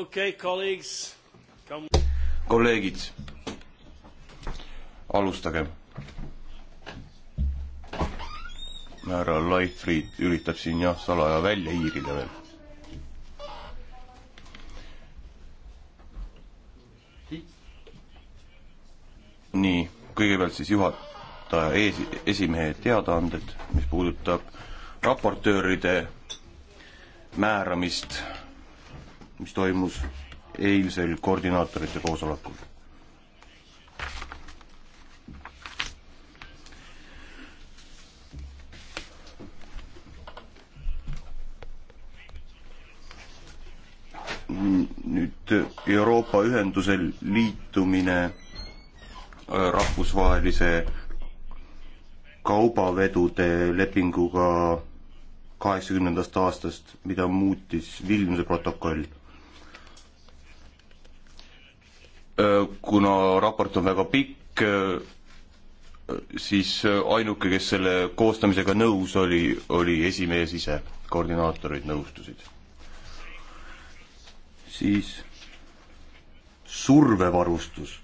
okei okay,, kolleegid. kolleegid, alustage. härra Leifrid üritab siin jah, salaja välja hiirida veel. nii, kõigepealt siis juhataja ees, esimehe teadaanded, mis puudutab raportööride määramist mis toimus eilsel koordinaatorite koosolekul. nüüd Euroopa ühenduse liitumine äh, rahvusvahelise kaubavedude lepinguga kaheksakümnendast aastast, mida muutis Vilniuse protokoll Äh, kuna raport on väga pikk, äh, siis äh, ainuke, kes selle koostamisega nõus oli, oli esimees ise, koordinaatorid nõustusid. siis survevarustus.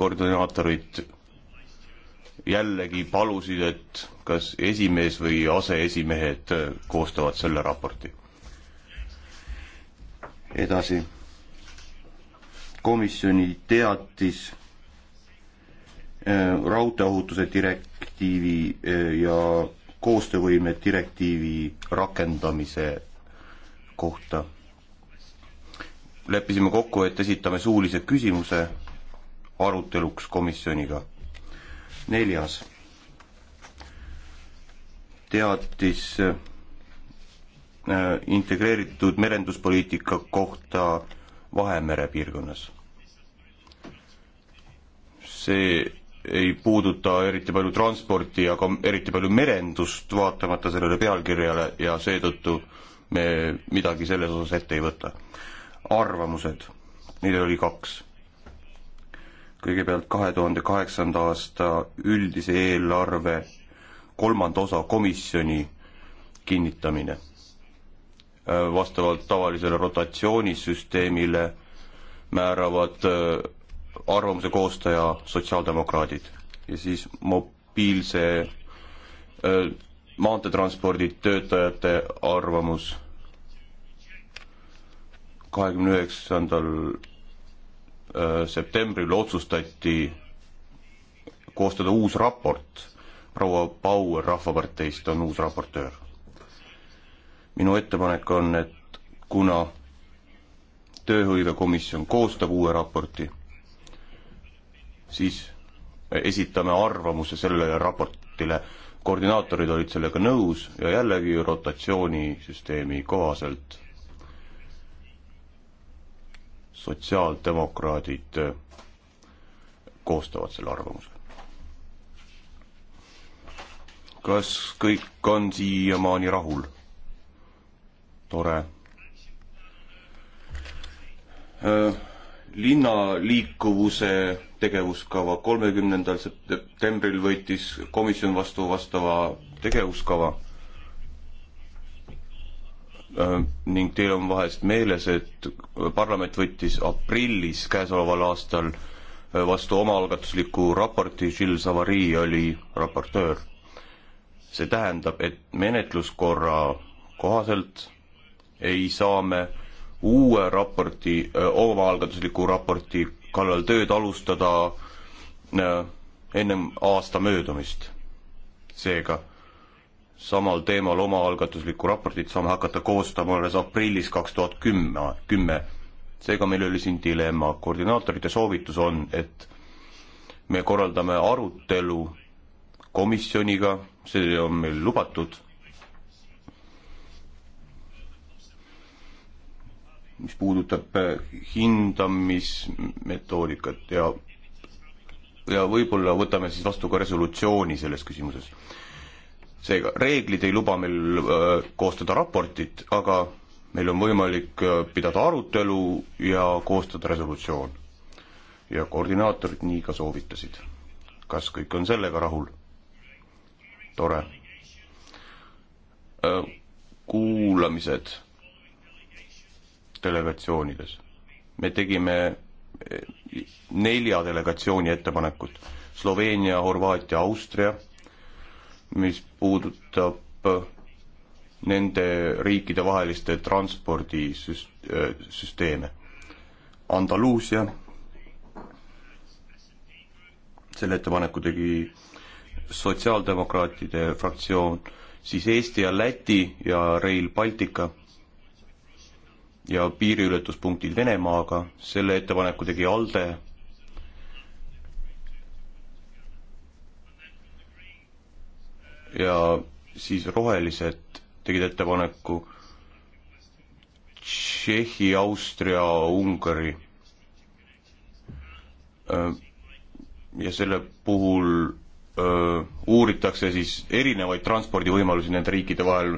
koordinaatorid jällegi palusid, et kas esimees või aseesimehed koostavad selle raporti. edasi komisjoni teatis äh, raudteeohutuse direktiivi äh, ja koostöövõime direktiivi rakendamise kohta. leppisime kokku, et esitame suulise küsimuse aruteluks komisjoniga. neljas teatis äh, integreeritud merenduspoliitika kohta Vahemere piirkonnas. see ei puuduta eriti palju transporti, aga eriti palju merendust, vaatamata sellele pealkirjale ja seetõttu me midagi selles osas ette ei võta. arvamused, neid oli kaks kõigepealt kahe tuhande kaheksanda aasta üldise eelarve kolmanda osa komisjoni kinnitamine Äh, vastavalt tavalisele rotatsioonisüsteemile määravad äh, arvamuse koostaja sotsiaaldemokraadid ja siis mobiilse äh, maanteetranspordi töötajate arvamus kahekümne üheksandal septembril otsustati koostada uus raport, proua Bauer Rahvaparteist on uus raportöör minu ettepanek on, et kuna tööhõivekomisjon koostab uue raporti, siis esitame arvamuse sellele raportile. koordinaatorid olid sellega nõus ja jällegi rotatsioonisüsteemi kohaselt sotsiaaldemokraadid äh, koostavad selle arvamuse. kas kõik on siiamaani rahul? tore. Äh, linna liikuvuse tegevuskava kolmekümnendal septembril võttis komisjon vastu vastava tegevuskava. Äh, ning teil on vahest meeles, et parlament võttis aprillis käesoleval aastal äh, vastu omaalgatusliku raporti, Gilles Savary oli raportöör. see tähendab, et menetluskorra kohaselt ei saa me uue raporti, omaalgatusliku raporti kallal tööd alustada ennem aasta möödumist. seega samal teemal omaalgatuslikku raportit saame hakata koostama alles aprillis kaks tuhat kümme, kümme. seega meil oli siin dilemma, koordinaatorite soovitus on, et me korraldame arutelu komisjoniga, see on meil lubatud mis puudutab äh, hindamismetoodikat ja, ja võib-olla võtame siis vastu ka resolutsiooni selles küsimuses. seega, reeglid ei luba meil äh, koostada raportit, aga meil on võimalik äh, pidada arutelu ja koostada resolutsioon. ja koordinaatorid nii ka soovitasid. kas kõik on sellega rahul? tore äh,. kuulamised delegatsioonides. me tegime eh, nelja delegatsiooni ettepanekut. Sloveenia, Horvaatia, Austria, mis puudutab eh, nende riikide vaheliste transpordisüsteeme. Eh, Andaluusia, selle ettepaneku tegi sotsiaaldemokraatide fraktsioon, siis Eesti ja Läti ja Rail Baltica ja piiriületuspunktid Venemaaga, selle ettepaneku tegi ALDE. ja siis rohelised tegid ettepaneku Tšehhi, Austria, Ungari. ja selle puhul uuritakse siis erinevaid transpordivõimalusi nende riikide vahel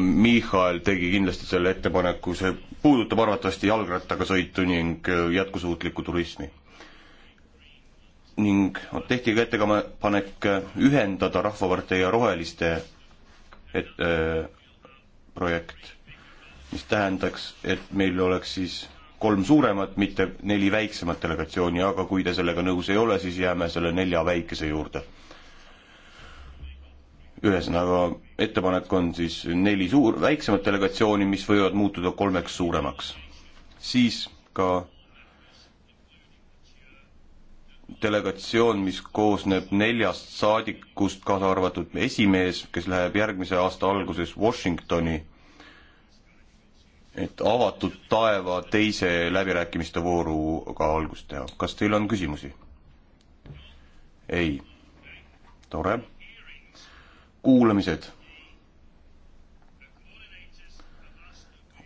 Michal tegi kindlasti selle ettepaneku, see puudutab arvatavasti jalgrattaga sõitu ning äh, jätkusuutlikku turismi. ning tehti ka ettepanek äh, ühendada Rahvapartei ja Roheliste et, äh, projekt, mis tähendaks, et meil oleks siis kolm suuremat, mitte neli väiksemat delegatsiooni, aga kui te sellega nõus ei ole, siis jääme selle nelja väikese juurde ühesõnaga, ettepanek on siis neli suur, väiksemat delegatsiooni, mis võivad muutuda kolmeks suuremaks. siis ka delegatsioon, mis koosneb neljast saadikust, kaasa arvatud esimees, kes läheb järgmise aasta alguses Washingtoni, et avatud taeva teise läbirääkimiste vooruga algust teha. kas teil on küsimusi? ei. tore kuulamised.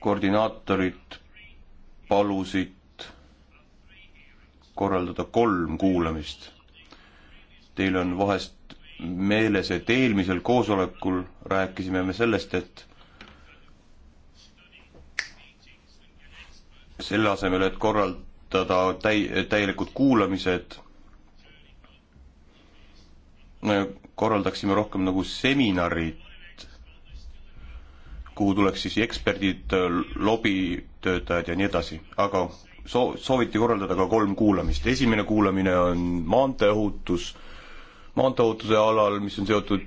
koordinaatorid palusid korraldada kolm kuulamist. Teil on vahest meeles, et eelmisel koosolekul rääkisime me sellest, et selle asemel, et korraldada täi-, täielikud kuulamised, korraldaksime rohkem nagu seminarid, kuhu tuleks siis eksperdid, lobitöötajad ja nii edasi, aga soo-, sooviti korraldada ka kolm kuulamist, esimene kuulamine on maanteeohutus, maanteeohutuse alal, mis on seotud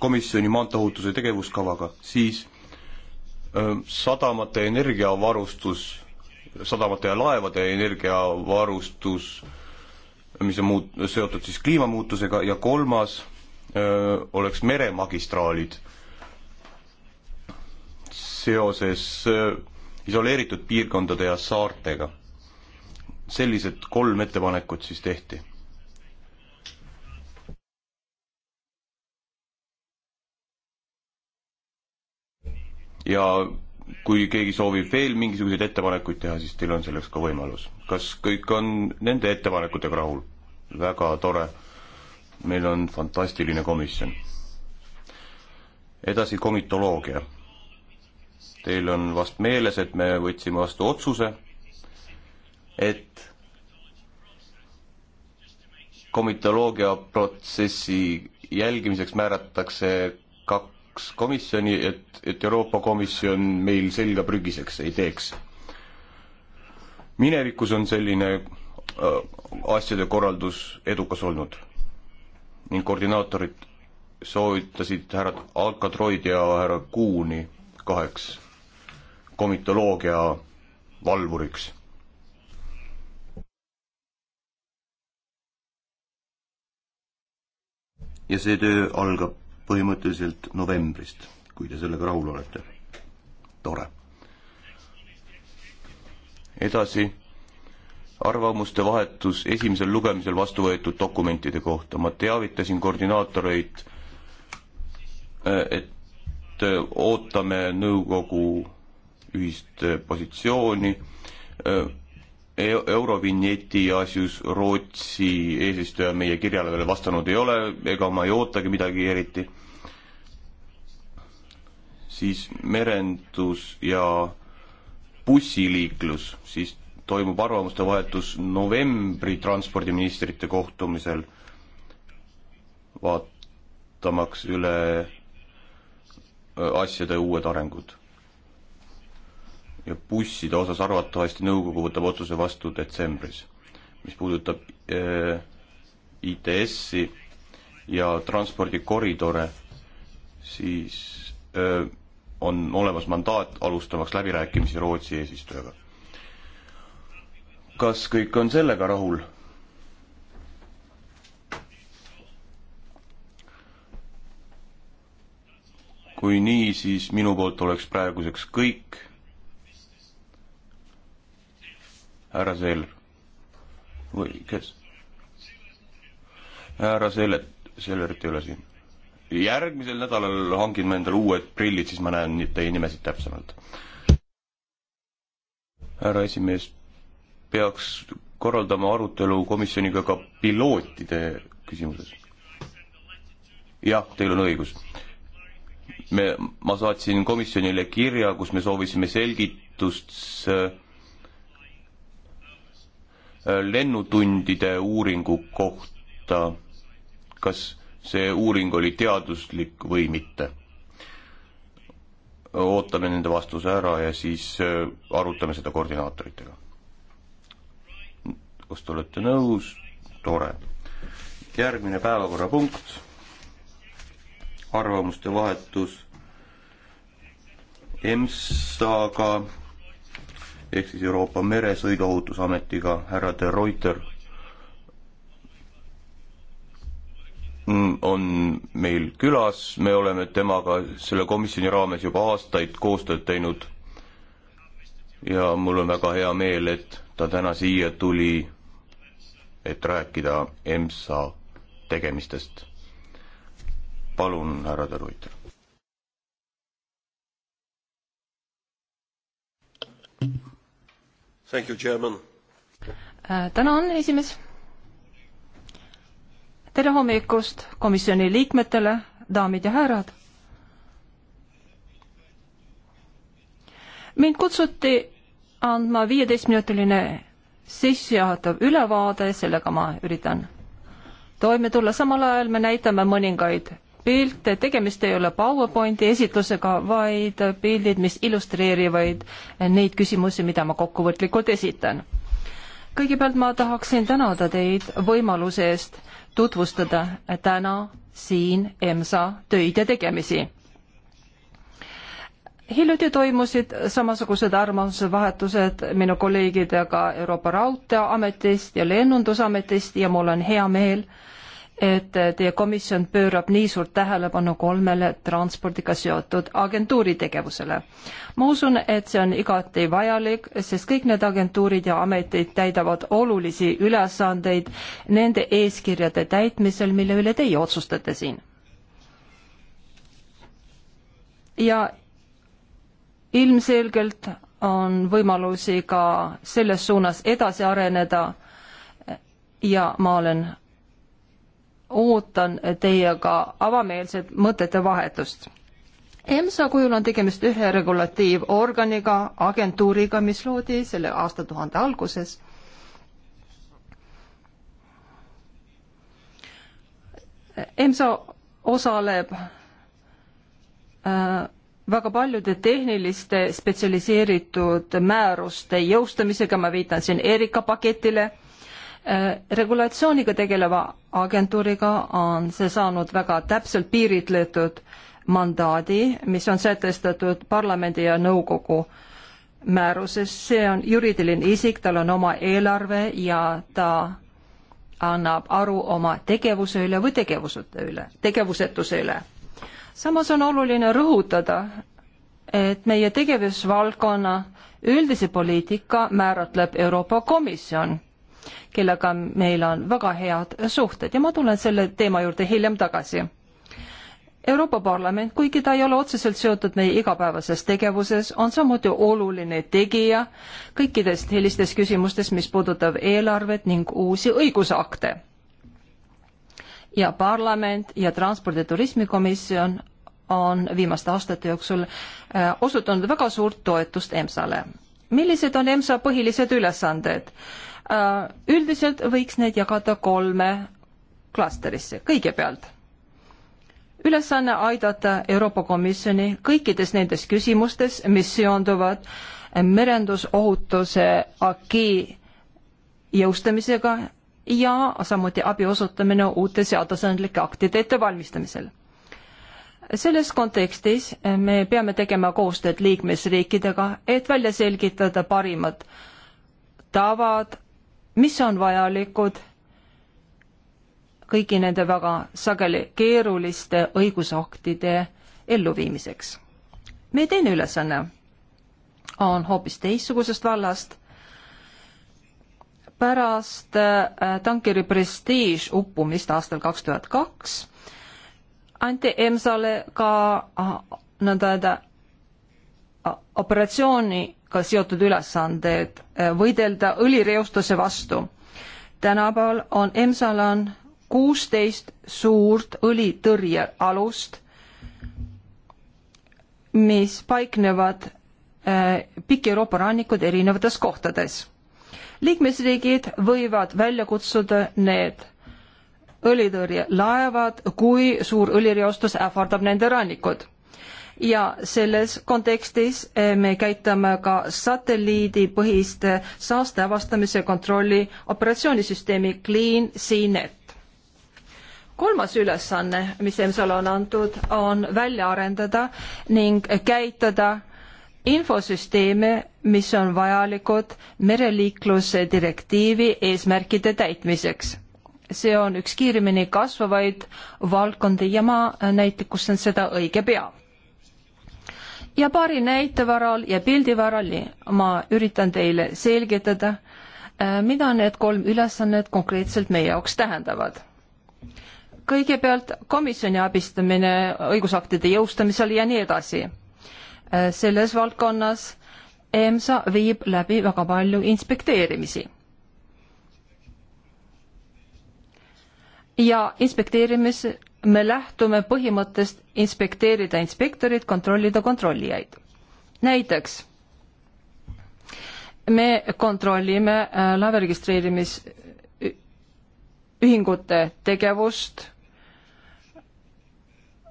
komisjoni maanteeohutuse tegevuskavaga, siis sadamate energiavarustus, sadamate ja laevade energiavarustus, mis on muut-, seotud siis kliimamuutusega ja kolmas oleks meremagistraalid seoses isoleeritud piirkondade ja saartega. sellised kolm ettepanekut siis tehti ja kui keegi soovib veel mingisuguseid ettepanekuid teha, siis teil on selleks ka võimalus. kas kõik on nende ettepanekutega rahul? väga tore meil on fantastiline komisjon. edasi komitoloogia. Teil on vast meeles, et me võtsime vastu otsuse, et komitoloogia protsessi jälgimiseks määratakse kaks komisjoni, et, et Euroopa Komisjon meil selga prügiseks ei teeks. minevikus on selline äh, asjade korraldus edukas olnud ning koordinaatorid soovitasid härra Alcatroid ja härra Kuuni kaheks komitoloogia valvuriks. ja see töö algab põhimõtteliselt novembrist, kui te sellega rahul olete. tore. edasi arvamuste vahetus esimesel lugemisel vastu võetud dokumentide kohta. ma teavitasin koordinaatoreid, et ootame nõukogu ühist positsiooni e-, Eurovinjeti asjus Rootsi eesistuja meie kirjale veel vastanud ei ole, ega ma ei ootagi midagi eriti. siis merendus ja bussiliiklus, siis toimub arvamuste vahetus novembri transpordiministrite kohtumisel, vaatamaks üle äh, asjade uued arengud. ja busside osas arvatavasti nõukogu võtab otsuse vastu detsembris. mis puudutab äh, ITS-i ja transpordikoridore, siis öö, äh, on olemas mandaat alustamaks läbirääkimisi Rootsi eesistujaga kas kõik on sellega rahul? kui nii, siis minu poolt oleks praeguseks kõik. härra Seel või kes? härra Seelet, Sellerit ei ole siin. järgmisel nädalal hangin ma endale uued prillid, siis ma näen teie nimesid täpsemalt. härra esimees peaks korraldama arutelu komisjoniga ka pilootide küsimuses. jah, teil on õigus. me, ma saatsin komisjonile kirja, kus me soovisime selgitust äh, lennutundide uuringu kohta, kas see uuring oli teaduslik või mitte. ootame nende vastuse ära ja siis äh, arutame seda koordinaatoritega kas te olete nõus? tore. järgmine päevakorrapunkt, arvamuste vahetus EMSA-ga ehk siis Euroopa Meresõiduohutusametiga, härra de Reuter on meil külas, me oleme temaga selle komisjoni raames juba aastaid koostööd teinud ja mul on väga hea meel, et ta täna siia tuli et rääkida EMSA tegemistest. palun, härra Tõrvuiter. Äh, tänan, esimees. tere hommikust komisjoni liikmetele, daamid ja härrad. mind kutsuti andma viieteistminutiline sissejuhatav ülevaade, sellega ma üritan toime tulla, samal ajal me näitame mõningaid pilte, tegemist ei ole PowerPointi esitlusega, vaid pildid, mis illustreerivad neid küsimusi, mida ma kokkuvõtlikult esitan. kõigepealt ma tahaksin tänada teid võimaluse eest tutvustada täna siin EMSA töid ja tegemisi hiljuti toimusid samasugused arvamusvahetused minu kolleegidega Euroopa Raudteeametist ja Lennundusametist ja mul on hea meel, et teie komisjon pöörab nii suurt tähelepanu kolmele transpordiga seotud agentuuri tegevusele. ma usun, et see on igati vajalik, sest kõik need agentuurid ja ametid täidavad olulisi ülesandeid nende eeskirjade täitmisel, mille üle teie otsustate siin. ja ilmselgelt on võimalusi ka selles suunas edasi areneda ja ma olen, ootan teiega avameelset mõtete vahetust. EMSA kujul on tegemist ühe regulatiivorganiga, agentuuriga, mis loodi selle aastatuhande alguses. EMSA osaleb äh, väga paljude tehniliste spetsialiseeritud määruste jõustamisega, ma viitan siin Erika paketile, äh, regulatsiooniga tegeleva agentuuriga on see saanud väga täpselt piiritletud mandaadi, mis on sätestatud parlamendi ja nõukogu määruses, see on juriidiline isik, tal on oma eelarve ja ta annab aru oma tegevuse üle või tegevuseta üle, tegevusetuse üle samas on oluline rõhutada, et meie tegevusvaldkonna üldise poliitika määratleb Euroopa Komisjon, kellega meil on väga head suhted ja ma tulen selle teema juurde hiljem tagasi. Euroopa Parlament, kuigi ta ei ole otseselt seotud meie igapäevases tegevuses, on samuti oluline tegija kõikidest sellistes küsimustes, mis puudutab eelarvet ning uusi õigusakte ja parlament ja transpordi- ja turismikomisjon on viimaste aastate jooksul äh, osutanud väga suurt toetust EMSA-le. millised on EMSA põhilised ülesanded? Äh, üldiselt võiks need jagada kolme klasterisse. kõigepealt ülesanne aidata Euroopa Komisjoni kõikides nendes küsimustes, mis seonduvad merendusohutuse aki jõustamisega ja samuti abi osutamine uute seadusandlike aktide ettevalmistamisel. selles kontekstis eh, me peame tegema koostööd liikmesriikidega, et välja selgitada parimad tavad, mis on vajalikud kõigi nende väga sageli keeruliste õigusaktide elluviimiseks. meie teine ülesanne on hoopis teistsugusest vallast pärast äh, tankeri Prestige uppumist aastal kaks tuhat kaks anti EMSA-le ka äh, nõnda öelda äh, operatsiooniga seotud ülesanded võidelda õlireostuse vastu. tänapäeval on EMSA-l on kuusteist suurt õlitõrjealust, mis paiknevad pikk Euroopa rannikud erinevates kohtades liikmesriigid võivad välja kutsuda need õlitõrjelaevad, kui suur õlireostus ähvardab nende rannikud ja selles kontekstis eh, me käitame ka satelliidipõhiste saaste avastamise kontrolli operatsioonisüsteemi Clean CNET. kolmas ülesanne, mis EMSA-le on antud, on välja arendada ning käitada infosüsteeme, mis on vajalikud mereliikluse direktiivi eesmärkide täitmiseks. see on üks kiiremini kasvavaid valdkondi ja ma näitlikustan seda õige pea. ja paari näite varal ja pildi varal ma üritan teile selgitada, äh, mida need kolm ülesannet konkreetselt meie jaoks tähendavad kõigepealt komisjoni abistamine õigusaktide jõustamisel ja nii edasi Äh, selles valdkonnas EMSA viib läbi väga palju inspekteerimisi. ja inspekteerimis, me lähtume põhimõttest inspekteerida inspektorid, kontrollida kontrollijaid. näiteks me kontrollime äh, laeva registreerimisühingute tegevust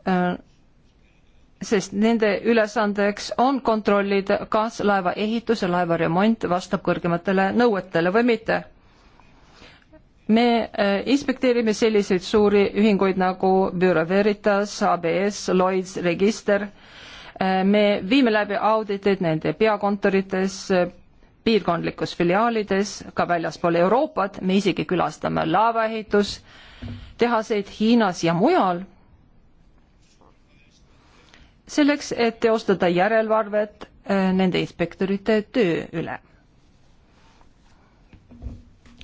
äh, sest nende ülesandeks on kontrollida, kas laeva ehitus ja laeva remont vastab kõrgematele nõuetele või mitte. me äh, inspekteerime selliseid suuri ühinguid nagu Bureau Veritas, ABS, Lloyds, Register. Äh, me viime läbi auditeid nende peakontorites, piirkondlikus filiaalides, ka väljaspool Euroopat, me isegi külastame laevaehitus, tehaseid Hiinas ja mujal selleks, et teostada järelevalvet äh, nende inspektorite töö üle.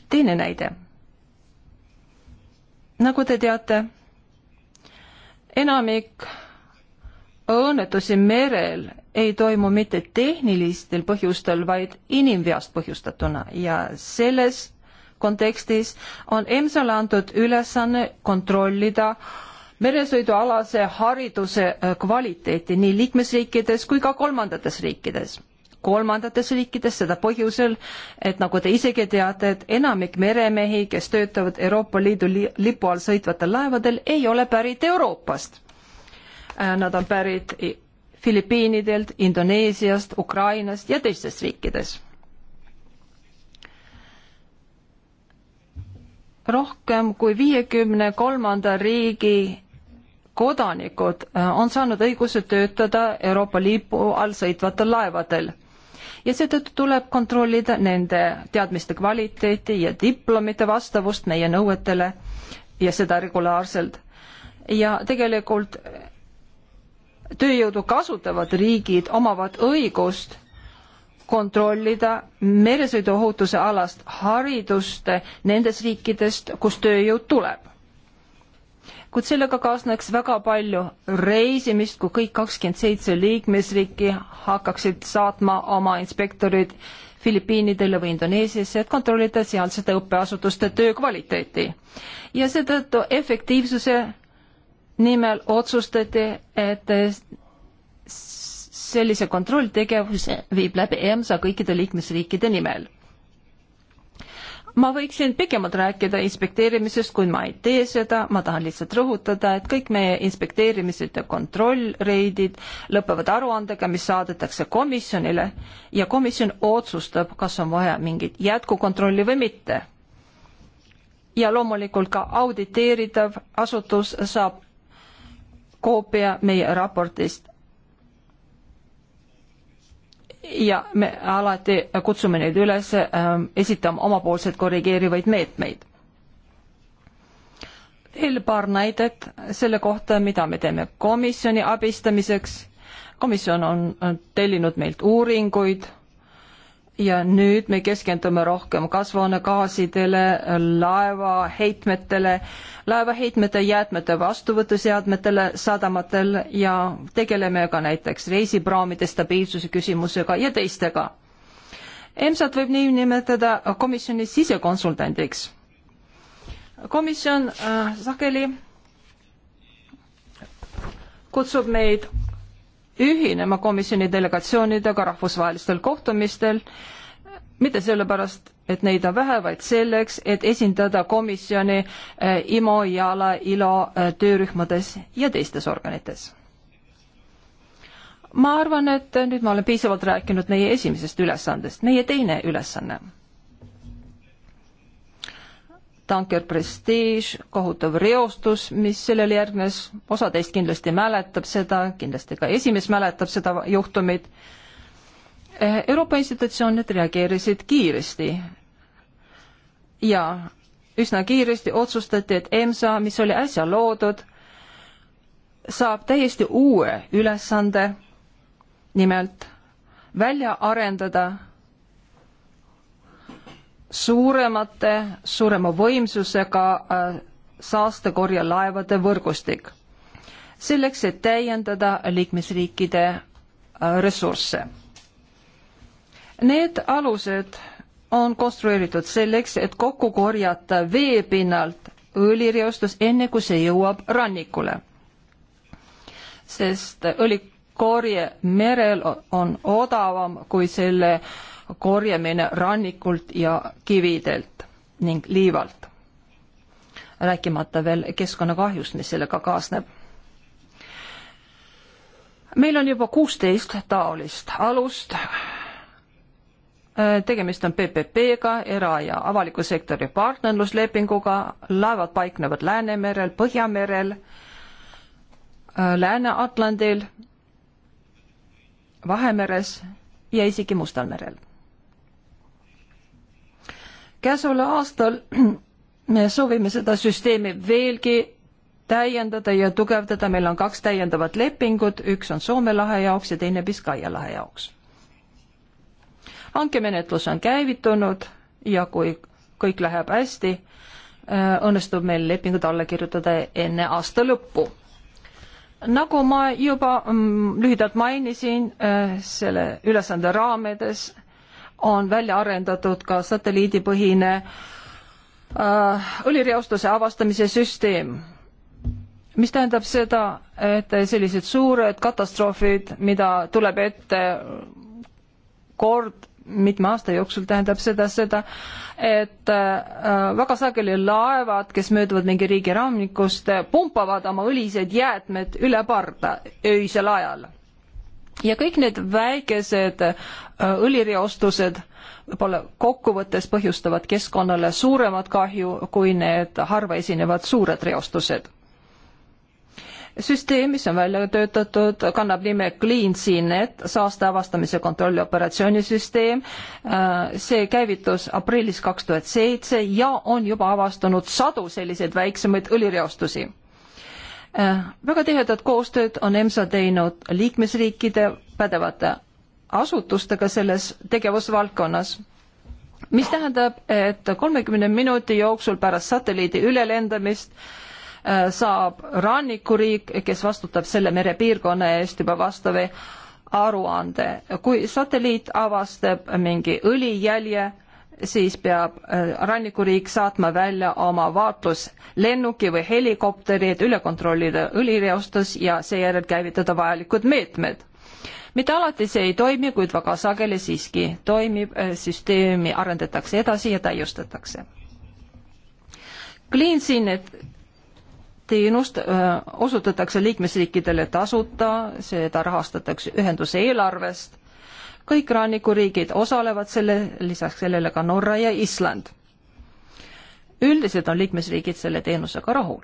teine näide. nagu te teate, enamik õnnetusi merel ei toimu mitte tehnilistel põhjustel, vaid inimveast põhjustatuna ja selles kontekstis on EMSA-le antud ülesanne kontrollida äh, meresõidualase hariduse äh, kvaliteeti nii liikmesriikides kui ka kolmandates riikides kolmandates riikides, seda põhjusel, et nagu te isegi teate, et enamik meremehi, kes töötavad Euroopa Liidu li lipu all sõitvatel laevadel, ei ole pärit Euroopast. Äh, nad on pärit Filipiinidelt, Indoneesiast, Ukrainast ja teistest riikidest. rohkem kui viiekümne kolmanda riigi kodanikud äh, on saanud õiguse töötada Euroopa lipu all sõitvatel laevadel ja seetõttu tuleb kontrollida nende teadmiste kvaliteeti ja diplomite vastavust meie nõuetele ja seda regulaarselt. ja tegelikult tööjõudu kasutavad riigid omavad õigust kontrollida meresõiduohutuse alast haridust nendest riikidest, kust tööjõud tuleb kuid sellega kaasneks väga palju reisimist, kui kõik kakskümmend seitse liikmesriiki hakkaksid saatma oma inspektorid Filipiinidele või Indoneesiasse, et kontrollida sealsete õppeasutuste töö kvaliteeti. ja seetõttu efektiivsuse nimel otsustati, et sellise kontrolltegevuse viib läbi EMSA kõikide liikmesriikide nimel ma võiksin pikemalt rääkida inspekteerimisest, kuid ma ei tee seda, ma tahan lihtsalt rõhutada, et kõik meie inspekteerimised ja kontrollreidid lõpevad aruandega, mis saadetakse komisjonile ja komisjon otsustab, kas on vaja mingit jätkukontrolli või mitte. ja loomulikult ka auditeeritav asutus saab koopia meie raportist ja me alati kutsume neid üles ähm, esitama omapoolseid korrigeerivaid meetmeid. veel paar näidet selle kohta, mida me teeme komisjoni abistamiseks. komisjon on äh, tellinud meilt uuringuid ja nüüd me keskendume rohkem kasvuhoonegaasidele, laeva heitmetele, laeva heitmete jäätmete vastuvõtuseadmetele sadamatel ja tegeleme ka näiteks reisipraamide stabiilsuse küsimusega ja teistega. EMSA-t võib nii nimetada komisjoni sisekonsultandiks. komisjon äh, sageli kutsub meid ühinema komisjoni delegatsioonidega rahvusvahelistel kohtumistel, mitte sellepärast, et neid on vähe, vaid selleks, et esindada komisjoni eh, IMO, IALA, ILO eh, töörühmades ja teistes organites. ma arvan, et nüüd ma olen piisavalt rääkinud meie esimesest ülesandest, meie teine ülesanne tanker Prestige, kohutav reostus, mis sellele järgnes, osa teist kindlasti mäletab seda, kindlasti ka esimees mäletab seda juhtumit. Eh, Euroopa institutsioonid reageerisid kiiresti ja üsna kiiresti otsustati, et EMSA, mis oli äsja loodud, saab täiesti uue ülesande, nimelt välja arendada suuremate, suurema võimsusega äh, saastekorjelaevade võrgustik, selleks et täiendada liikmesriikide äh, ressursse. Need alused on konstrueeritud selleks, et kokku korjata veepinnalt õlireostus, enne kui see jõuab rannikule. sest õlikorje merel on odavam kui selle äh, korjamine rannikult ja kividelt ning liivalt. rääkimata veel keskkonnakahjust, mis sellega kaasneb. meil on juba kuusteist taolist alust. Äh, tegemist on PPP-ga, era- ja avaliku sektori partnerluslepinguga, laevad paiknevad Läänemerel, Põhjamerel, äh, Lääne-Atlandil Vahemeres ja isegi Mustal merel käesoleval aastal me soovime seda süsteemi veelgi täiendada ja tugevdada, meil on kaks täiendavat lepingut, üks on Soome lahe jaoks ja teine Biskaia lahe jaoks. hankemenetlus on käivitunud ja kui kõik läheb hästi, äh, õnnestub meil lepingud alla kirjutada enne aasta lõppu. nagu ma juba mm, lühidalt mainisin, äh, selle ülesande raamides on välja arendatud ka satelliidipõhine äh, õlireostuse avastamise süsteem, mis tähendab seda, et sellised suured katastroofid, mida tuleb ette kord mitme aasta jooksul tähendab seda seda, et äh, väga sageli laevad, kes mööduvad mingi riigi rannikust, pumpavad oma õlised jäätmed üle parda öisel ajal ja kõik need väikesed äh, õlireostused võib-olla kokkuvõttes põhjustavad keskkonnale suuremat kahju kui need harva esinevad suured reostused. süsteem, mis on välja töötatud, kannab nime Clean CNET, saaste avastamise kontrolli operatsioonisüsteem. Äh, see käivitus aprillis kaks tuhat seitse ja on juba avastanud sadu selliseid väiksemaid õlireostusi Äh, väga tihedat koostööd on EMSA teinud liikmesriikide pädevate asutustega selles tegevusvaldkonnas, mis tähendab, et kolmekümne minuti jooksul pärast satelliidi ülelendamist äh, saab rannikuriik, kes vastutab selle merepiirkonna eest juba vastava aruande. kui satelliit avastab mingi õlijälje, siis peab äh, rannikuriik saatma välja oma vaatluslennuki või helikopteri, et üle kontrollida õlireostus ja seejärel käivitada vajalikud meetmed. mitte alati see ei toimi, kuid väga sageli siiski toimib, äh, süsteemi arendatakse edasi ja täiustatakse. Cleansinet teenust äh, osutatakse liikmesriikidele tasuta, seda rahastatakse ühenduse eelarvest kõik rannikuriigid osalevad selle, lisaks sellele ka Norra ja Island. üldiselt on liikmesriigid selle teenusega rahul.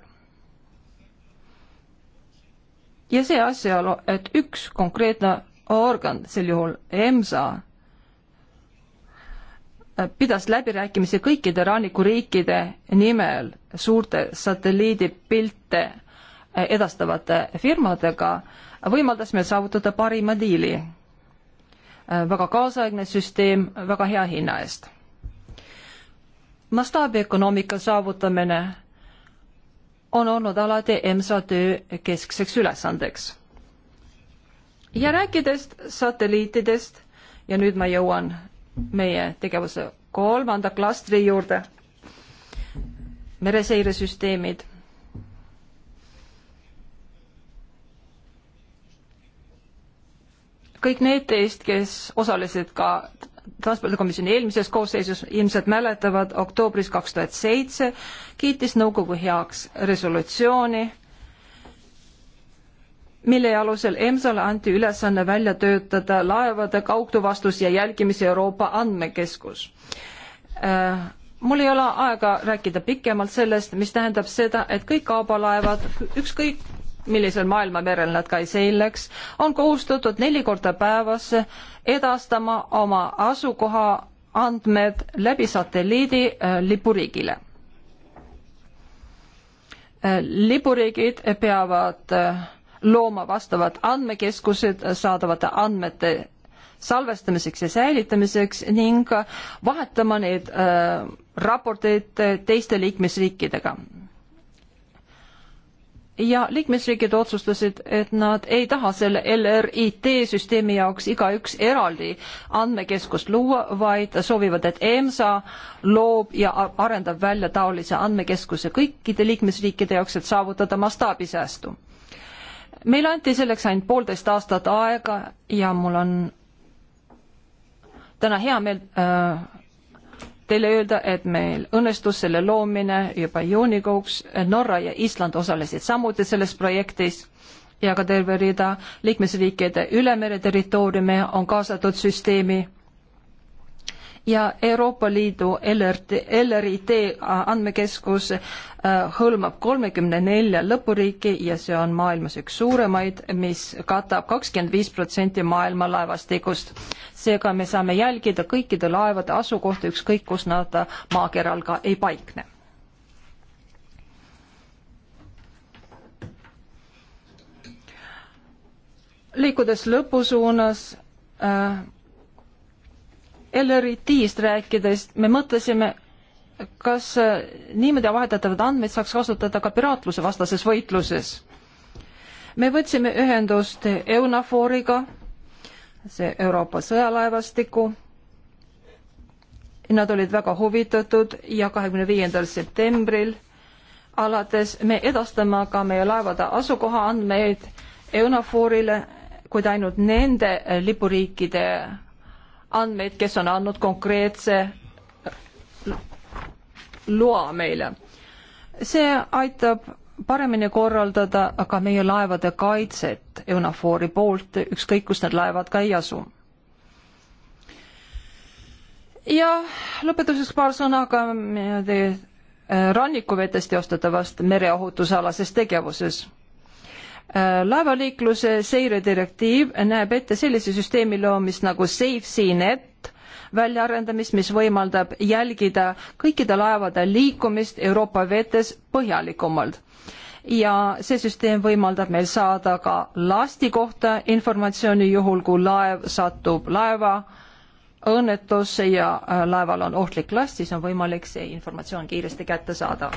ja see asjaolu, et üks konkreetne organ, sel juhul EMSA, pidas läbirääkimisi kõikide rannikuriikide nimel suurte satelliidipilte edastavate firmadega, võimaldas meil saavutada parima diili. Äh, väga kaasaegne süsteem väga hea hinna eest. mastaabiökonoomika saavutamine on olnud alati EMSA töö keskseks ülesandeks. ja rääkides satelliitidest ja nüüd ma jõuan meie tegevuse kolmanda klastri juurde, mereseiresüsteemid kõik need teist, kes osalesid ka transpordikomisjoni eelmises koosseisus, ilmselt mäletavad, oktoobris kaks tuhat seitse kiitis nõukogu heaks resolutsiooni, mille alusel EMSA-le anti ülesanne välja töötada laevade kaugtuvastus ja jälgimise Euroopa andmekeskus äh, mul ei ole aega rääkida pikemalt sellest, mis tähendab seda, et kõik kaubalaevad, ükskõik millisel maailmamerel nad ka ei seilaks, on kohustatud neli korda päevas edastama oma asukoha andmed läbi satelliidi äh, lipuriigile. Äh, lipuriigid peavad äh, looma vastavad andmekeskused saadavate andmete salvestamiseks ja säilitamiseks ning vahetama neid raporteid teiste liikmesriikidega ja liikmesriigid otsustasid, et nad ei taha selle LRIT süsteemi jaoks igaüks eraldi andmekeskust luua, vaid soovivad, et EMSA loob ja arendab välja taolise andmekeskuse kõikide liikmesriikide jaoks, et saavutada mastaabisäästu. meile anti selleks ainult poolteist aastat aega ja mul on täna hea meel äh, teile öelda, et meil õnnestus selle loomine juba juunikuuks, Norra ja Island osalesid samuti selles projektis ja ka terve rida liikmesriikide ülemere territooriume on kaasatud süsteemi ja Euroopa Liidu LRT, LRIT äh, andmekeskus äh, hõlmab kolmekümne nelja lõpuriiki ja see on maailmas üks suuremaid, mis katab kakskümmend viis protsenti maailma laevastikust. seega me saame jälgida kõikide laevade asukohta, ükskõik kus nad äh, maakeral ka ei paikne. liikudes lõpusuunas äh, LRIT-st rääkides me mõtlesime, kas äh, niimoodi vahetatavad andmeid saaks kasutada ka piraatluse vastases võitluses. me võtsime ühendust EUNAFOR-iga, see Euroopa sõjalaevastiku, nad olid väga huvitatud ja kahekümne viiendal septembril alates me edastame ka meie laevade asukoha andmeid EUNAFOR-ile, kuid ainult nende lipuriikide andmeid, kes on andnud konkreetse loa meile. see aitab paremini korraldada ka meie laevade kaitset EUNAFOR-i poolt, ükskõik kus need laevad ka ei asu. ja lõpetuseks paar sõna ka eh, rannikuvetes teostatavast mereohutusalasest tegevuses Äh, laevaliikluse seiredirektiiv näeb ette sellise süsteemi loomist nagu SafeSeaNet väljaarendamist, mis võimaldab jälgida kõikide laevade liikumist Euroopa vetes põhjalikumalt. ja see süsteem võimaldab meil saada ka lasti kohta informatsiooni juhul, kui laev satub laeva õnnetusse ja äh, laeval on ohtlik last, siis on võimalik see informatsioon kiiresti kätte saada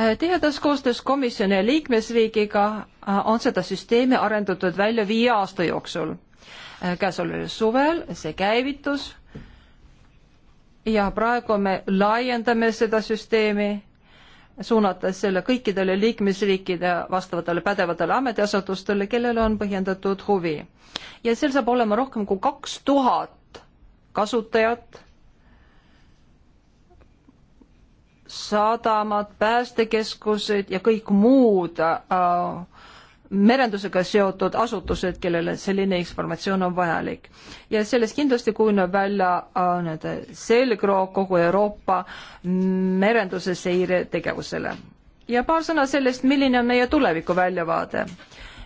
Äh, tihedas koostöös komisjoni ja liikmesriigiga äh, on seda süsteemi arendatud välja viie aasta jooksul. Äh, käesoleval suvel see käivitus ja praegu me laiendame seda süsteemi, suunates selle kõikidele liikmesriikide vastavatele pädevatele ametiasutustele, kellel on põhjendatud huvi. ja seal saab olema rohkem kui kaks tuhat kasutajat sadamad, päästekeskused ja kõik muud äh, merendusega seotud asutused, kellele selline informatsioon on vajalik. ja sellest kindlasti kujuneb välja äh, nii-öelda selgroog kogu Euroopa merenduse seire tegevusele. ja paar sõna sellest, milline on meie tuleviku väljavaade.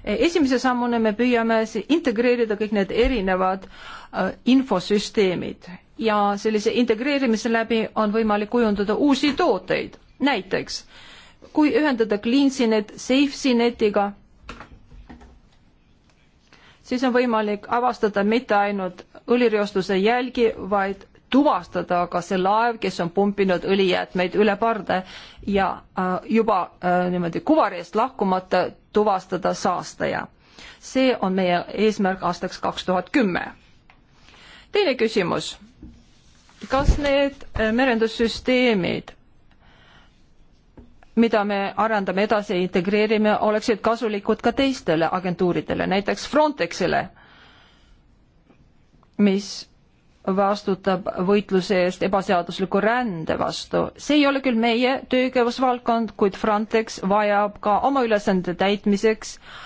E, esimese sammuna me püüame integreerida kõik need erinevad äh, infosüsteemid ja sellise integreerimise läbi on võimalik kujundada uusi tooteid. näiteks kui ühendada CleanSinet SafeSinetiga, siis on võimalik avastada mitte ainult õlireostuse jälgi, vaid tuvastada ka see laev, kes on pumpinud õlijäätmeid üle parda ja äh, juba äh, niimoodi kuvari eest lahkumata tuvastada saastaja. see on meie eesmärk aastaks kaks tuhat kümme teine küsimus. kas need äh, merendussüsteemid, mida me arendame edasi ja integreerime, oleksid kasulikud ka teistele agentuuridele, näiteks Frontexile, mis vastutab võitluse eest ebaseadusliku rände vastu. see ei ole küll meie töötegevusvaldkond, kuid Frontex vajab ka oma ülesande täitmiseks äh,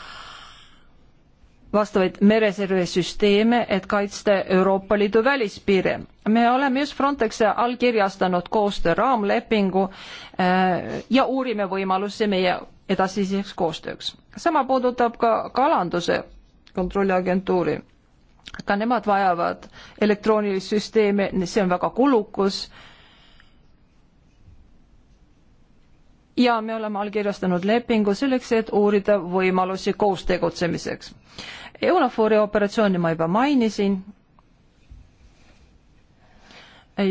vastavaid mereservesüsteeme, et kaitsta Euroopa Liidu välispiire. me oleme just Frontex allkirjastanud koostöö raamlepingu äh, ja uurime võimalusi meie edasiseks koostööks. sama puudutab ka kalanduse kontrolliagentuuri. ka nemad vajavad elektroonilist süsteemi, see on väga kulukus ja me oleme allkirjastanud lepingu selleks, et uurida võimalusi koos tegutsemiseks. Eunafuuri operatsiooni ma juba mainisin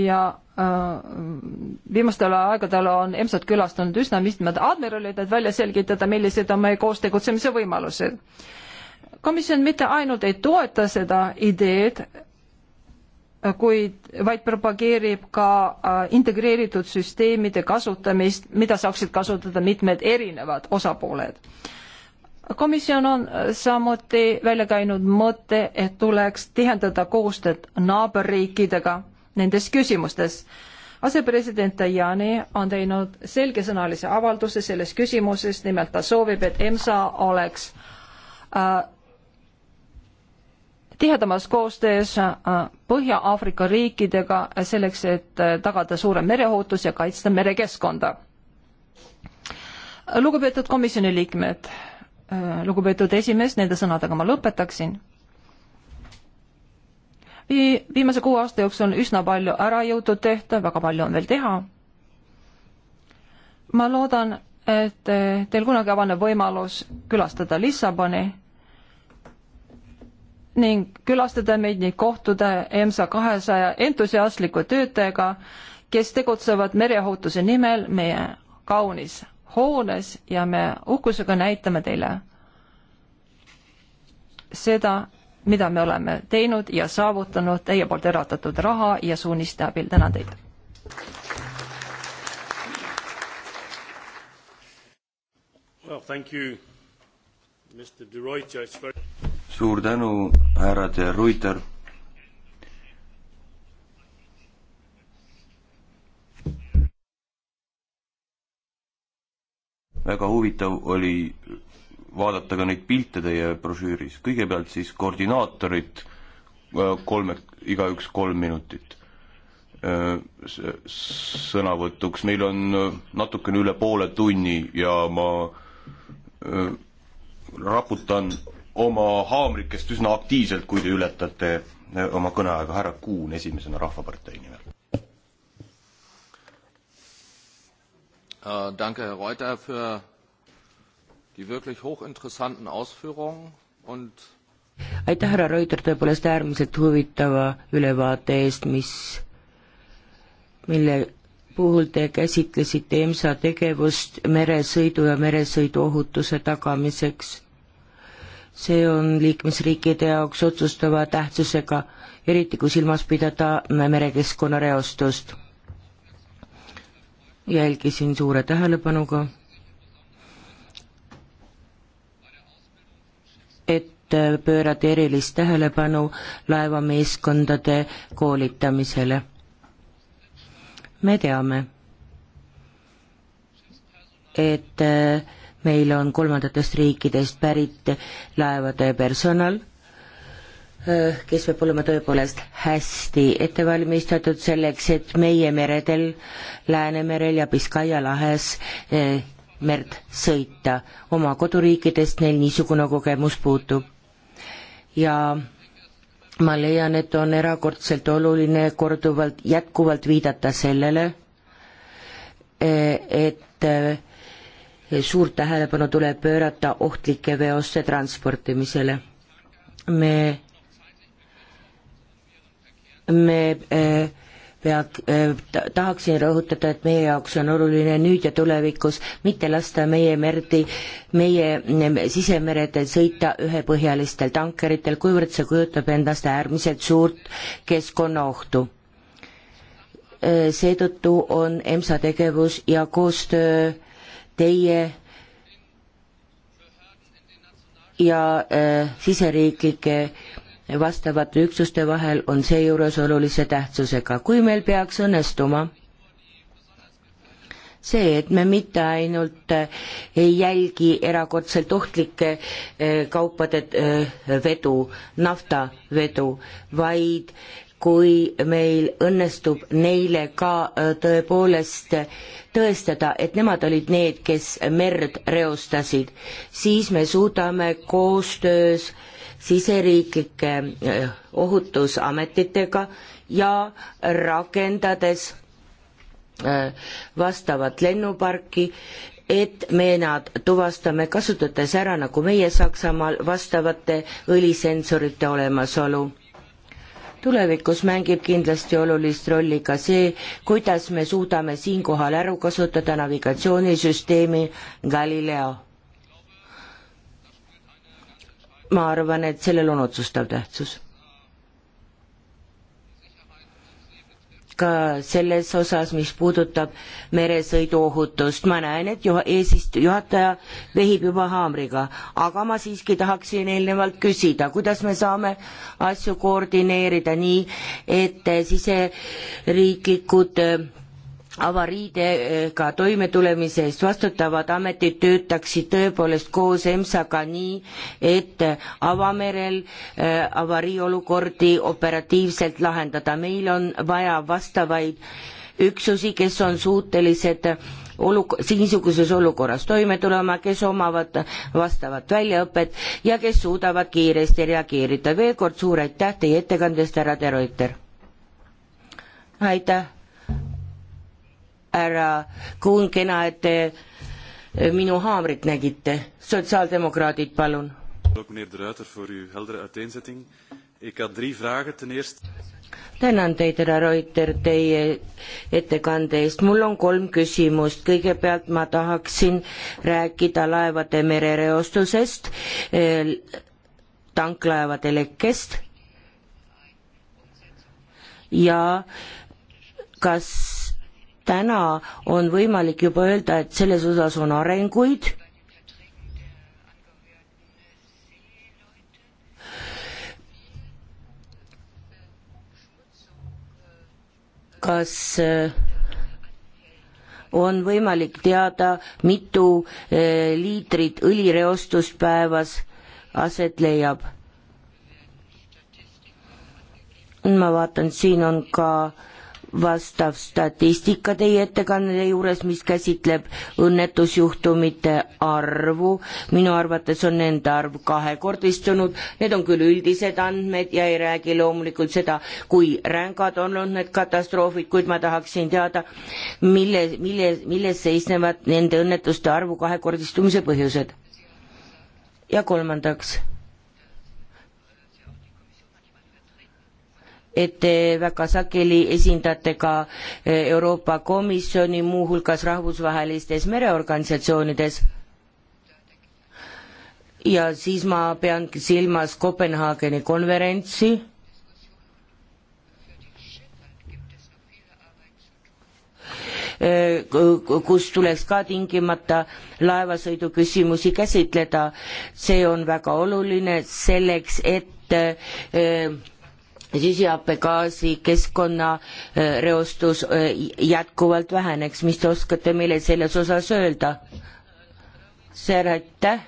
ja äh, viimastel aegadel on EMSA-t külastanud üsna mitmed admiralid, et välja selgitada, millised on meie koos tegutsemise võimalused. komisjon mitte ainult ei toeta seda ideed, äh, kuid vaid propageerib ka äh, integreeritud süsteemide kasutamist, mida saaksid kasutada mitmed erinevad osapooled äh, komisjon on samuti välja käinud mõte, et tuleks tihendada koostööd naaberriikidega nendes küsimustes. asepresident Tajani on teinud selgesõnalise avalduse selles küsimuses, nimelt ta soovib, et EMSA oleks äh, tihedamas koostöös äh, Põhja-Aafrika riikidega selleks, et äh, tagada suurem mereohutus ja kaitsta merekeskkonda. lugupeetud komisjoni liikmed Äh, lugupeetud esimees, nende sõnadega ma lõpetaksin. Vii-, viimase kuue aasta jooksul on üsna palju ära jõutud tehta, väga palju on veel teha. ma loodan, et äh, teil kunagi avaneb võimalus külastada Lissaboni ning külastada meid ning kohtuda EMSA kahesaja entusiastliku töötajaga, kes tegutsevad mereohutuse nimel meie kaunis hoones ja me uhkusega näitame teile seda, mida me oleme teinud ja saavutanud teie poolt eraldatud raha ja suuniste abil. tänan teid. Well, thank you, Mr. De Reuter. It's very... suur tänu, härra De Reuter väga huvitav oli vaadata ka neid pilte teie brošüüris, kõigepealt siis koordinaatorid äh, kolme, igaüks kolm minutit äh, sõnavõtuks, meil on äh, natukene üle poole tunni ja ma raputan oma haamrikest üsna aktiivselt, kui te ületate oma kõneaega, härra Kuun esimesena Rahvapartei nimel. Äh, danke, Herr Reuter, für die wirklich hochinteressanten Ausführungen und aitäh, härra Reuter, tõepoolest äärmiselt huvitava ülevaate eest, mis, mille puhul te käsitlesite EMSA tegevust meresõidu ja meresõiduohutuse tagamiseks. see on liikmesriikide jaoks otsustava tähtsusega, eriti kui silmas pidada merekeskkonna reostust jälgisin suure tähelepanuga, et pöörata erilist tähelepanu laevameeskondade koolitamisele. me teame, et meil on kolmandatest riikidest pärit laevade personal Äh, kes peab olema tõepoolest hästi ette valmistatud selleks, et meie meredel, Läänemerel ja Biskaia lahes äh, merd sõita. oma koduriikidest neil niisugune kogemus puudub. ja ma leian, et on erakordselt oluline korduvalt, jätkuvalt viidata sellele, äh, et suurt tähelepanu tuleb pöörata ohtlike veoste transportimisele. me me eh, pead, eh, tahaksin rõhutada, et meie jaoks on oluline nüüd ja tulevikus mitte lasta meie merdi, meie sisemeredel sõita ühepõhjalistel tankeritel, kuivõrd see kujutab endast äärmiselt suurt keskkonnaohtu. Eh, seetõttu on EMSA tegevus ja koostöö teie ja siseriiklike äh, vastavate üksuste vahel on seejuures olulise tähtsusega. kui meil peaks õnnestuma see, et me mitte ainult eh, ei jälgi erakordselt ohtlike eh, kaupade eh, vedu, naftavedu, vaid kui meil õnnestub neile ka tõepoolest tõestada, et nemad olid need, kes merd reostasid, siis me suudame koostöös äh, siseriiklike eh, ohutusametitega ja rakendades eh, vastavat lennuparki, et me nad tuvastame, kasutades ära, nagu meie Saksamaal, vastavate õlisensorite olemasolu tulevikus mängib kindlasti olulist rolli ka see, kuidas me suudame siinkohal ära kasutada navigatsioonisüsteemi Galileo ma arvan, et sellel on otsustav tähtsus. ka selles osas, mis puudutab meresõiduohutust, ma näen, et juha-, eesistuja, juhataja vehib juba haamriga, aga ma siiski tahaksin eelnevalt küsida, kuidas me saame asju koordineerida nii, et siseriiklikud avariidega toimetulemise eest vastutavad ametid töötaksid tõepoolest koos EMSA-ga nii, et avamerel äh, avariiolukordi operatiivselt lahendada. meil on vaja vastavaid üksusi, kes on suutelised oluk-, niisuguses olukorras toime tulema, kes omavad vastavat väljaõpet ja kes suudavad kiiresti reageerida. veel kord suur aitäh teie ettekandest, härra Teroiter! aitäh! härra Kuhn, kena, et te e, minu haamrit nägite. sotsiaaldemokraadid, palun. tänan teid, härra Reuter, teie ettekande eest. mul on kolm küsimust. kõigepealt ma tahaksin rääkida laevade merereostusest, e, tanklaevade lekkest ja kas täna on võimalik juba öelda, et selles osas on arenguid, kas äh, on võimalik teada, mitu äh, liitrit õlireostust päevas aset leiab. ma vaatan, siin on ka äh, vastav statistika teie ettekande juures, mis käsitleb õnnetusjuhtumite arvu. minu arvates on nende arv kahekordistunud, need on küll üldised andmed ja ei räägi loomulikult seda, kui rängad on olnud need katastroofid, kuid ma tahaksin teada, mille, mille, milles seisnevad nende õnnetuste arvu kahekordistumise põhjused. ja kolmandaks et te väga sageli esindate ka eh, Euroopa Komisjoni, muuhulgas rahvusvahelistes mereorganisatsioonides. ja siis ma pean silmas Kopenhaageni konverentsi. Eh, kus tuleks ka tingimata laevasõidu küsimusi käsitleda, see on väga oluline selleks, et eh, süsihappegaasi keskkonnareostus eh, jätkuvalt väheneks, mis te oskate meile selles osas öelda? suur aitäh,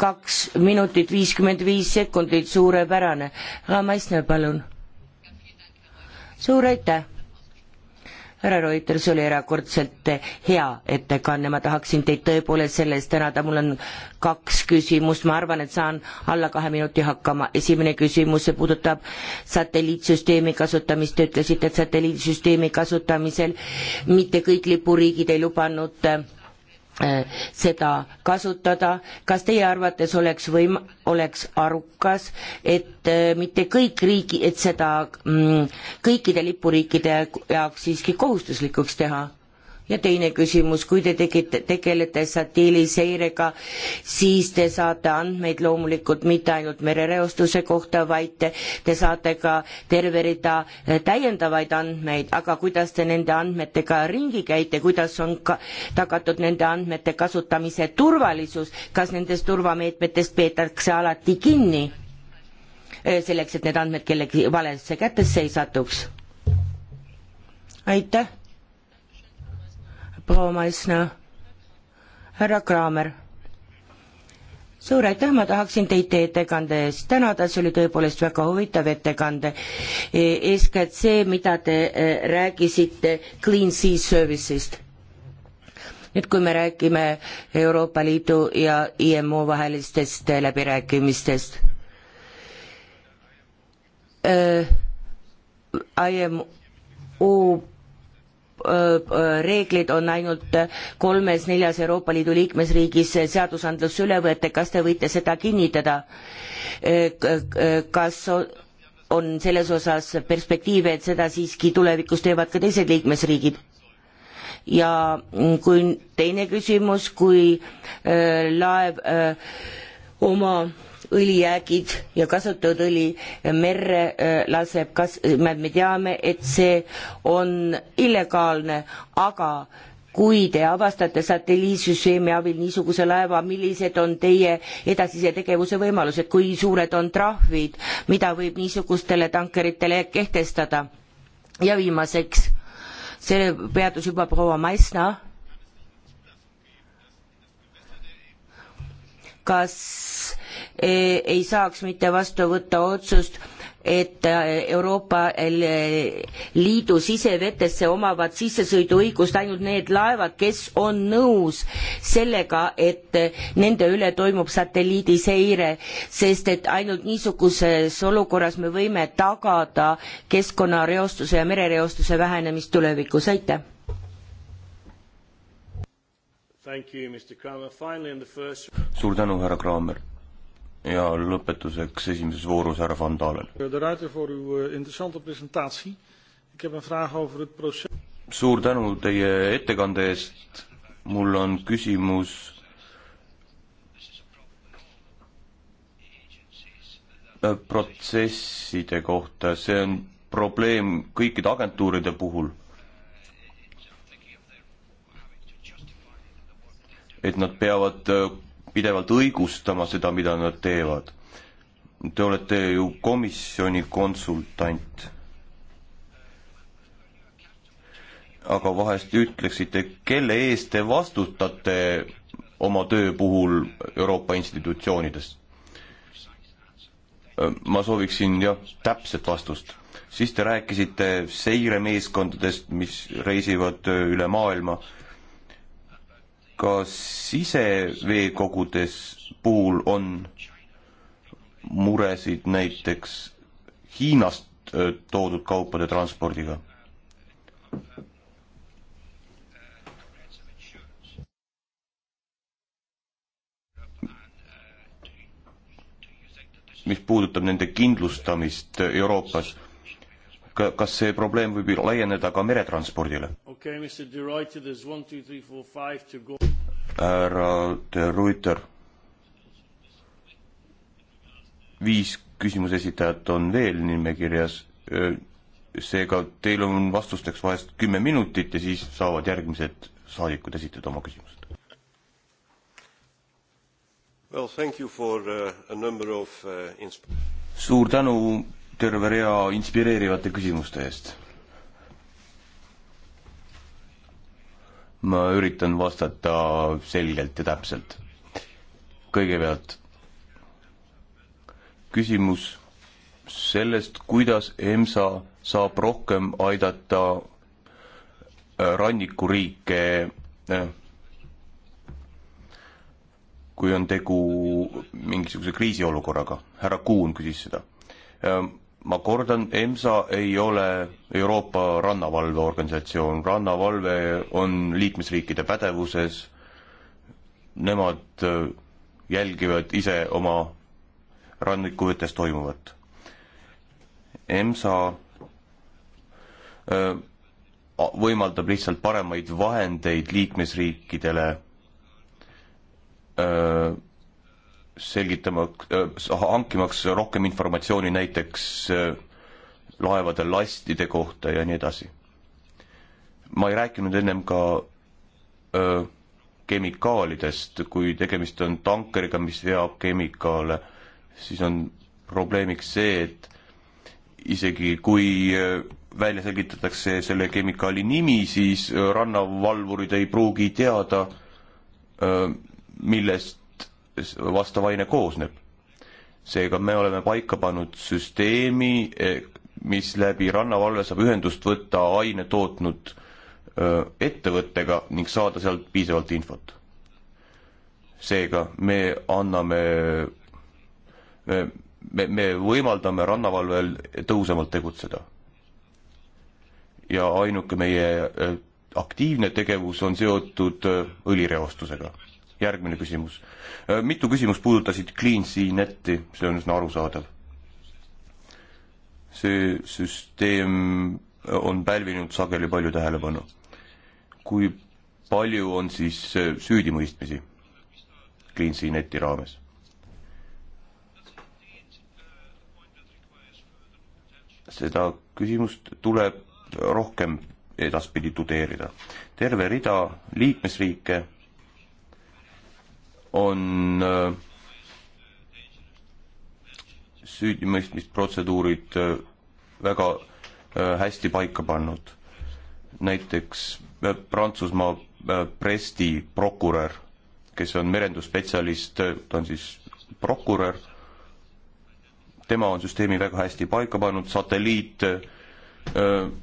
kaks minutit viiskümmend viis sekundit, suurepärane. Raamaisner, palun. suur aitäh härra Reuter, see oli erakordselt hea ettekanne, ma tahaksin teid tõepoolest selle eest tänada, mul on kaks küsimust, ma arvan, et saan alla kahe minuti hakkama. esimene küsimus, see puudutab satelliitsüsteemi kasutamist, te ütlesite, et satelliitsüsteemi kasutamisel mitte kõik lipuriigid ei lubanud äh, Äh, seda kasutada, kas teie arvates oleks võim-, oleks arukas, et äh, mitte kõik riigi, et seda mm, kõikide lipuriikide jaoks siiski kohustuslikuks teha? ja teine küsimus, kui te tegite, tegelete satiiliseirega, siis te saate andmeid loomulikult mitte ainult merereostuse kohta, vaid te, te saate ka terve rida eh, täiendavaid andmeid, aga kuidas te nende andmetega ringi käite, kuidas on ka tagatud nende andmete kasutamise turvalisus, kas nendest turvameetmetest peetakse alati kinni? Eh, selleks, et need andmed kellegi valesse kätesse ei satuks. aitäh proua Maisna, härra Kraamer. suur aitäh, ma tahaksin teid teie ettekande eest tänada, see oli tõepoolest väga huvitav ettekande. E, eeskätt see, mida te e, rääkisite Clean Sea Service'ist nüüd, kui me räägime Euroopa Liidu ja IMO vahelistest läbirääkimistest. E, IMO Äh, äh, reeglid on ainult kolmes-neljas Euroopa Liidu liikmesriigis seadusandlusse üle võetud, kas te võite seda kinnitada? Äh, kas on selles osas perspektiive, et seda siiski tulevikus teevad ka teised liikmesriigid? ja kui teine küsimus, kui laev oma õlijäägid ja kasutatud õli merre äh, laseb, kas, me teame, et see on illegaalne, aga kui te avastate satelliitsüsteemi abil niisuguse laeva, millised on teie edasise tegevuse võimalused, kui suured on trahvid, mida võib niisugustele tankeritele kehtestada? ja viimaseks, see peatus juba proua Maisna. kas Eh, ei saaks mitte vastu võtta otsust, et eh, Euroopa eh, Liidu sisevetesse omavad sissesõiduõigust ainult need laevad, kes on nõus sellega, et nende üle toimub satelliidiseire, sest et ainult niisuguses olukorras me võime tagada keskkonnareostuse ja merereostuse vähenemist tulevikus, aitäh! suur tänu, härra Kraamer! ja lõpetuseks esimeses voorus härra Van Dalen. Eh, suur tänu teie ettekande eest, mul on küsimus eh, protsesside kohta, see on probleem kõikide agentuuride puhul. et nad peavad eh, pidevalt õigustama seda, mida nad teevad. Te olete ju komisjoni konsultant. aga vahest ütleksite, kelle eest te vastutate oma töö puhul Euroopa institutsioonides? ma sooviksin jah, täpset vastust. siis te rääkisite seiremeeskondadest, mis reisivad üle maailma ka siseveekogudes puhul on muresid näiteks Hiinast toodud kaupade transpordiga? mis puudutab nende kindlustamist Euroopas kas see probleem võib laieneda ka meretranspordile? härra De Ruiter, viis küsimuse esitajat on veel nimekirjas, seega teil on vastusteks vahest kümme minutit ja siis saavad järgmised saadikud esitada oma küsimused. Well, thank you for uh, a number of uh, suur tänu terve rea inspireerivate küsimuste eest. ma üritan vastata selgelt ja täpselt. kõigepealt küsimus sellest, kuidas EMSA saab rohkem aidata äh, rannikuriike, äh, kui on tegu mingisuguse kriisiolukorraga. härra Kuun küsis seda. Äh, ma kordan, EMSA ei ole Euroopa rannavalveorganisatsioon, rannavalve on liikmesriikide pädevuses, nemad äh, jälgivad ise oma rannikuvõttes toimuvat. EMSA äh, võimaldab lihtsalt paremaid vahendeid liikmesriikidele öö, äh, selgitamaks äh,, hankimaks rohkem informatsiooni näiteks äh, laevade lastide kohta ja nii edasi. ma ei rääkinud ennem ka öö, äh, kemikaalidest, kui tegemist on tankeriga, mis veab kemikaale, siis on probleemiks see, et isegi kui äh, välja selgitatakse selle kemikaali nimi, siis äh, rannavalvurid ei pruugi teada, äh, millest vastav aine koosneb. seega me oleme paika pannud süsteemi, e, mis läbi rannavalve saab ühendust võtta aine tootnud ettevõttega ning saada sealt piisavalt infot. seega me anname, me, me, me võimaldame rannavalvel tõhusamalt tegutseda. ja ainuke meie aktiivne tegevus on seotud õlireostusega järgmine küsimus. mitu küsimust puudutasid Clean Sea Neti, see on üsna arusaadav. see süsteem on pälvinud sageli palju tähelepanu. kui palju on siis süüdimõistmisi Clean Sea Neti raames? seda küsimust tuleb rohkem edaspidi tudeerida. terve rida liikmesriike on äh, süüdimõistmisprotseduurid äh, väga äh, hästi paika pannud. näiteks Prantsusmaa Presti prokurör, kes on merendusspetsialist, ta on siis prokurör, tema on süsteemi väga hästi paika pannud, satelliit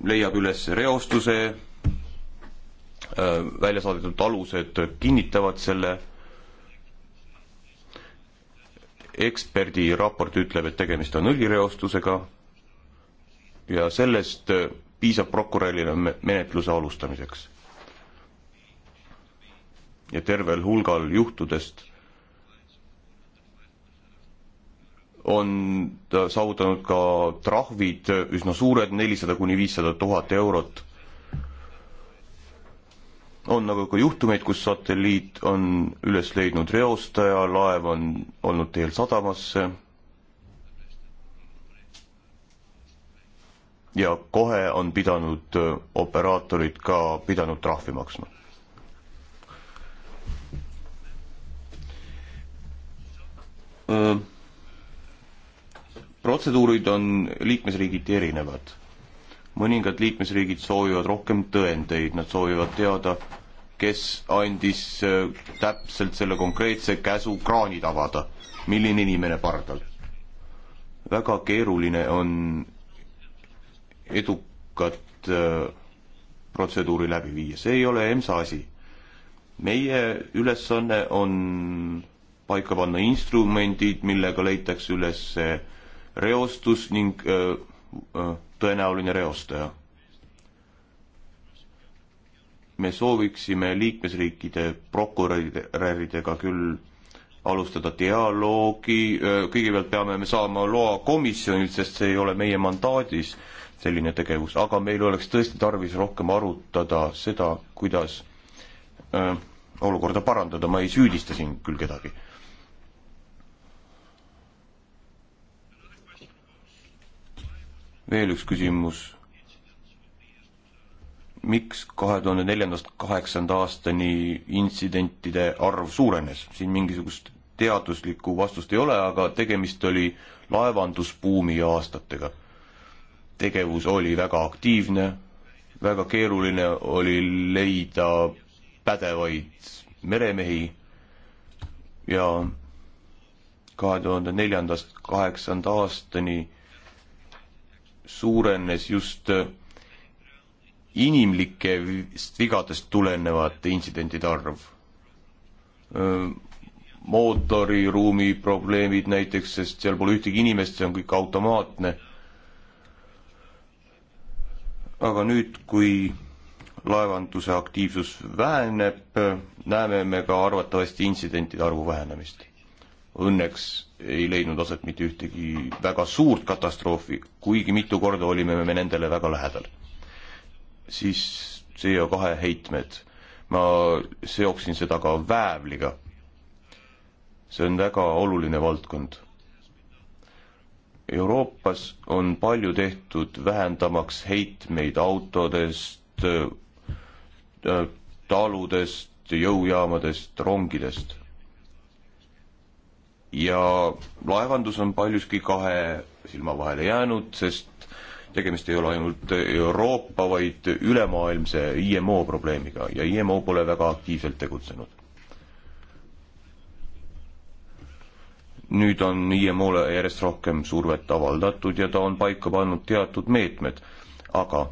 leiab üles reostuse, välja saadetud alused kinnitavad selle eksperdi raport ütleb, et tegemist on õlireostusega ja sellest piisab prokurörile menetluse alustamiseks. ja tervel hulgal juhtudest on ta saavutanud ka trahvid üsna suured, nelisada kuni viissada tuhat eurot on aga nagu ka juhtumeid, kus satelliit on üles leidnud reostaja, laev on olnud teel sadamasse ja kohe on pidanud äh, operaatorid ka pidanud trahvi maksma. Äh, protseduurid on liikmesriigiti erinevad mõningad liikmesriigid soovivad rohkem tõendeid, nad soovivad teada, kes andis äh, täpselt selle konkreetse käsu kraanid avada, milline inimene pardal. väga keeruline on edukat äh, protseduuri läbi viia, see ei ole EMSA asi. meie ülesanne on paika panna instrumendid, millega leitakse üles reostus ning öö, äh, öö, tõenäoline reostaja. me sooviksime liikmesriikide prokuröridega küll alustada dialoogi, kõigepealt peame me saama loa komisjonilt, sest see ei ole meie mandaadis, selline tegevus, aga meil oleks tõesti tarvis rohkem arutada seda, kuidas öö, äh, olukorda parandada, ma ei süüdista siin küll kedagi veel üks küsimus. miks kahe tuhande neljandast kaheksanda aastani intsidentide arv suurenes? siin mingisugust teaduslikku vastust ei ole, aga tegemist oli laevandusbuumi aastatega. tegevus oli väga aktiivne, väga keeruline oli leida pädevaid meremehi ja kahe tuhande neljandast kaheksanda aastani suurenes just äh, inimlikest vigadest tulenevate intsidentide arv. Äh, mootoriruumi probleemid näiteks, sest seal pole ühtegi inimest, see on kõik automaatne. aga nüüd, kui laevanduse aktiivsus väheneb, näeme me ka arvatavasti intsidentide arvu vähenemist. Õnneks ei leidnud aset mitte ühtegi väga suurt katastroofi, kuigi mitu korda olime me nendele väga lähedal. siis CO2 heitmed, ma seoksin seda ka väävliga. see on väga oluline valdkond. Euroopas on palju tehtud vähendamaks heitmeid autodest, äh, taludest, jõujaamadest, rongidest ja laevandus on paljuski kahe silma vahele jäänud, sest tegemist ei ole ainult Euroopa, vaid ülemaailmse IMO probleemiga ja IMO pole väga aktiivselt tegutsenud. nüüd on IMO-le järjest rohkem survet avaldatud ja ta on paika pannud teatud meetmed, aga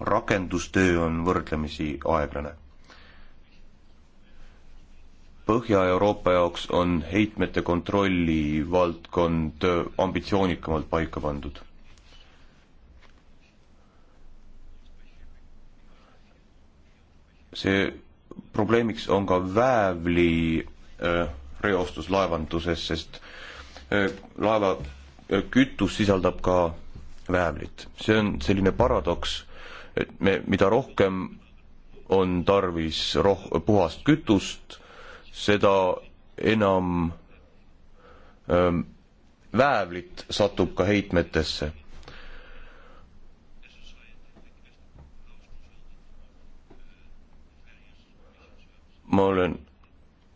rakendustöö on võrdlemisi aeglane Põhja-Euroopa jaoks on heitmete kontrolli valdkond ambitsioonikamalt paika pandud. see probleemiks on ka väävli äh, reostus laevanduses, sest äh, laeva äh, kütus sisaldab ka väävlit. see on selline paradoks, et me, mida rohkem on tarvis roh-, puhast kütust, seda enam öö, ähm, väävlit satub ka heitmetesse. ma olen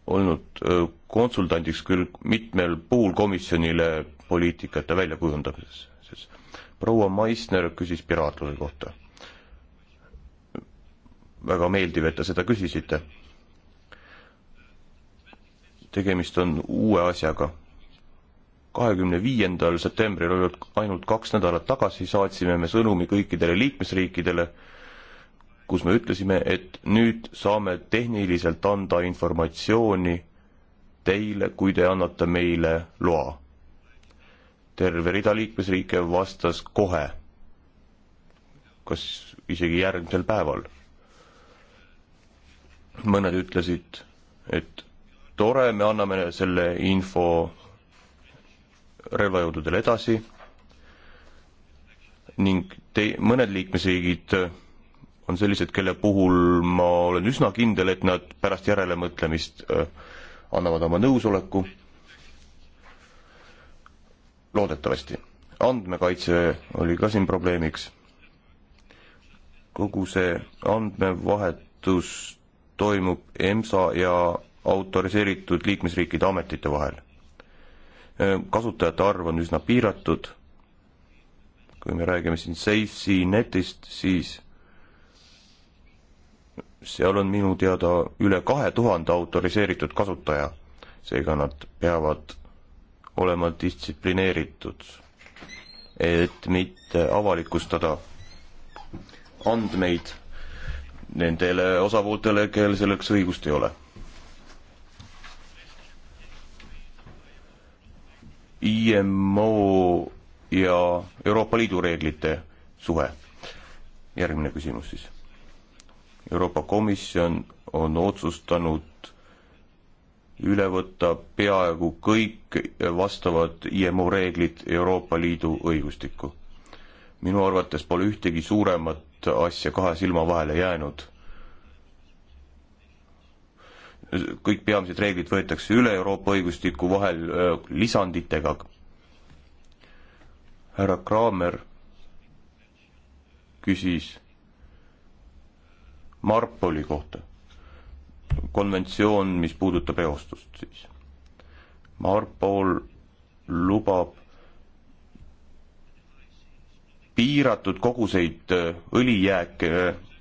olnud äh, konsultandiks küll mitmel puhul komisjonile poliitikate väljakujundamises. proua Maisner küsis piraatluse kohta. väga meeldiv, et te seda küsisite tegemist on uue asjaga. kahekümne viiendal septembril, ainult kaks nädalat tagasi, saatsime me sõnumi kõikidele liikmesriikidele, kus me ütlesime, et nüüd saame tehniliselt anda informatsiooni teile, kui te annate meile loa. terve rida liikmesriike vastas kohe, kas isegi järgmisel päeval. mõned ütlesid, et tore, me anname selle info relvajõududele edasi ning te-, mõned liikmesriigid on sellised, kelle puhul ma olen üsna kindel, et nad pärast järelemõtlemist äh, annavad oma nõusoleku, loodetavasti. andmekaitse oli ka siin probleemiks. kogu see andmevahetus toimub EMSA ja autoriseeritud liikmesriikide ametite vahel. Äh, kasutajate arv on üsna piiratud, kui me räägime siin SafeCNetist, siis seal on minu teada üle kahe tuhande autoriseeritud kasutaja, seega nad peavad olema distsiplineeritud, et mitte avalikustada andmeid nendele osapooltele, kel selleks õigust ei ole IMO ja Euroopa Liidu reeglite suhe? järgmine küsimus siis. Euroopa Komisjon on otsustanud üle võtta peaaegu kõik vastavad IMO reeglid Euroopa Liidu õigustikku. minu arvates pole ühtegi suuremat asja kahe silma vahele jäänud kõik peamised reeglid võetakse üle Euroopa õigustiku vahel lisanditega. härra Kraamer küsis Marpoli kohta, konventsioon, mis puudutab eostust siis. Marpol lubab piiratud koguseid õlijääke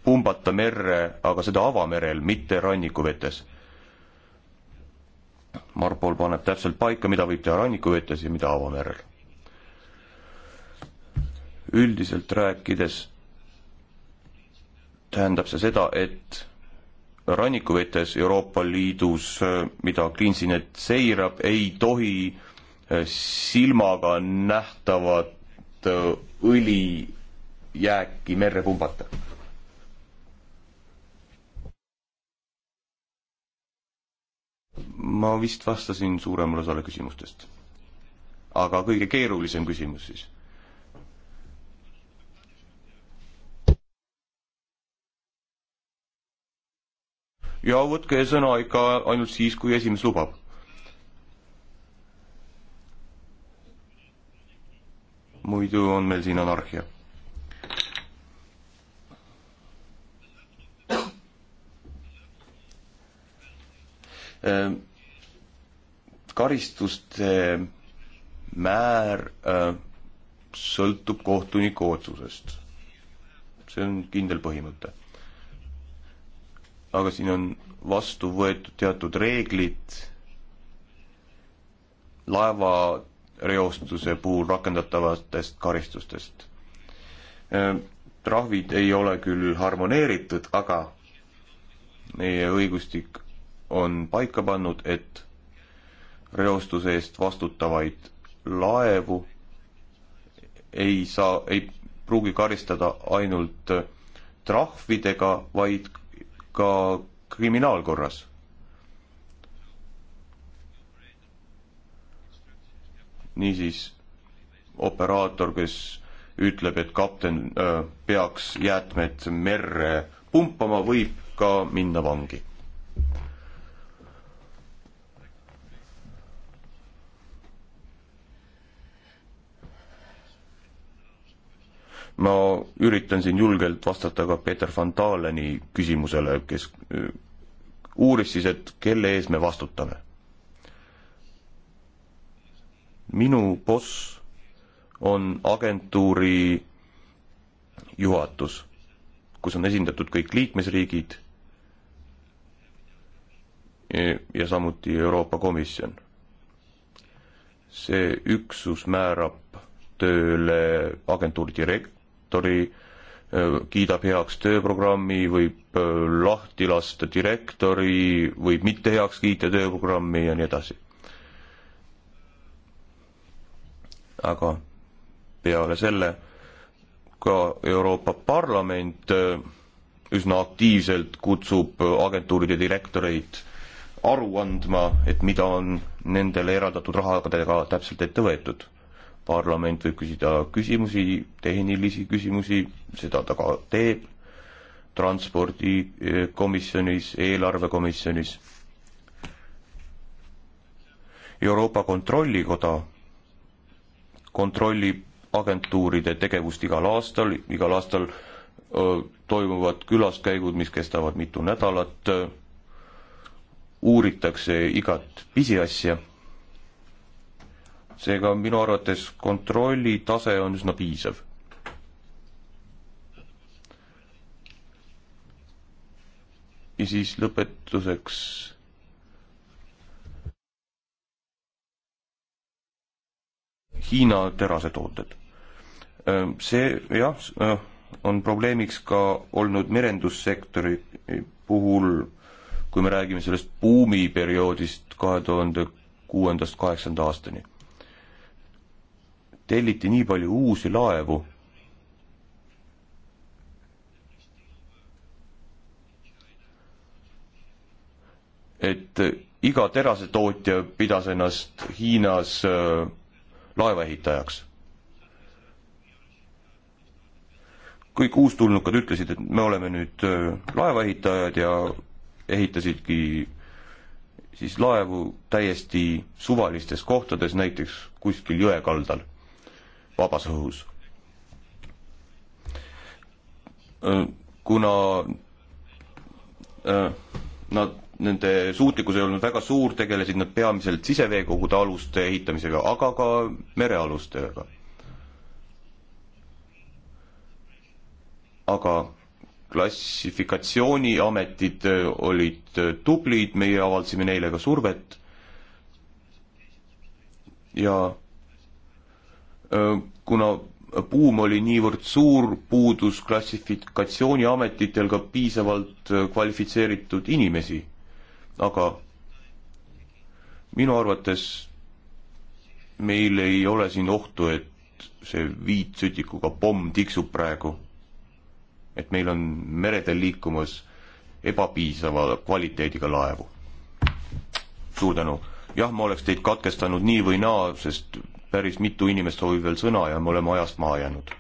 pumbata merre, aga seda avamerel, mitte rannikuvetes. Marpol paneb täpselt paika, mida võib teha rannikuvetes ja mida avamerel. üldiselt rääkides tähendab see seda, et rannikuvetes Euroopa Liidus, äh, mida Cleansinet seirab, ei tohi äh, silmaga nähtavat äh, õlijääki merre pumbata ma vist vastasin suuremale osale küsimustest. aga kõige keerulisem küsimus siis ja võtke sõna ikka ainult siis, kui esimees lubab. muidu on meil siin anarhia Ehm, karistuste määr ehm, sõltub kohtuniku otsusest. see on kindel põhimõte. aga siin on vastu võetud teatud reeglid laevareostuse puhul rakendatavatest karistustest. Ehm, trahvid ei ole küll harmoneeritud, aga meie õigustik on paika pannud, et reostuse eest vastutavaid laevu ei saa, ei pruugi karistada ainult trahvidega, vaid ka kriminaalkorras. niisiis operaator, kes ütleb, et kapten öö, äh, peaks jäätmed merre pumpama, võib ka minna vangi. ma üritan siin julgelt vastata ka Peter van Daleni küsimusele, kes äh, uuris siis, et kelle ees me vastutame. minu boss on agentuuri juhatus, kus on esindatud kõik liikmesriigid e, ja samuti Euroopa Komisjon. see üksus määrab tööle agentuuri direkt-, direktori, äh, kiidab heaks tööprogrammi, võib äh, lahti lasta direktori, võib mitte heaks kiita tööprogrammi ja nii edasi. aga peale selle ka Euroopa Parlament äh, üsna aktiivselt kutsub agentuuride direktoreid aru andma, et mida on nendele eraldatud rahadega täpselt ette võetud parlament võib küsida küsimusi, tehnilisi küsimusi, seda ta ka teeb, transpordikomisjonis, eelarvekomisjonis. Euroopa Kontrollikoda kontrollib agentuuride tegevust igal aastal, igal aastal öö, toimuvad külaskäigud, mis kestavad mitu nädalat, uuritakse igat pisiasja seega minu arvates kontrolli tase on üsna piisav. ja siis lõpetuseks Hiina terasetooted. see jah, on probleemiks ka olnud merendussektori puhul, kui me räägime sellest buumiperioodist kahe tuhande kuuendast kaheksanda aastani telliti nii palju uusi laevu. et iga terasetootja pidas ennast Hiinas äh, laevaehitajaks. kõik uustulnukad ütlesid, et me oleme nüüd äh, laevaehitajad ja ehitasidki siis laevu täiesti suvalistes kohtades, näiteks kuskil jõe kaldal vabas õhus. kuna nad, nende suutlikkus ei olnud väga suur, tegelesid nad peamiselt siseveekogude aluste ehitamisega, aga ka merealustega. aga klassifikatsiooniametid olid tublid, meie avaldasime neile ka survet ja Äh, kuna buum oli niivõrd suur, puudus klassifikatsiooniametitel ka piisavalt äh, kvalifitseeritud inimesi. aga minu arvates meil ei ole siin ohtu, et see viitsütikuga pomm tiksub praegu. et meil on meredel liikumas ebapiisava kvaliteediga laevu. suur tänu. jah, ma oleks teid katkestanud nii või naa, sest päris mitu inimest soovib veel sõna ja me oleme ajast maha jäänud.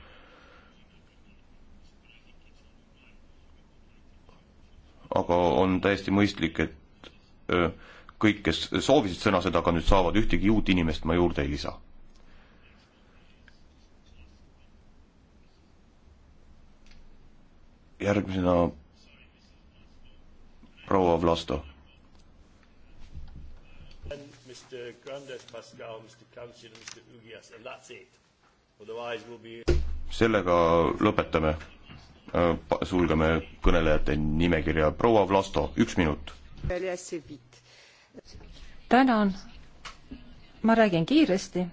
aga on täiesti mõistlik, et kõik, kes soovisid sõna, seda ka nüüd saavad, ühtegi uut inimest ma juurde ei lisa. järgmisena proua Vlasto Grandes Pascals, the Council, Mr Ugias and that's it. Otherwise we'll be sellega lõpetame, äh, sulgeme kõnelejate nimekirja. proua Vlasto, üks minut. tänan. ma räägin kiiresti.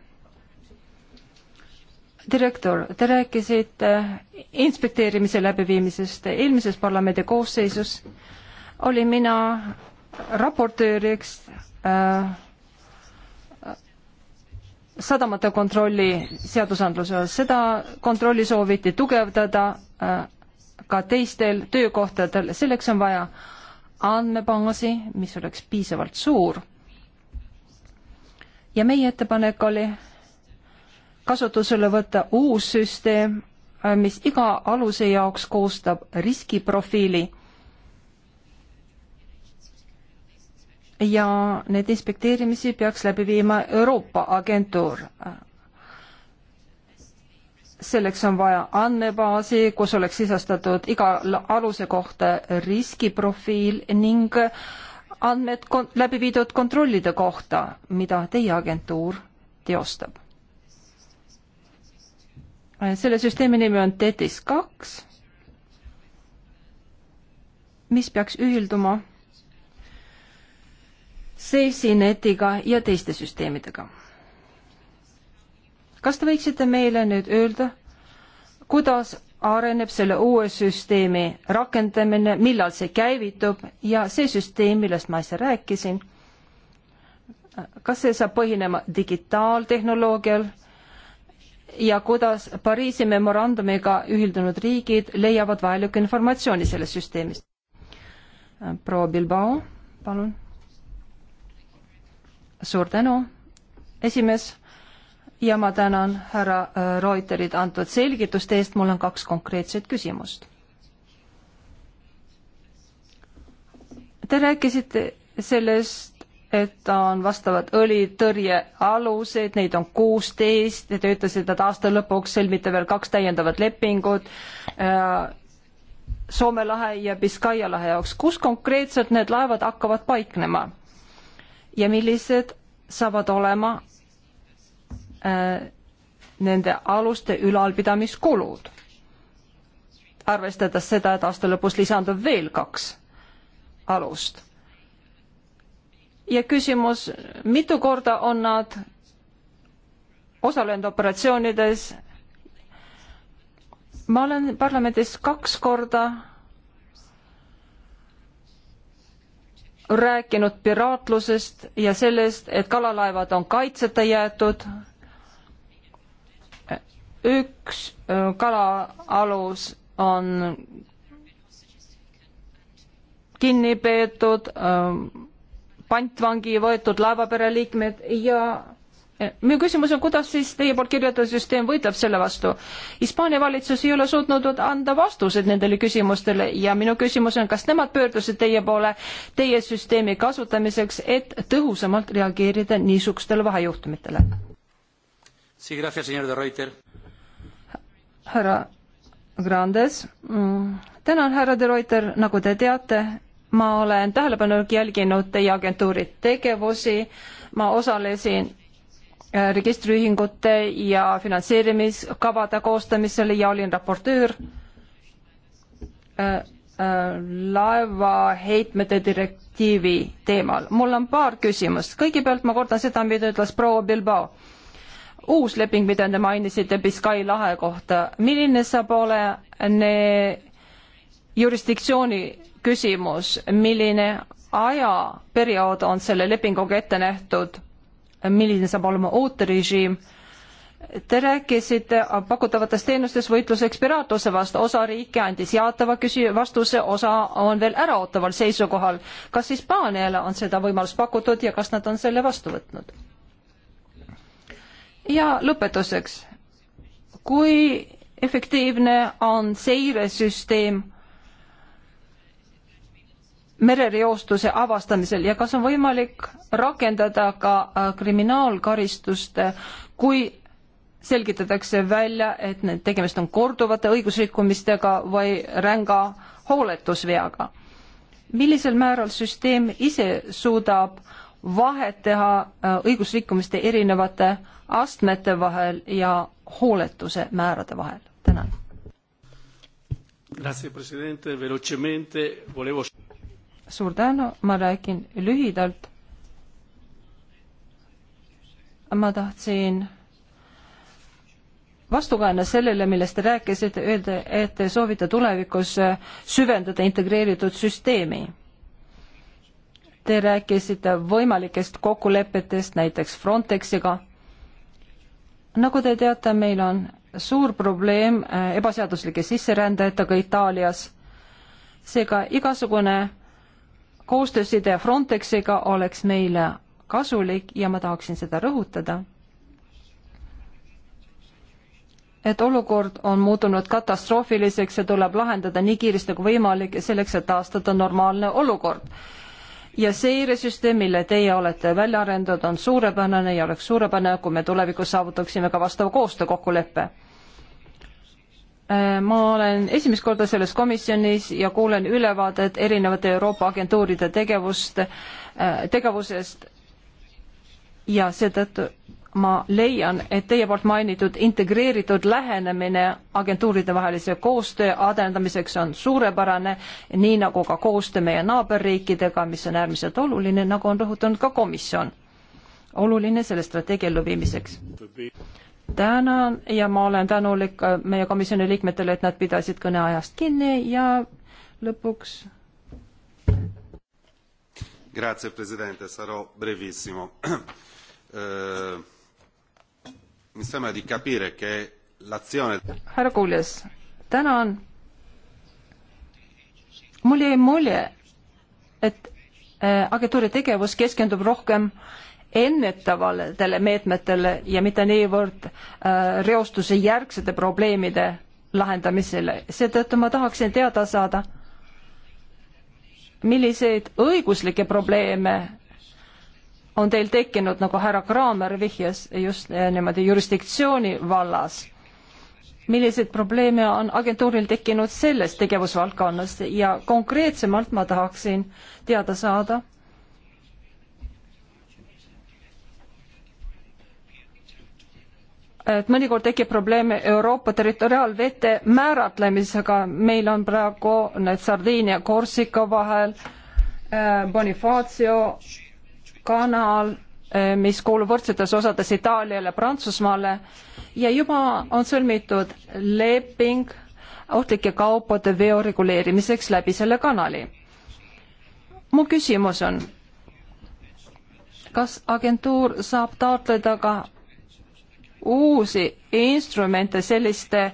direktor, te rääkisite inspekteerimise läbiviimisest. eelmises parlamendi koosseisus olin mina raportööriks äh, sadamate kontrolli seadusandluse osas, seda kontrolli sooviti tugevdada äh, ka teistel töökohtadel, selleks on vaja andmebaasi, mis oleks piisavalt suur. ja meie ettepanek oli kasutusele võtta uus süsteem, äh, mis iga aluse jaoks koostab riskiprofiili ja neid inspekteerimisi peaks läbi viima Euroopa agentuur. selleks on vaja andmebaasi, kus oleks sisestatud iga aluse kohta riskiprofiil ning andmed läbi viidud kontrollide kohta, mida teie agentuur teostab. selle süsteemi nimi on TETIS kaks, mis peaks ühilduma SafeCNetiga ja teiste süsteemidega. kas te võiksite meile nüüd öelda, kuidas areneb selle uue süsteemi rakendamine, millal see käivitub ja see süsteem, millest ma äsja rääkisin, kas see saab põhinema digitaaltehnoloogial ja kuidas Pariisi memorandumiga ühildunud riigid leiavad vajalikku informatsiooni sellest süsteemist? proua Bilbao, palun suur tänu, esimees, ja ma tänan härra äh, Reuterit antud selgituste eest, mul on kaks konkreetset küsimust. Te rääkisite sellest, et on vastavad õlitõrjealused, neid on kuusteist ja te ütlesite, et aasta lõpuks sõlmite veel kaks täiendavat lepingut äh, Soome lahe ja Biskaia lahe jaoks. kus konkreetselt need laevad hakkavad paiknema? ja millised saavad olema äh, nende aluste ülalpidamiskulud, arvestades seda, et aasta lõpus lisandub veel kaks alust. ja küsimus, mitu korda on nad osalenud operatsioonides ma olen parlamendis kaks korda rääkinud piraatlusest ja sellest, et kalalaevad on kaitseta jäetud. üks kalaalus on kinni peetud, pantvangi võetud laevapere liikmed ja minu küsimus on, kuidas siis teie poolt kirjeldatud süsteem võitleb selle vastu? Hispaania valitsus ei ole suutnud anda vastuseid nendele küsimustele ja minu küsimus on, kas nemad pöördusid teie poole teie süsteemi kasutamiseks, et tõhusamalt reageerida niisugustele vahejuhtumitele? härra Grandes, mm, tänan, härra de Reuter, nagu te teate, ma olen tähelepanelik jälginud teie agentuuri tegevusi, ma osalesin Äh, registriühingute ja finantseerimiskavade koostamisele ja olin raportöör äh, äh, laevaheitmete direktiivi teemal. mul on paar küsimust. kõigepealt ma kordan seda, mida ütles proua Bilbao. uus leping, mida te mainisite Biscay lahe kohta, milline saab olema jurisdiktsiooni küsimus, milline ajaperiood on selle lepinguga ette nähtud milline saab olema ooterežiim. Te rääkisite pakutavatest teenustest võitluseks piraatluse vastu, osa riike andis jaatava küsi-, vastuse, osa on veel äraootaval seisukohal. kas Hispaaniale on seda võimalust pakutud ja kas nad on selle vastu võtnud? ja lõpetuseks, kui efektiivne on seiresüsteem merereostuse avastamisel ja kas on võimalik rakendada ka äh, kriminaalkaristust, kui selgitatakse välja, et need tegemist on korduvate õigusrikkumistega või ränga hooletusveaga. millisel määral süsteem ise suudab vahet teha äh, õigusrikkumiste erinevate astmete vahel ja hooletuse määrade vahel? tänan. Grazie Presidente, velocemente volevo suur tänu, ma räägin lühidalt. ma tahtsin vastukaena sellele, millest te rääkisite, öelda, et te soovite tulevikus süvendada integreeritud süsteemi. Te rääkisite võimalikest kokkulepetest näiteks Frontexiga. nagu te teate, meil on suur probleem ebaseaduslike sisserändajatega Itaalias. seega igasugune koostööside Frontexiga oleks meile kasulik ja ma tahaksin seda rõhutada, et olukord on muutunud katastroofiliseks ja tuleb lahendada nii kiiresti kui võimalik selleks, et taastada normaalne olukord. ja seiresüsteem, mille teie olete välja arendanud, on suurepärane ja oleks suurepärane, kui me tulevikus saavutaksime ka vastava koostöökokkuleppe Äh, ma olen esimest korda selles komisjonis ja kuulen ülevaadet erinevate Euroopa agentuuride tegevust, äh, tegevusest ja seetõttu ma leian, et teie poolt mainitud integreeritud lähenemine agentuuride vahelise koostöö arendamiseks on suurepärane, nii nagu ka koostöö meie naaberriikidega, mis on äärmiselt oluline, nagu on rõhutanud ka komisjon. oluline selle strateegia elluviimiseks tänan ja ma olen tänulik meie komisjoni liikmetele, et nad pidasid kõneajast kinni ja lõpuks. Grazie presidente, sarò brevissimo uh,. Mi sembra di capire che l'azione. härra Kuljas, tänan. mul jäi mulje, et eh, agentuuri tegevus keskendub rohkem äh, ennetavatele meetmetele ja mitte niivõrd äh, reostuse järgsete probleemide lahendamisele. seetõttu ma tahaksin teada saada, milliseid õiguslikke probleeme on teil tekkinud, nagu härra Kraamer vihjas just äh, niimoodi jurisdiktsiooni vallas. milliseid probleeme on agentuuril tekkinud selles tegevusvaldkonnas ja konkreetsemalt ma tahaksin teada saada et mõnikord tekib probleeme Euroopa territoriaalvete määratlemisega, meil on praegu need Sardiinia, Korsika vahel äh, Bonifacio kanal, äh, mis kuulub võrdsetes osades Itaaliale, Prantsusmaale ja juba on sõlmitud leping ohtlike kaupade veo reguleerimiseks läbi selle kanali. mu küsimus on, kas agentuur saab taotleda ka uusi instrumente selliste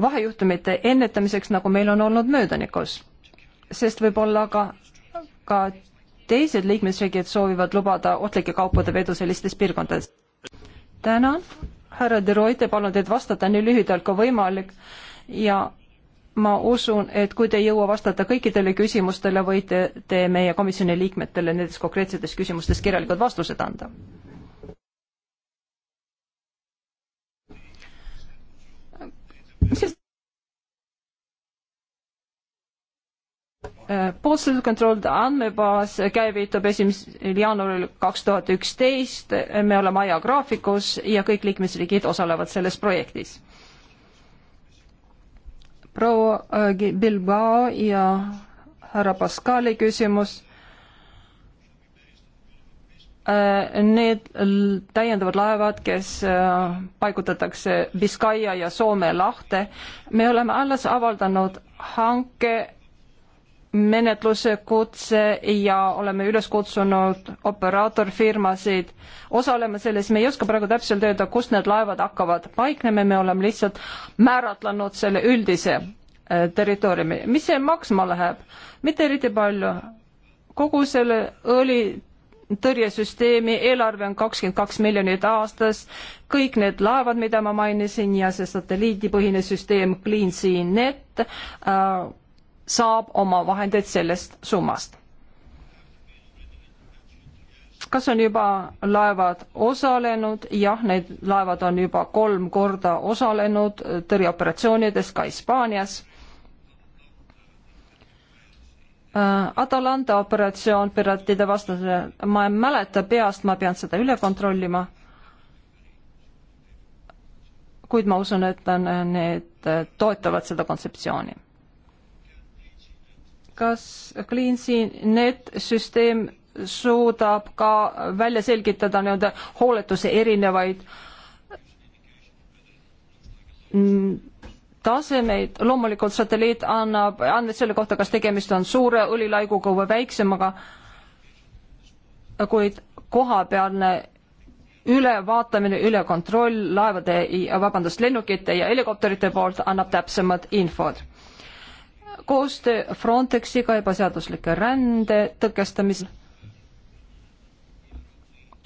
vahejuhtumite ennetamiseks, nagu meil on olnud möödanikus. sest võib-olla ka, ka teised liikmesriigid soovivad lubada ohtlike kaupade vedu sellistes piirkondades. tänan, härra De Reuter, palun teid vastata nii lühidalt kui võimalik ja ma usun, et kui te ei jõua vastata kõikidele küsimustele, võite te meie komisjoni liikmetele nendes konkreetsetes küsimustes kirjalikud vastused anda Äh, Postal Control andmebaas käivitub esimesel jaanuaril kaks tuhat üksteist, me oleme ajagraafikus ja kõik liikmesriigid osalevad selles projektis. proua äh, Bilbao ja härra Pascali küsimus. Äh, need täiendavad laevad, kes paigutatakse Biskaia ja Soome lahte, me oleme alles avaldanud hanke menetluse kutse ja oleme üles kutsunud operaatorfirmasid osalema selles, me ei oska praegu täpselt öelda, kus need laevad hakkavad paiknema, me oleme lihtsalt määratlenud selle üldise äh, territooriumi. mis see maksma läheb? mitte eriti palju. kogu selle õli tõrjesüsteemi eelarve on kakskümmend kaks miljonit aastas, kõik need laevad, mida ma mainisin ja see satelliidipõhine süsteem Clean Sea Net äh,, saab oma vahendeid sellest summast. kas on juba laevad osalenud? jah, need laevad on juba kolm korda osalenud tõrjeoperatsioonides ka Hispaanias. Äh, Atalanta operatsioon piratide vastase, ma ei mäleta peast, ma pean seda üle kontrollima kuid ma usun, et on, need toetavad seda kontseptsiooni kas CleanSeaNet süsteem suudab ka välja selgitada nii-öelda hooletuse erinevaid mm, tasemeid, loomulikult satelliit annab andmeid selle kohta, kas tegemist on suure õlilaibuga või väiksemaga, kuid kohapealne ülevaatamine, ülekontroll laevade, vabandust, lennukite ja helikopterite poolt annab täpsemat infot koostöö Frontexiga ebaseaduslike rände tõkestamisel.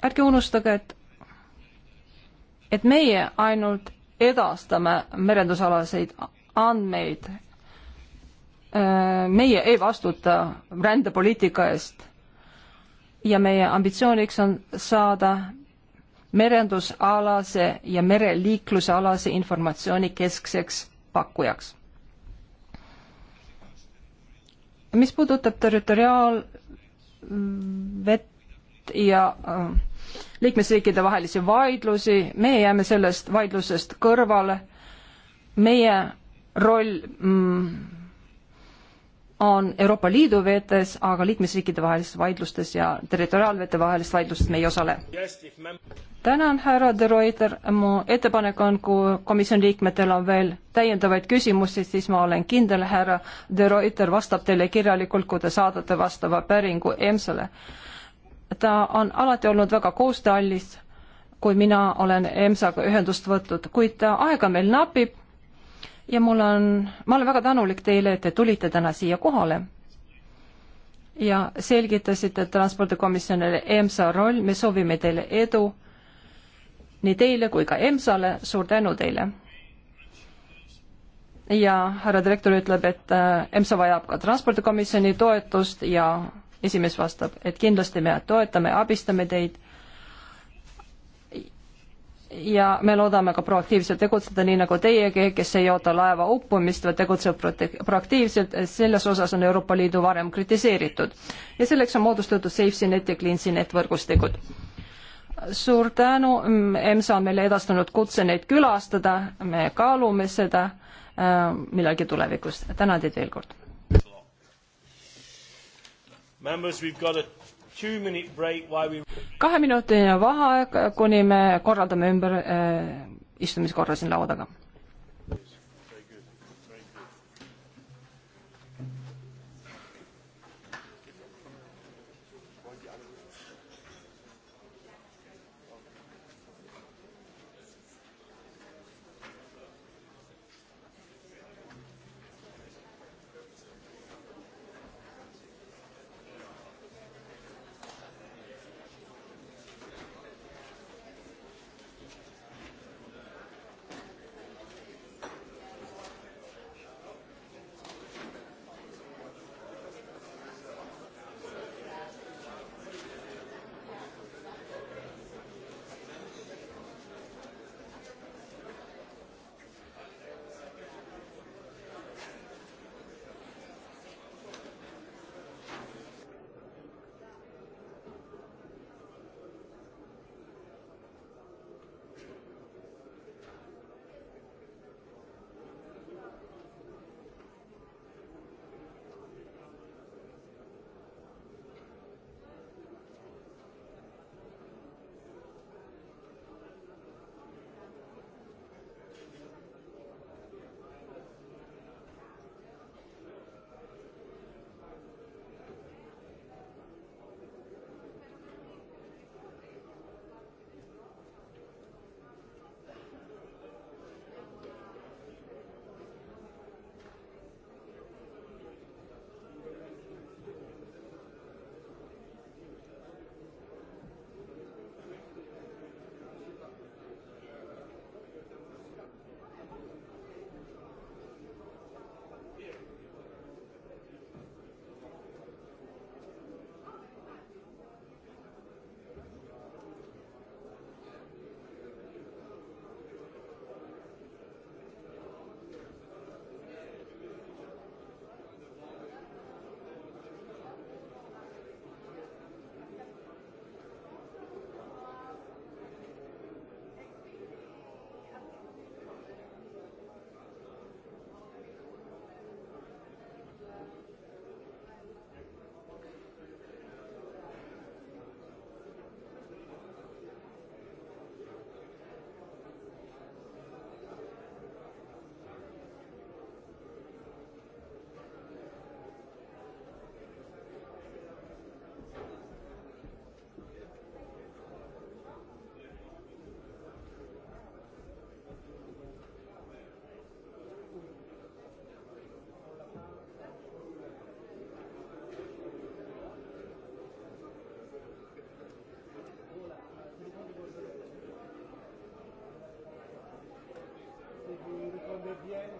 ärge unustage, et, et meie ainult edastame merendusalaseid andmeid. Äh, meie ei vastuta rändepoliitika eest ja meie ambitsiooniks on saada merendusalase ja mereliikluse alase informatsiooni keskseks pakkujaks. mis puudutab territoriaalvett ja äh, liikmesriikide vahelisi vaidlusi, meie jääme sellest vaidlusest kõrvale, meie roll mm, on Euroopa Liidu vetes, aga liikmesriikide vahelistes vaidlustes ja territoriaalvete vahelistes vaidlustes me ei osale. tänan, härra De Reuter, mu ettepanek on, kui komisjoni liikmetel on veel täiendavaid küsimusi, siis ma olen kindel, härra De Reuter vastab teile kirjalikult, kui te saadate vastava päringu EMS-ile. ta on alati olnud väga koostööallis, kui mina olen EMS-aga ühendust võtnud, kuid aega meil napib ja mul on, ma olen väga tänulik teile, et te tulite täna siia kohale ja selgitasite transpordikomisjonile EMSA roll, me soovime teile edu, nii teile kui ka EMSA-le, suur tänu teile. ja härra direktor ütleb, et äh, EMSA vajab ka transpordikomisjoni toetust ja esimees vastab, et kindlasti me toetame, abistame teid ja me loodame ka proaktiivselt tegutseda, nii nagu teiegi, kes ei oota laeva uppumist, vaid tegutseb proaktiivselt, selles osas on Euroopa Liidu varem kritiseeritud. ja selleks on moodustatud SafeCNet ja CleanCNet võrgustikud. suur tänu, EMSA on meile edastanud kutse neid külastada, me kaalume seda äh, millalgi tulevikus, tänan teid veel kord. Members, we've got a kaheminutiline vaheaeg, kuni me korraldame ümber äh, istumiskorra siin laua taga vienne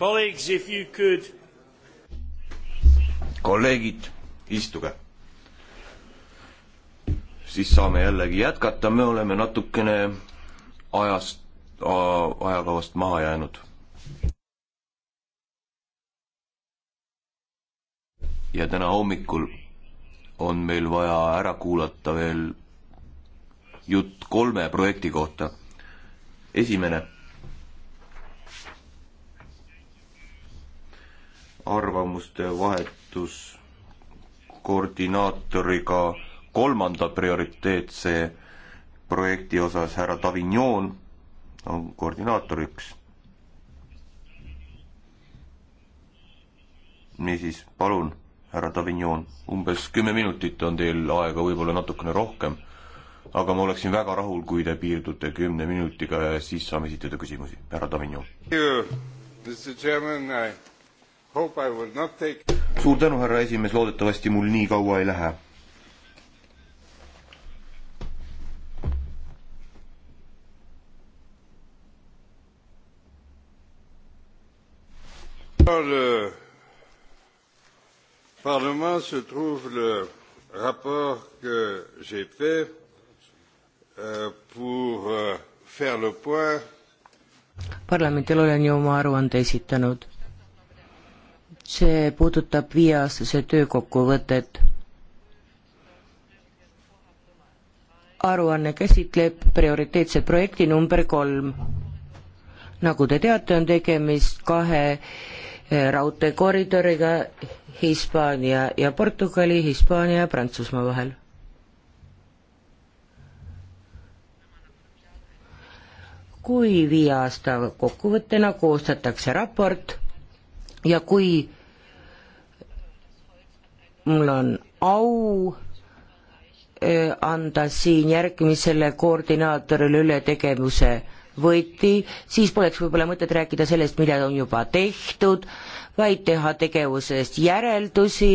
Colleagues, if you could. kolleegid, istuge. siis saame jällegi jätkata, me oleme natukene ajast, ajakavast maha jäänud. ja täna hommikul on meil vaja ära kuulata veel jutt kolme projekti kohta. esimene arvamuste vahetus koordinaatoriga kolmanda prioriteetse projekti osas, härra Davignon on koordinaatoriks. niisiis, palun, härra Davignon, umbes kümme minutit on teil aega, võib-olla natukene rohkem, aga ma oleksin väga rahul, kui te piirdute kümne minutiga ja siis saame esitada küsimusi. härra Davignon. Take... suur tänu, härra esimees, loodetavasti mul nii kaua ei lähe. Le Parlement se trouve le rapport que j'ai fait euh, pour euh, faire le point. parlamendil olen ju oma aruande esitanud see puudutab viieaastase töö kokkuvõtet. aruanne käsitleb prioriteetse projekti number kolm. nagu te teate, on tegemist kahe eh, raudteekoridoriga Hispaania ja Portugali, Hispaania ja Prantsusmaa vahel. kui viie aasta kokkuvõttena koostatakse raport ja kui mul on au äh, anda siin järgmisele koordinaatorile üle tegevuse võti, siis poleks võib-olla mõtet rääkida sellest, mida on juba tehtud, vaid teha tegevusest järeldusi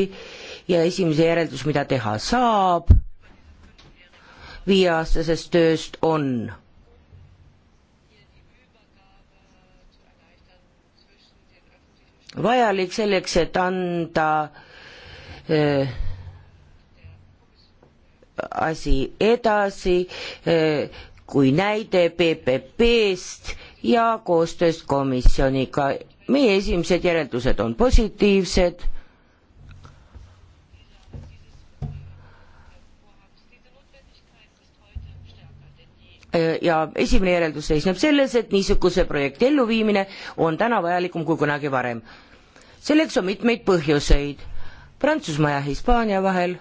ja esimese järeldus, mida teha saab, viieaastasest tööst on vajalik selleks, et anda Äh, asi edasi, äh, kui näide PPP-st ja koostööst komisjoniga. meie esimesed järeldused on positiivsed. Äh, ja esimene järeldus seisneb selles, et niisuguse projekti elluviimine on täna vajalikum kui kunagi varem. selleks on mitmeid põhjuseid Prantsusmaa ja Hispaania vahel.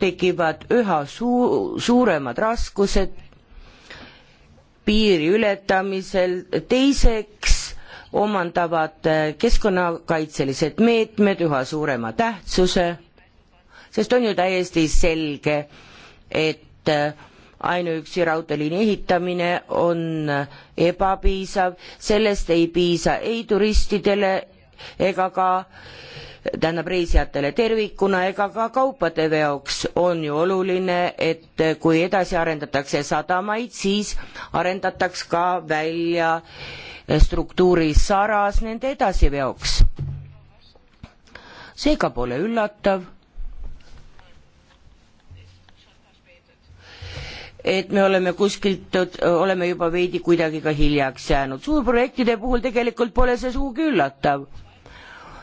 tekivad üha suu-, suuremad raskused piiri ületamisel, teiseks omandavad keskkonnakaitselised meetmed üha suurema tähtsuse, sest on ju täiesti selge, et ainuüksi raudteeliini ehitamine on ebapiisav, sellest ei piisa ei turistidele ega ka tähendab reisijatele tervikuna ega ka kaupade veoks on ju oluline, et kui edasi arendatakse sadamaid, siis arendataks ka välja struktuuri saras nende edasiveoks. seega pole üllatav et me oleme kuskilt, oleme juba veidi kuidagi ka hiljaks jäänud. suurprojektide puhul tegelikult pole see sugugi üllatav.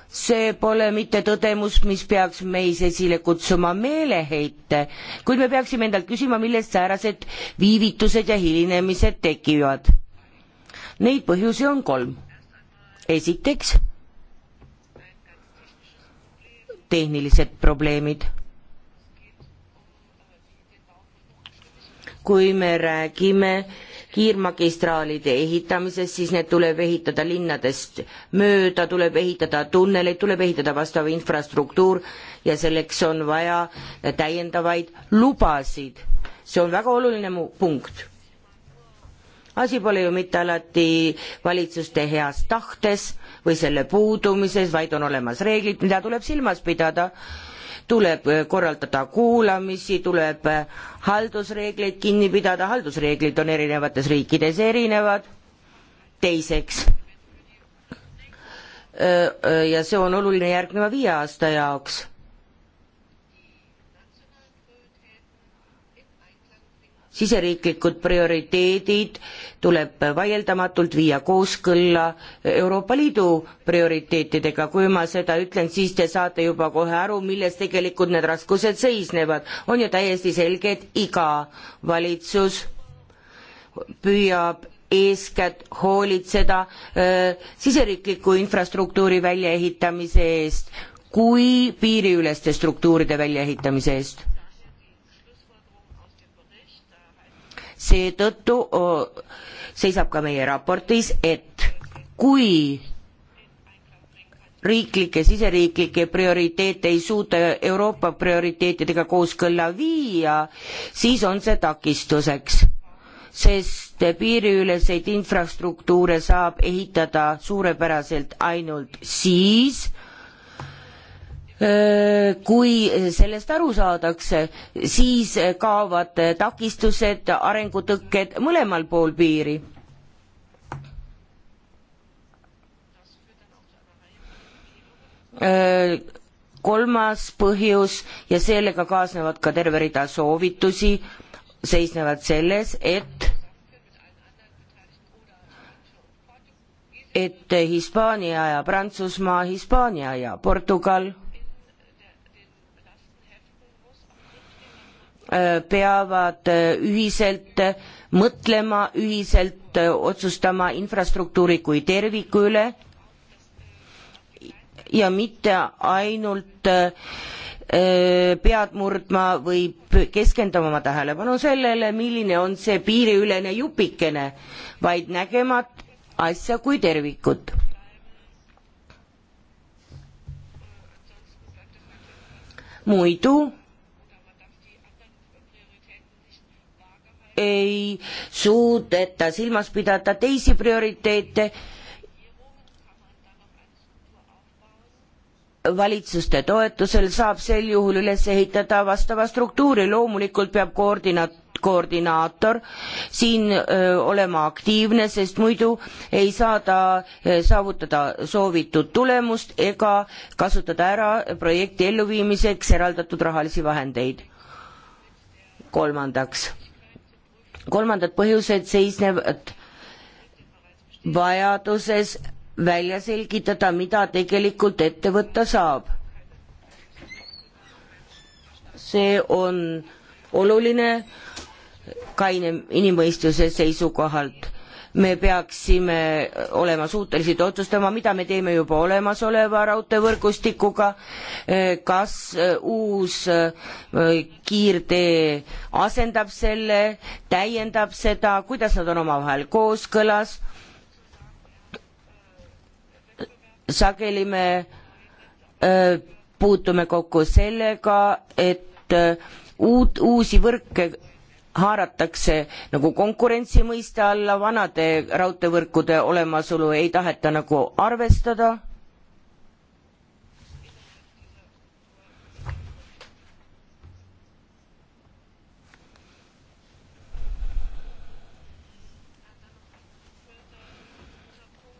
see pole mitte tõdemus, mis peaks meis esile kutsuma meeleheite, kuid me peaksime endalt küsima, millest säärased viivitused ja hilinemised tekivad. Neid põhjusi on kolm. esiteks tehnilised probleemid kui me räägime kiirmagistraalide ehitamisest, siis need tuleb ehitada linnadest mööda, tuleb ehitada tunneleid, tuleb ehitada vastav infrastruktuur ja selleks on vaja täiendavaid lubasid. see on väga oluline punkt. asi pole ju mitte alati valitsuste heas tahtes või selle puudumises, vaid on olemas reeglid, mida tuleb silmas pidada tuleb äh, korraldada kuulamisi, tuleb äh, haldusreegleid kinni pidada, haldusreeglid on erinevates riikides erinevad, teiseks äh, ja see on oluline järgneva viie aasta jaoks siseriiklikud prioriteedid tuleb vaieldamatult viia kooskõlla Euroopa Liidu prioriteetidega, kui ma seda ütlen, siis te saate juba kohe aru, milles tegelikult need raskused seisnevad. on ju täiesti selge, et iga valitsus püüab eeskätt hoolitseda öö, siseriikliku infrastruktuuri väljaehitamise eest kui piiriüleste struktuuride väljaehitamise eest seetõttu seisab ka meie raportis, et kui riiklikke, siseriiklikke prioriteete ei suuda Euroopa prioriteetidega kooskõlla viia, siis on see takistuseks. sest piiriüleseid infrastruktuure saab ehitada suurepäraselt ainult siis, kui sellest aru saadakse, siis kaovad takistused, arengutõkked mõlemal pool piiri. kolmas põhjus ja sellega kaasnevad ka terve rida soovitusi, seisnevad selles, et et Hispaania ja Prantsusmaa, Hispaania ja Portugal Äh, peavad äh, ühiselt äh, mõtlema, ühiselt otsustama infrastruktuuri kui terviku üle ja mitte ainult pead murdma või keskenduma oma tähelepanu sellele, milline on see piiriülene jupikene, vaid nägema asja kui tervikut. muidu ei suudeta silmas pidada teisi prioriteete, valitsuste toetusel saab sel juhul üles ehitada vastava struktuuri, loomulikult peab koordina-, koordinaator siin öö, olema aktiivne, sest muidu ei saa ta saavutada soovitud tulemust ega kasutada ära projekti elluviimiseks eraldatud rahalisi vahendeid. kolmandaks kolmandad põhjused seisnevad vajaduses välja selgitada, mida tegelikult ette võtta saab. see on oluline kaine inimmõistuse seisukohalt me peaksime olema suutelised otsustama, mida me teeme juba olemasoleva raudteevõrgustikuga, eh, kas eh, uus eh, kiirtee asendab selle, täiendab seda, kuidas nad on omavahel kooskõlas. sageli me puutume kokku sellega, et uut, uusi võrke haaratakse nagu konkurentsi mõiste alla, vanade raudteevõrkude olemasolu ei taheta nagu arvestada.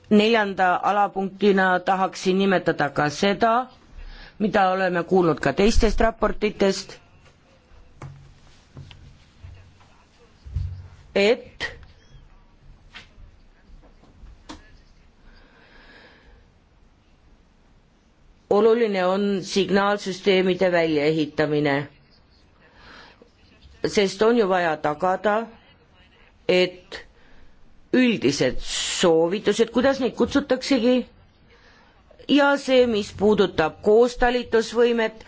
neljanda alapunktina tahaksin nimetada ka seda, mida oleme kuulnud ka teistest raportitest et oluline on signaalsüsteemide väljaehitamine, sest on ju vaja tagada, et üldised soovitused, kuidas neid kutsutaksegi, ja see, mis puudutab koostalitusvõimet,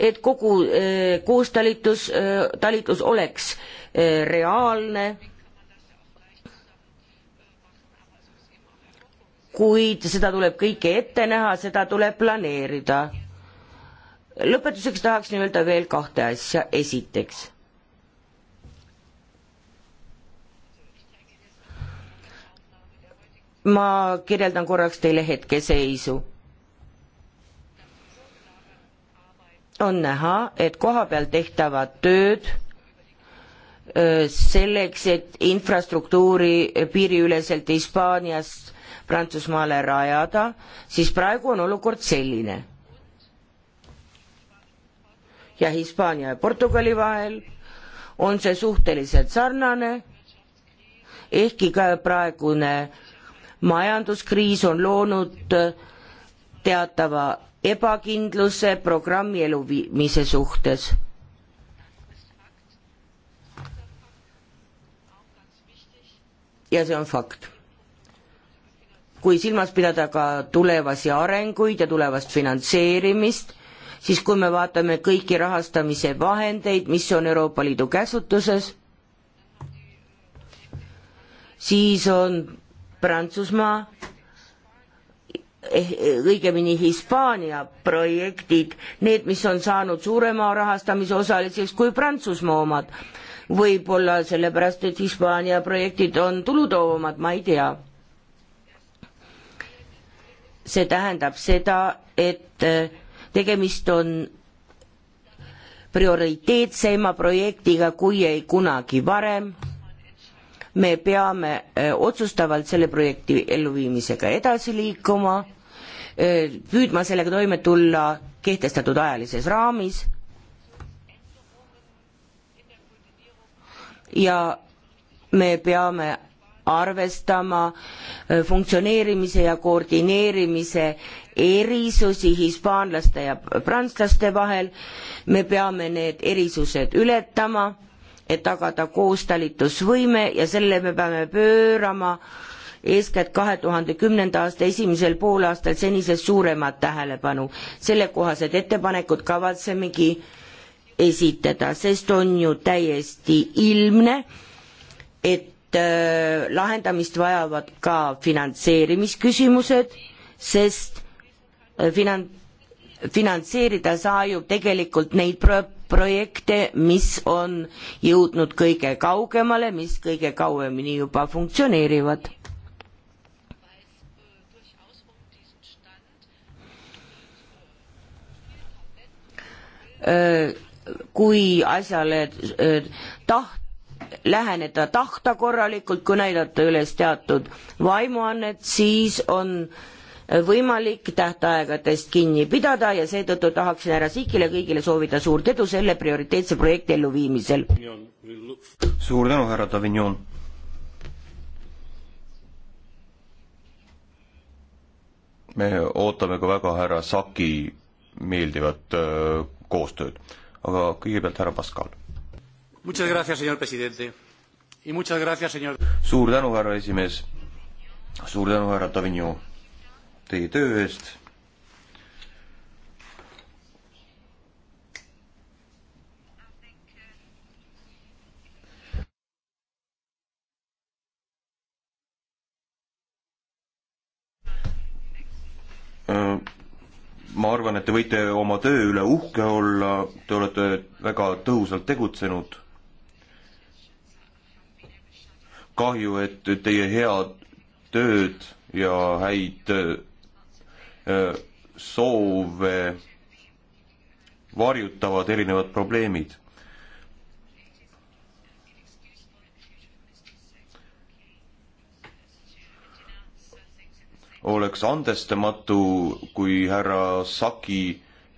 et kogu eh, koostalitus eh,, talitlus oleks eh, reaalne kuid seda tuleb kõike ette näha, seda tuleb planeerida. lõpetuseks tahaksin öelda veel kahte asja, esiteks ma kirjeldan korraks teile hetkeseisu. on näha, et kohapeal tehtavad tööd selleks, et infrastruktuuri piiriüleselt Hispaaniast Prantsusmaale rajada, siis praegu on olukord selline. ja Hispaania ja Portugali vahel on see suhteliselt sarnane, ehkki ka praegune majanduskriis on loonud teatava ebakindluse programmi eluviimise suhtes ja see on fakt kui silmas pidada ka tulevasi arenguid ja tulevast finantseerimist, siis kui me vaatame kõiki rahastamise vahendeid, mis on Euroopa Liidu käsutuses, siis on Prantsusmaa eh, õigemini Hispaania projektid, need, mis on saanud suurema rahastamise osaliseks kui Prantsusmaa omad. võib-olla sellepärast, et Hispaania projektid on tulutoovamad, ma ei tea see tähendab seda, et äh, tegemist on prioriteetseima projektiga kui ei kunagi varem. me peame äh, otsustavalt selle projekti elluviimisega edasi liikuma, äh, püüdma sellega toime tulla kehtestatud ajalises raamis ja me peame arvestama äh, funktsioneerimise ja koordineerimise erisusi hispaanlaste ja prantslaste vahel. me peame need erisused ületama, et tagada koostalitusvõime ja selle me peame pöörama eeskätt kahe tuhande kümnenda aasta esimesel poolaastal senisest suuremat tähelepanu. sellekohased ettepanekud kavatsemegi esitada, sest on ju täiesti ilmne, et Äh, lahendamist vajavad ka finantseerimisküsimused, sest äh, finan-, finantseerida saa ju tegelikult neid pro-, projekte, mis on jõudnud kõige kaugemale, mis kõige kauemini juba funktsioneerivad. Äh, kui asjale taht läheneda tahta korralikult, kui näidata üles teatud vaimuannet, siis on võimalik tähtaegadest kinni pidada ja seetõttu tahaksin härra Sikile kõigile soovida suurt edu selle prioriteetse projekti elluviimisel. suur tänu, härra Davignon. me ootame ka väga härra Saki meeldivat öö, äh, koostööd, aga kõigepealt härra Pascal Muchas gracias, señor presidente. Y muchas gracias, señor... suur tänu, härra esimees. suur tänu, härra Tavignon, teie töö eest. Äh, ma arvan, et te võite oma töö üle uhke olla, te olete väga tõhusalt tegutsenud kahju, et teie head tööd ja häid äh, soove varjutavad erinevad probleemid. oleks andestamatu, kui härra Saki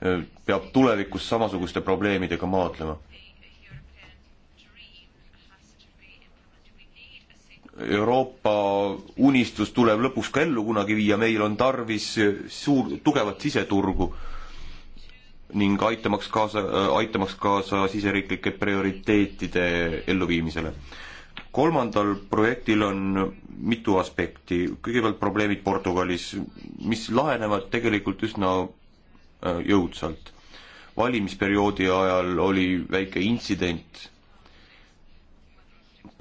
äh, peab tulevikus samasuguste probleemidega maadlema Euroopa unistus tuleb lõpuks ka ellu kunagi viia, meil on tarvis suur, tugevat siseturgu ning aitamaks kaasa, aitamaks kaasa siseriiklike prioriteetide elluviimisele. kolmandal projektil on mitu aspekti, kõigepealt probleemid Portugalis, mis lahenevad tegelikult üsna äh, jõudsalt. valimisperioodi ajal oli väike intsident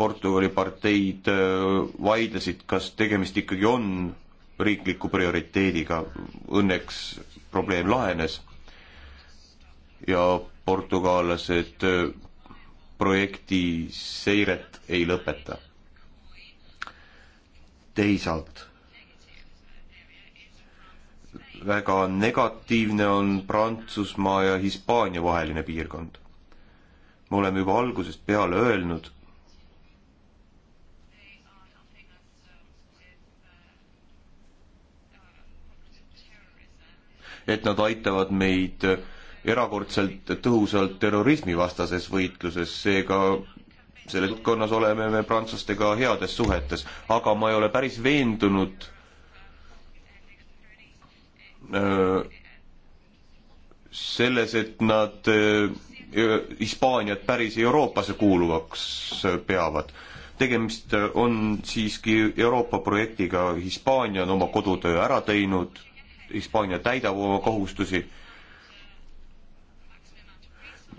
Portugali parteid äh, vaidlesid, kas tegemist ikkagi on riikliku prioriteediga. Õnneks probleem lahenes ja portugallased äh, projekti seiret ei lõpeta. teisalt väga negatiivne on Prantsusmaa ja Hispaania vaheline piirkond. me oleme juba algusest peale öelnud, et nad aitavad meid erakordselt tõhusalt terrorismivastases võitluses, seega selles valdkonnas oleme me prantslastega heades suhetes, aga ma ei ole päris veendunud öö, äh, selles, et nad äh, Hispaaniat päris Euroopasse kuuluvaks peavad. tegemist on siiski Euroopa projektiga, Hispaania on oma kodutöö ära teinud Hispaania täidab oma kohustusi.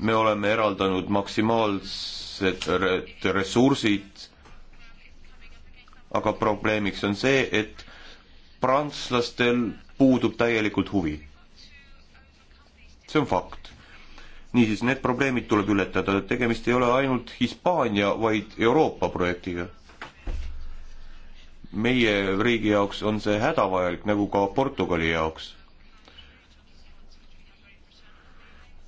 me oleme eraldanud maksimaalsed ressursid, aga probleemiks on see, et prantslastel puudub täielikult huvi. see on fakt. niisiis, need probleemid tuleb ületada, tegemist ei ole ainult Hispaania, vaid Euroopa projektiga meie riigi jaoks on see hädavajalik, nagu ka Portugali jaoks.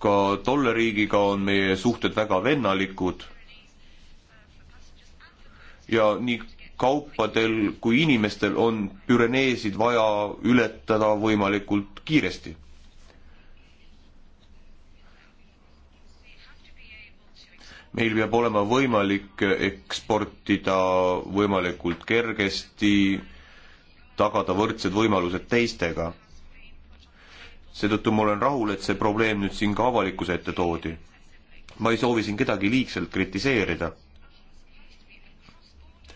ka tolle riigiga on meie suhted väga vennalikud ja nii kaupadel kui inimestel on Püreneesid vaja ületada võimalikult kiiresti meil peab olema võimalik eksportida võimalikult kergesti, tagada võrdsed võimalused teistega. seetõttu ma olen rahul, et see probleem nüüd siin ka avalikkuse ette toodi. ma ei soovi siin kedagi liigselt kritiseerida.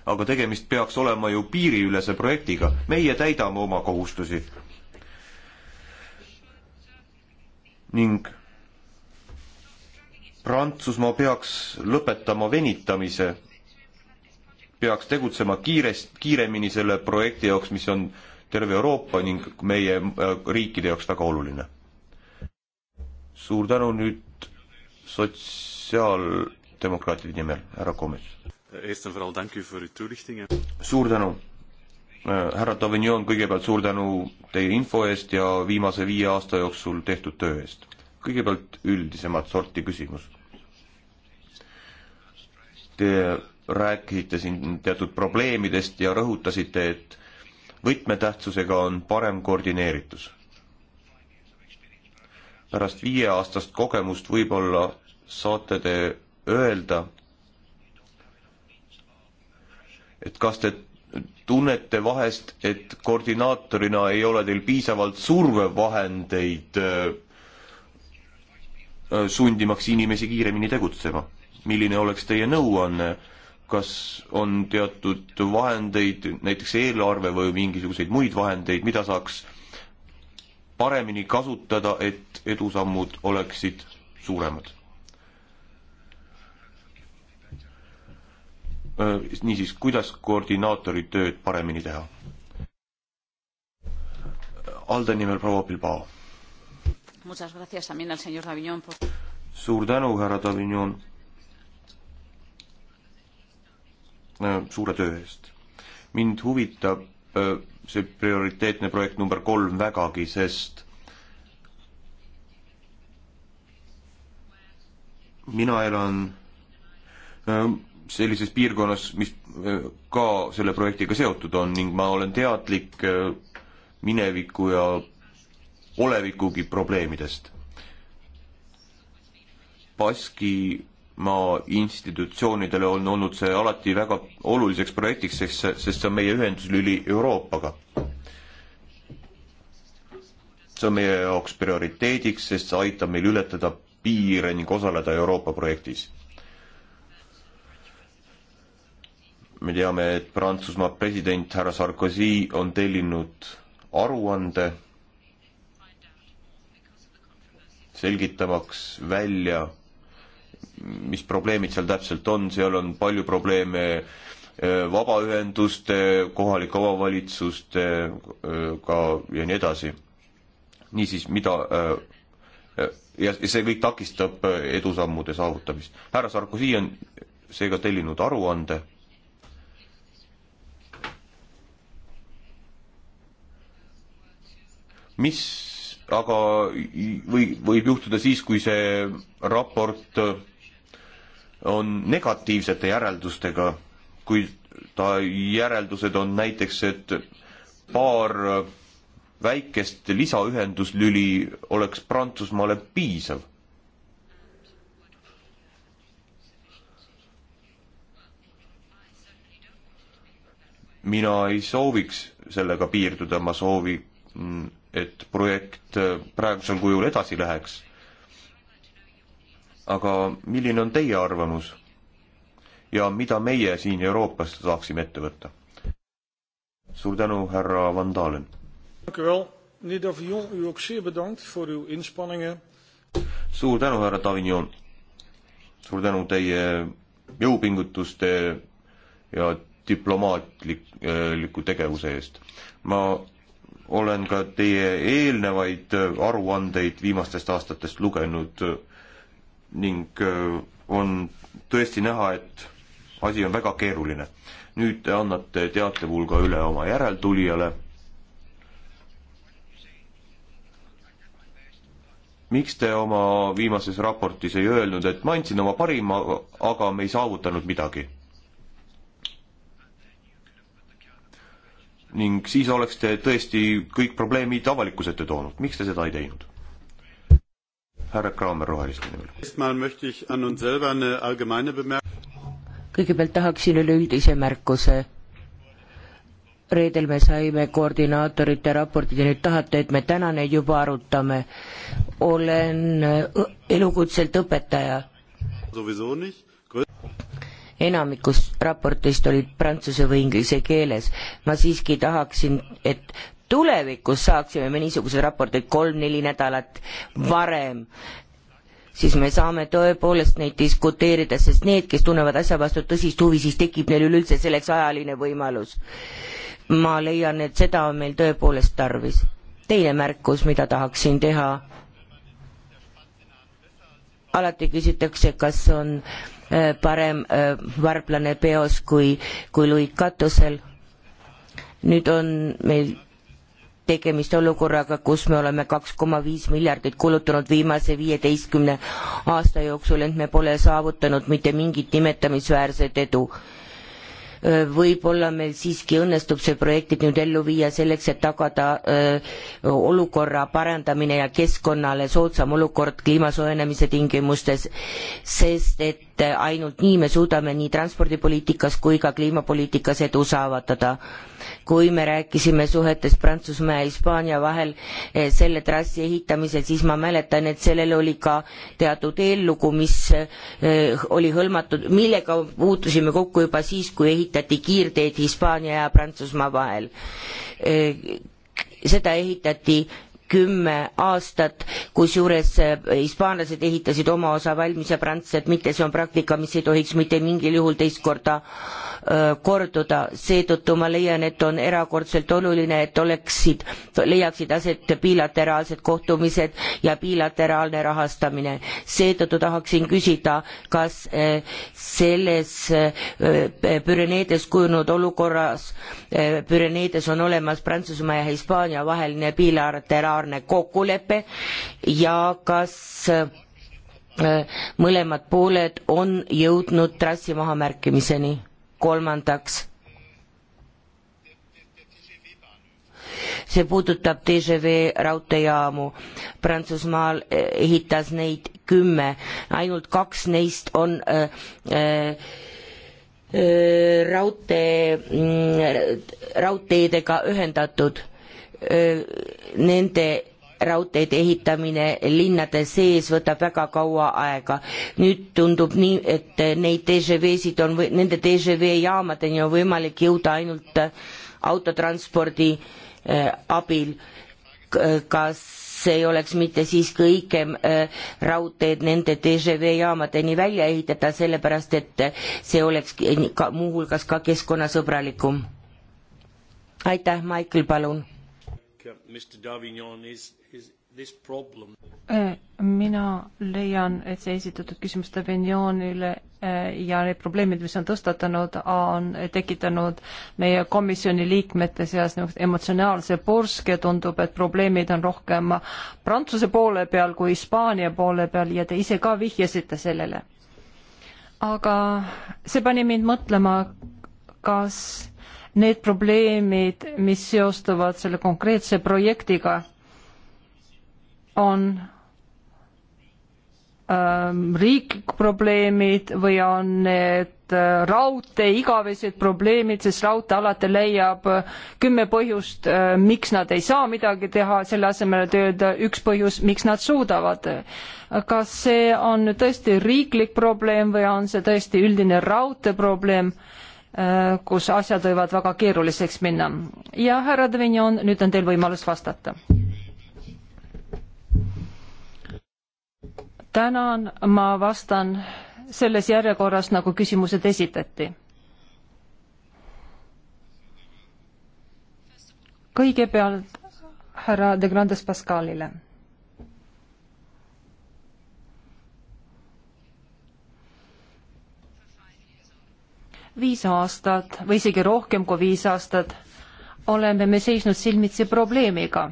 aga tegemist peaks olema ju piiriülese projektiga, meie täidame oma kohustusi. ning Prantsusmaa peaks lõpetama venitamise, peaks tegutsema kiirest, kiiremini selle projekti jaoks, mis on terve Euroopa ning meie äh, riikide jaoks väga oluline. suur tänu nüüd sotsiaaldemokraatide nimel, härra Komes. suur tänu. Äh, härra Davignon, kõigepealt suur tänu teie info eest ja viimase viie aasta jooksul tehtud töö eest kõigepealt üldisemat sorti küsimus. Te rääkisite siin teatud probleemidest ja rõhutasite, et võtmetähtsusega on parem koordineeritus. pärast viieaastast kogemust võib-olla saate te öelda, et kas te tunnete vahest, et koordinaatorina ei ole teil piisavalt survevahendeid äh, Äh, sundimaks inimesi kiiremini tegutsema. milline oleks teie nõuanne, kas on teatud vahendeid, näiteks eelarve või mingisuguseid muid vahendeid, mida saaks paremini kasutada, et edusammud oleksid suuremad? Äh, niisiis, kuidas koordinaatori tööd paremini teha? Alde nimel proua Bilbao Muchas gracias también al señor Davignon por... suur tänu, härra Davignon, äh, suure töö eest. mind huvitab äh, see prioriteetne projekt number kolm vägagi, sest mina elan äh, sellises piirkonnas, mis ka selle projektiga seotud on ning ma olen teadlik mineviku ja olevikugi probleemidest. Baskimaa institutsioonidele on olnud see alati väga oluliseks projektiks, sest, sest see on meie ühenduslüli Euroopaga. see on meie jaoks prioriteediks, sest see aitab meil ületada piire ning osaleda Euroopa projektis me teame, et Prantsusmaa president härra Sarkozy on tellinud aruande selgitamaks välja, mis probleemid seal täpselt on, seal on palju probleeme äh, vabaühenduste, kohalike omavalitsustega äh, ja nii edasi. niisiis, mida äh, ja see kõik takistab edusammude saavutamist. härra Sarkozy on seega tellinud aruande mis aga või, võib juhtuda siis, kui see raport on negatiivsete järeldustega, kui ta järeldused on näiteks, et paar väikest lisaühenduslüli oleks Prantsusmaale piisav. mina ei sooviks sellega piirduda, ma soovin et projekt äh, praegusel kujul edasi läheks. aga milline on teie arvamus? ja mida meie siin Euroopas saaksime ette võtta? suur tänu, härra Van Dalen. suur tänu, härra Davignon. suur tänu teie jõupingutuste ja diplomaatliku äh, tegevuse eest. ma olen ka teie eelnevaid äh, aruandeid viimastest aastatest lugenud äh, ning äh, on tõesti näha, et asi on väga keeruline. nüüd te annate teatepulga üle oma järeltulijale. miks te oma viimases raportis ei öelnud, et ma andsin oma parima, aga me ei saavutanud midagi? ning siis oleks te tõesti kõik probleemid avalikkuse ette toonud, miks te seda ei teinud? härra Kraamer Roheliste nimel. kõigepealt tahaksin üleüldise märkuse. reedel me saime koordinaatorite raportid ja nüüd tahate, et me täna neid juba arutame. olen äh, elukutselt õpetaja enamikus raportist olid prantsuse või inglise keeles. ma siiski tahaksin, et tulevikus saaksime me niisuguseid raporteid kolm-neli nädalat varem, siis me saame tõepoolest neid diskuteerida, sest need, kes tunnevad asja vastu tõsist huvi, siis tekib neil üleüldse selleks ajaline võimalus. ma leian, et seda on meil tõepoolest tarvis. teine märkus, mida tahaksin teha, alati küsitakse, kas on Äh, parem äh, varblane peos kui, kui luik katusel. nüüd on meil tegemist olukorraga, kus me oleme kaks koma viis miljardit kulutanud viimase viieteistkümne aasta jooksul, ent me pole saavutanud mitte mingit nimetamisväärset edu äh, võib-olla meil siiski õnnestub see projektid nüüd ellu viia selleks, et tagada öö, olukorra parandamine ja keskkonnale soodsam olukord kliima soojenemise tingimustes, sest et et ainult nii me suudame nii transpordipoliitikas kui ka kliimapoliitikas edu saavutada. kui me rääkisime suhetest Prantsusmaa ja Hispaania vahel eh, selle trassi ehitamisel, siis ma mäletan, et sellel oli ka teatud eellugu, mis eh, oli hõlmatud, millega puutusime kokku juba siis, kui ehitati kiirteed Hispaania ja Prantsusmaa vahel eh, seda ehitati kümme aastat, kusjuures äh, hispaanlased ehitasid oma osa valmis ja prantslased mitte, see on praktika, mis ei tohiks mitte mingil juhul teist korda öö, äh, korduda, seetõttu ma leian, et on erakordselt oluline, et oleksid, leiaksid aset bilateraalsed kohtumised ja bilateraalne rahastamine. seetõttu tahaksin küsida, kas öö, äh, selles Püreneedes kujunenud olukorras, Püreneedes on olemas Prantsusmaa ja Hispaania vaheline bilateraalne elementaarne kokkulepe ja kas äh, mõlemad pooled on jõudnud trassi mahamärkimiseni. kolmandaks, see puudutab TGV raudteejaamu. Prantsusmaal äh, ehitas neid kümme, ainult kaks neist on äh, äh, raudtee, mm, raudteedega ühendatud nende raudteede ehitamine linnade sees võtab väga kaua aega. nüüd tundub nii, et neid DŽV-sid on, nende DŽV jaamadeni on võimalik jõuda ainult äh, autotranspordi äh, abil. kas ei oleks mitte siiski õigem äh, raudteed nende DŽV jaamadeni välja ehitada, sellepärast et see oleks ka muuhulgas ka keskkonnasõbralikum? aitäh, Maicel, palun Uh, eh, mina leian, et see esitatud küsimus Davignonile eh, ja need probleemid, mis on tõstatanud, on tekitanud meie komisjoni liikmete seas niisugust emotsionaalse purske, tundub, et probleemid on rohkem Prantsuse poole peal kui Hispaania poole peal ja te ise ka vihjasite sellele. aga see pani mind mõtlema, kas need probleemid, mis seostuvad selle konkreetse projektiga, on ähm, riiklik probleemid või on need äh, raudtee igavesed probleemid, sest raudtee alati leiab äh, kümme põhjust, äh, miks nad ei saa midagi teha, selle asemel, et öelda üks põhjus, miks nad suudavad. kas see on tõesti riiklik probleem või on see tõesti üldine raudtee probleem? Äh, kus asjad võivad väga keeruliseks minna. ja härra Davignon, nüüd on teil võimalus vastata. tänan, ma vastan selles järjekorras, nagu küsimused esitati. kõigepealt härra De Grandes Pascalile viis aastat või isegi rohkem kui viis aastat oleme me seisnud silmitsi probleemiga.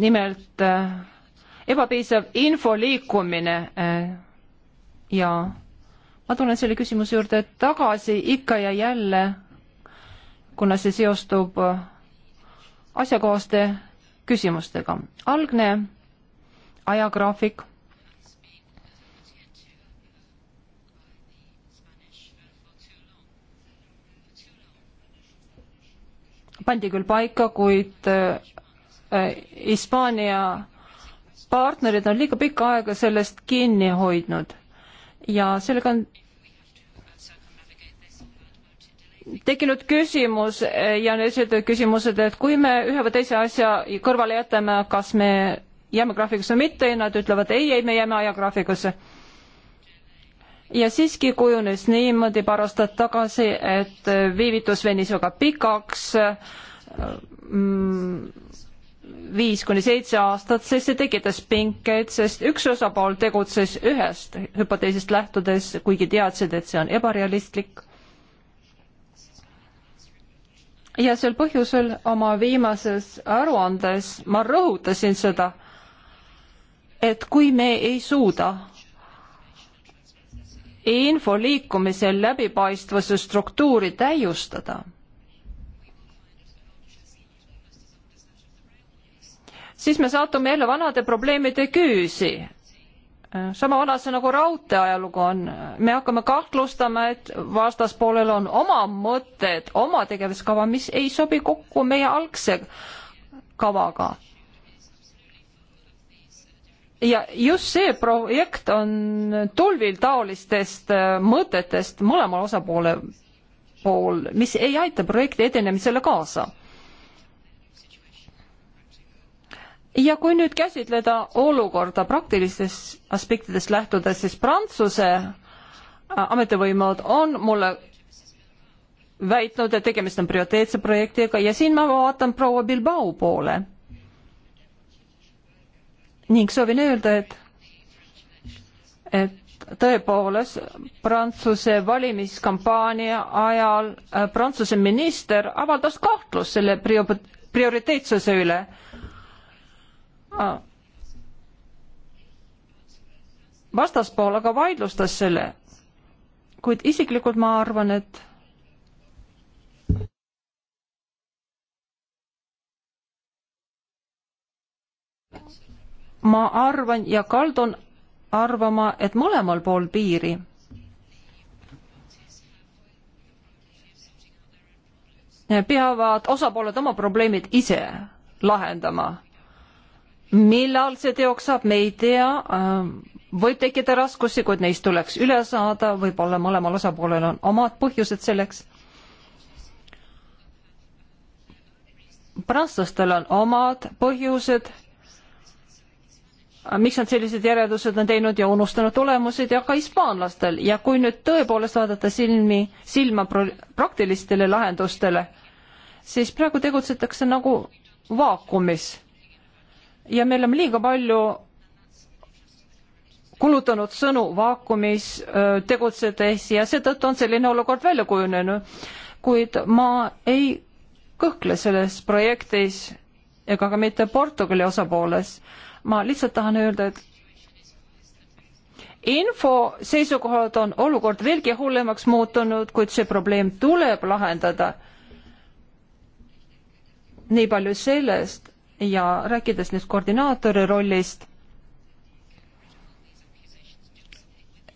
nimelt äh, ebapiisav info liikumine äh, ja ma tulen selle küsimuse juurde tagasi ikka ja jälle, kuna see seostub äh, asjakohaste küsimustega. algne ajagraafik pandi küll paika, kuid äh, äh, Hispaania partnerid on liiga pikka aega sellest kinni hoidnud ja sellega on tekkinud küsimus äh, ja on esitatud küsimused, et kui me ühe või teise asja kõrvale jätame, kas me jääme graafikusse või mitte ja nad ütlevad ei, ei, me jääme ajagraafikusse ja siiski kujunes niimoodi paar aastat tagasi, et viivitus venis väga pikaks, mm, viis kuni seitse aastat, sest see tekitas pinkeid, sest üks osapool tegutses ühest hüpoteesist lähtudes, kuigi teadsid, et see on ebarealistlik. ja sel põhjusel oma viimases aruandes ma rõhutasin seda, et kui me ei suuda info liikumisel läbipaistvuse struktuuri täiustada. siis me satume jälle vanade probleemide küüsi. sama vana see nagu raudtee ajalugu on, me hakkame kahtlustama, et vastaspoolel on oma mõtted, oma tegevuskava, mis ei sobi kokku meie algse kavaga ja just see projekt on tulvil taolistest äh, mõtetest mõlema osapoole pool, mis ei aita projekti edenemisele kaasa. ja kui nüüd käsitleda olukorda praktilistest aspektidest lähtudes, siis Prantsuse äh, ametivõimud on mulle väitnud, et tegemist on prioriteetse projektiga ja siin ma vaatan proua Bilbao poole ning soovin öelda, et, et tõepoolest Prantsuse valimiskampaania ajal äh, Prantsuse minister avaldas kahtlust selle prioriteetsuse üle. Äh, vastaspool aga vaidlustas selle, kuid isiklikult ma arvan, et ma arvan ja kaldun arvama, et mõlemal pool piiri peavad osapooled oma probleemid ise lahendama. millal see teoks saab, me ei tea, võib tekkida raskusi, kuid neist tuleks üle saada, võib-olla mõlemal osapoolel on omad põhjused selleks. prantslastel on omad põhjused Äh, miks nad sellised järeldused on teinud ja unustanud tulemused ja ka hispaanlastel ja kui nüüd tõepoolest vaadata silmi, silma pro praktilistele lahendustele, siis praegu tegutsetakse nagu vaakumis. ja me oleme liiga palju kulutanud sõnu vaakumis äh, tegutsedes ja seetõttu on selline olukord välja kujunenud. kuid ma ei kõhkle selles projektis ega ka mitte Portugali osapooles ma lihtsalt tahan öelda, et info seisukohalt on olukord veelgi hullemaks muutunud, kuid see probleem tuleb lahendada. nii palju sellest ja rääkides nüüd koordinaatori rollist,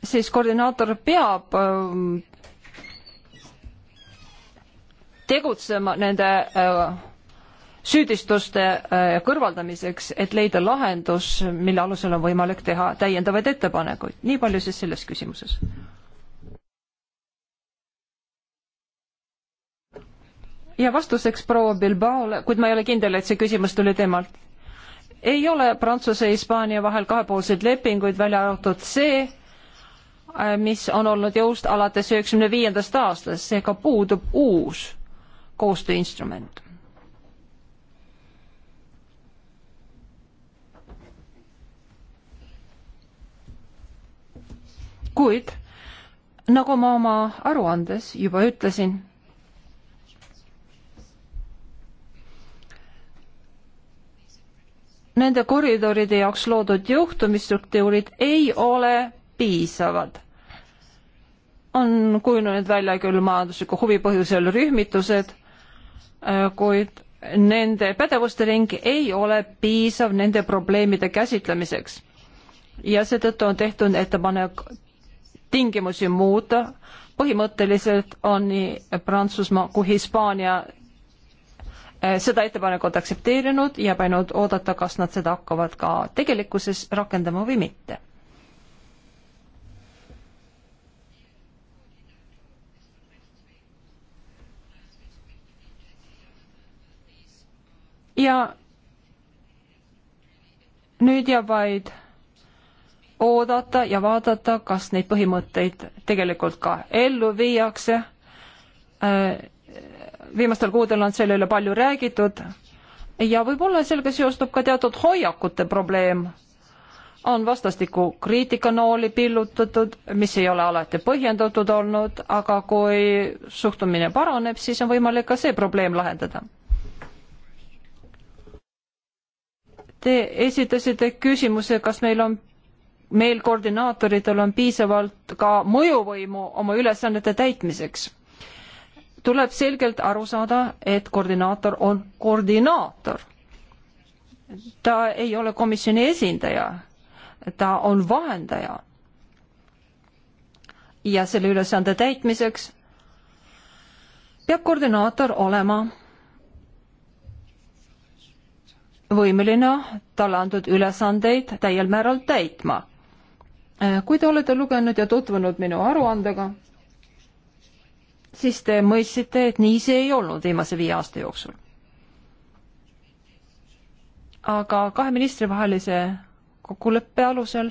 siis koordinaator peab ähm, tegutsema nende äh, süüdistuste äh, kõrvaldamiseks, et leida lahendus, mille alusel on võimalik teha täiendavaid ettepanekuid. nii palju siis selles küsimuses. ja vastuseks proua Bilbaole, kuid ma ei ole kindel, et see küsimus tuli temalt. ei ole Prantsuse ja Hispaania vahel kahepoolseid lepinguid, välja arvatud see, äh, mis on olnud jõust alates üheksakümne viiendast aastast, seega puudub uus koostööinstrument kuid nagu ma oma aruandes juba ütlesin, nende koridoride jaoks loodud juhtumistruktuurid ei ole piisavad. on kujunenud välja küll majandusliku huvi põhjusel rühmitused, äh, kuid nende pädevuste ring ei ole piisav nende probleemide käsitlemiseks. ja seetõttu on tehtud ettepanek tingimusi muuta. põhimõtteliselt on nii Prantsusmaa kui Hispaania eh, seda ettepanekut aktsepteerinud, jääb ainult oodata, kas nad seda hakkavad ka tegelikkuses rakendama või mitte. ja nüüd jääb vaid oodata ja vaadata, kas neid põhimõtteid tegelikult ka ellu viiakse. Äh, viimastel kuudel on selle üle palju räägitud ja võib-olla sellega seostub ka teatud hoiakute probleem. on vastastikku kriitikanooli pillutatud, mis ei ole alati põhjendatud olnud, aga kui suhtumine paraneb, siis on võimalik ka see probleem lahendada. Te esitasite küsimuse, kas meil on meil koordinaatoritel on piisavalt ka mõjuvõimu oma ülesannete täitmiseks. tuleb selgelt aru saada, et koordinaator on koordinaator. ta ei ole komisjoni esindaja, ta on vahendaja. ja selle ülesande täitmiseks peab koordinaator olema võimeline talle antud ülesandeid täiel määral täitma. Äh, kui te olete lugenud ja tutvunud minu aruandega, siis te mõistsite, et nii see ei olnud viimase viie aasta jooksul. aga kahe ministri vahelise kokkuleppe alusel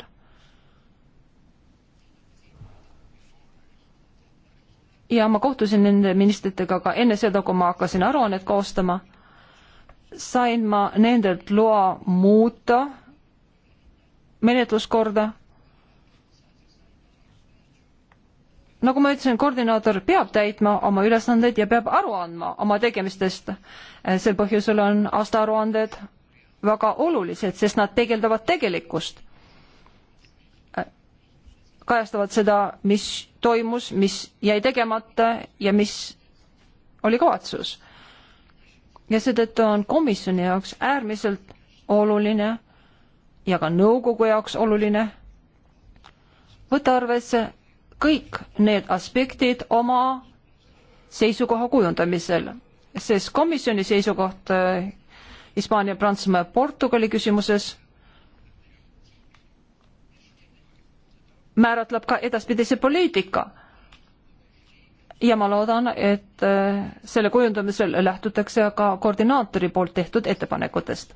ja ma kohtusin nende ministritega ka enne seda, kui ma hakkasin aruannet koostama, sain ma nendelt loa muuta menetluskorda nagu ma ütlesin, koordinaator peab täitma oma ülesandeid ja peab aru andma oma tegemistest. sel põhjusel on aastaaruanded väga olulised, sest nad peegeldavad tegelikkust. kajastavad seda, mis toimus, mis jäi tegemata ja mis oli kavatsus. ja seetõttu on komisjoni jaoks äärmiselt oluline ja ka nõukogu jaoks oluline võtta arvesse kõik need aspektid oma seisukoha kujundamisel, sest komisjoni seisukoht eh, Hispaania, Prantsusmaa ja Portugali küsimuses määratleb ka edaspidise poliitika. ja ma loodan, et eh, selle kujundamisel lähtutakse ka koordinaatori poolt tehtud ettepanekutest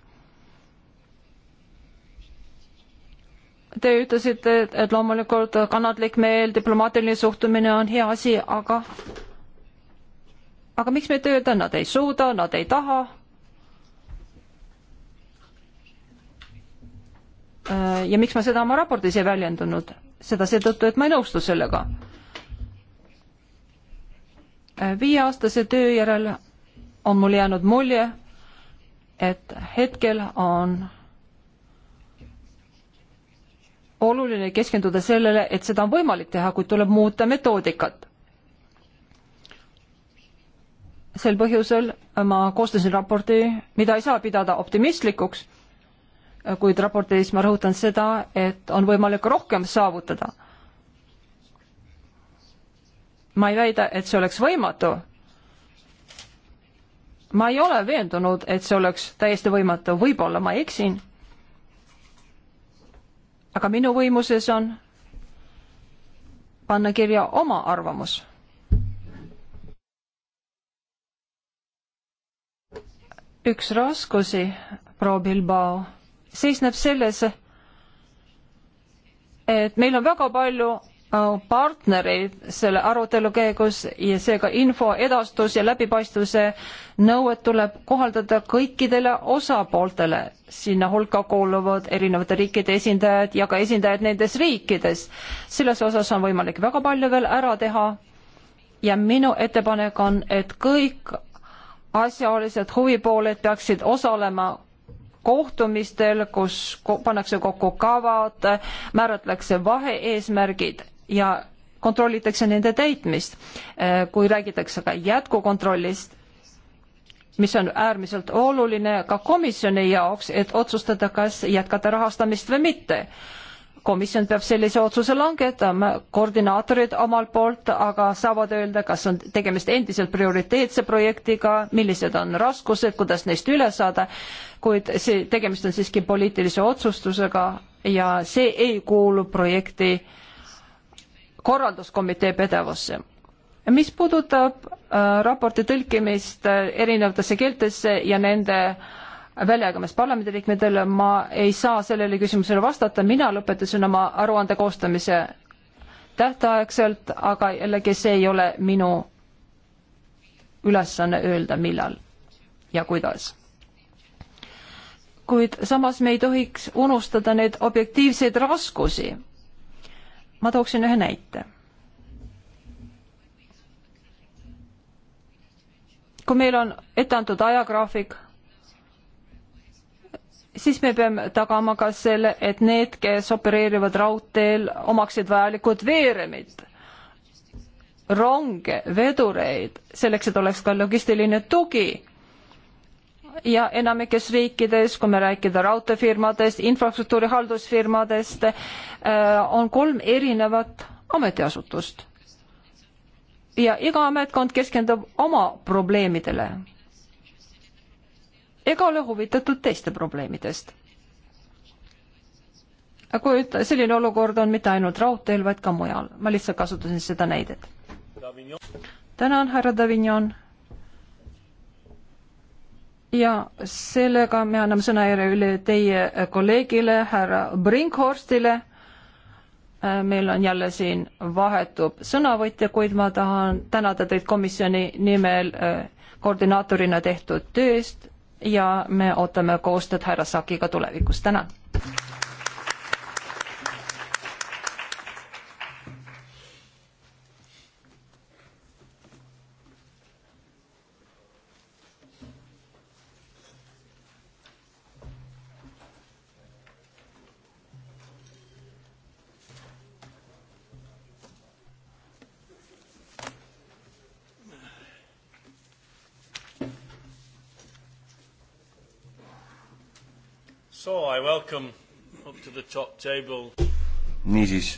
Te ütlesite, et loomulikult kannatlik meel, diplomaatiline suhtumine on hea asi, aga aga miks mitte öelda, nad ei suuda, nad ei taha. Äh, ja miks ma seda oma raportis ei väljendanud, seda seetõttu, et ma ei nõustu sellega. Äh, viieaastase töö järel on mul jäänud mulje, et hetkel on oluline keskenduda sellele, et seda on võimalik teha, kuid tuleb muuta metoodikat. sel põhjusel ma koostasin raporti, mida ei saa pidada optimistlikuks, kuid raportis ma rõhutan seda, et on võimalik rohkem saavutada. ma ei väida, et see oleks võimatu. ma ei ole veendunud, et see oleks täiesti võimatu, võib-olla ma eksin aga minu võimuses on panna kirja oma arvamus. üks raskusi, proua Bilbao, seisneb selles, et meil on väga palju Äh, partnereid selle arutelu käigus ja seega info edastus ja läbipaistvuse nõuet tuleb kohaldada kõikidele osapooltele. sinna hulka kuuluvad erinevate riikide esindajad ja ka esindajad nendes riikides. selles osas on võimalik väga palju veel ära teha ja minu ettepanek on, et kõik asjaolised huvipooled peaksid osalema kohtumistel, kus pannakse kokku kavad, määratletakse vahe-eesmärgid ja kontrollitakse nende täitmist. Eh, kui räägitakse ka jätkukontrollist, mis on äärmiselt oluline ka komisjoni jaoks, et otsustada, kas jätkata rahastamist või mitte. komisjon peab sellise otsuse langetama, koordinaatorid omalt poolt aga saavad öelda, kas on tegemist endiselt prioriteetse projektiga, millised on raskused, kuidas neist üle saada, kuid see, tegemist on siiski poliitilise otsustusega ja see ei kuulu projekti äh, korralduskomitee pädevusse. mis puudutab äh, raporti tõlkimist äh, erinevatesse keeltesse ja nende väljajagamist parlamendiliikmetele, ma ei saa sellele küsimusele vastata, mina lõpetasin oma aruande koostamise tähtaegselt, aga jällegi see ei ole minu ülesanne öelda, millal ja kuidas. kuid samas me ei tohiks unustada neid objektiivseid raskusi, ma tooksin ühe näite. kui meil on ette antud ajagraafik, siis me peame tagama ka selle, et need, kes opereerivad raudteel, omaksid vajalikud veeremid, ronge, vedureid, selleks, et oleks ka logistiline tugi ja enamikes riikides, kui me rääkida raudteefirmadest, infrastruktuuri haldusfirmadest, äh, on kolm erinevat ametiasutust. ja iga ametkond keskendub oma probleemidele ega ole huvitatud teiste probleemidest. kuid selline olukord on mitte ainult raudteel, vaid ka mujal. ma lihtsalt kasutasin seda näidet. tänan, härra Davignon ja sellega me anname sõnajärje teie kolleegile härra Brinkhorstile. Äh, meil on jälle siin vahetub sõnavõtja, kuid ma tahan tänada teid komisjoni nimel äh, koordinaatorina tehtud töö eest ja me ootame koostööd härra Sakiga tulevikus. tänan So I welcome up to the top table. niisiis,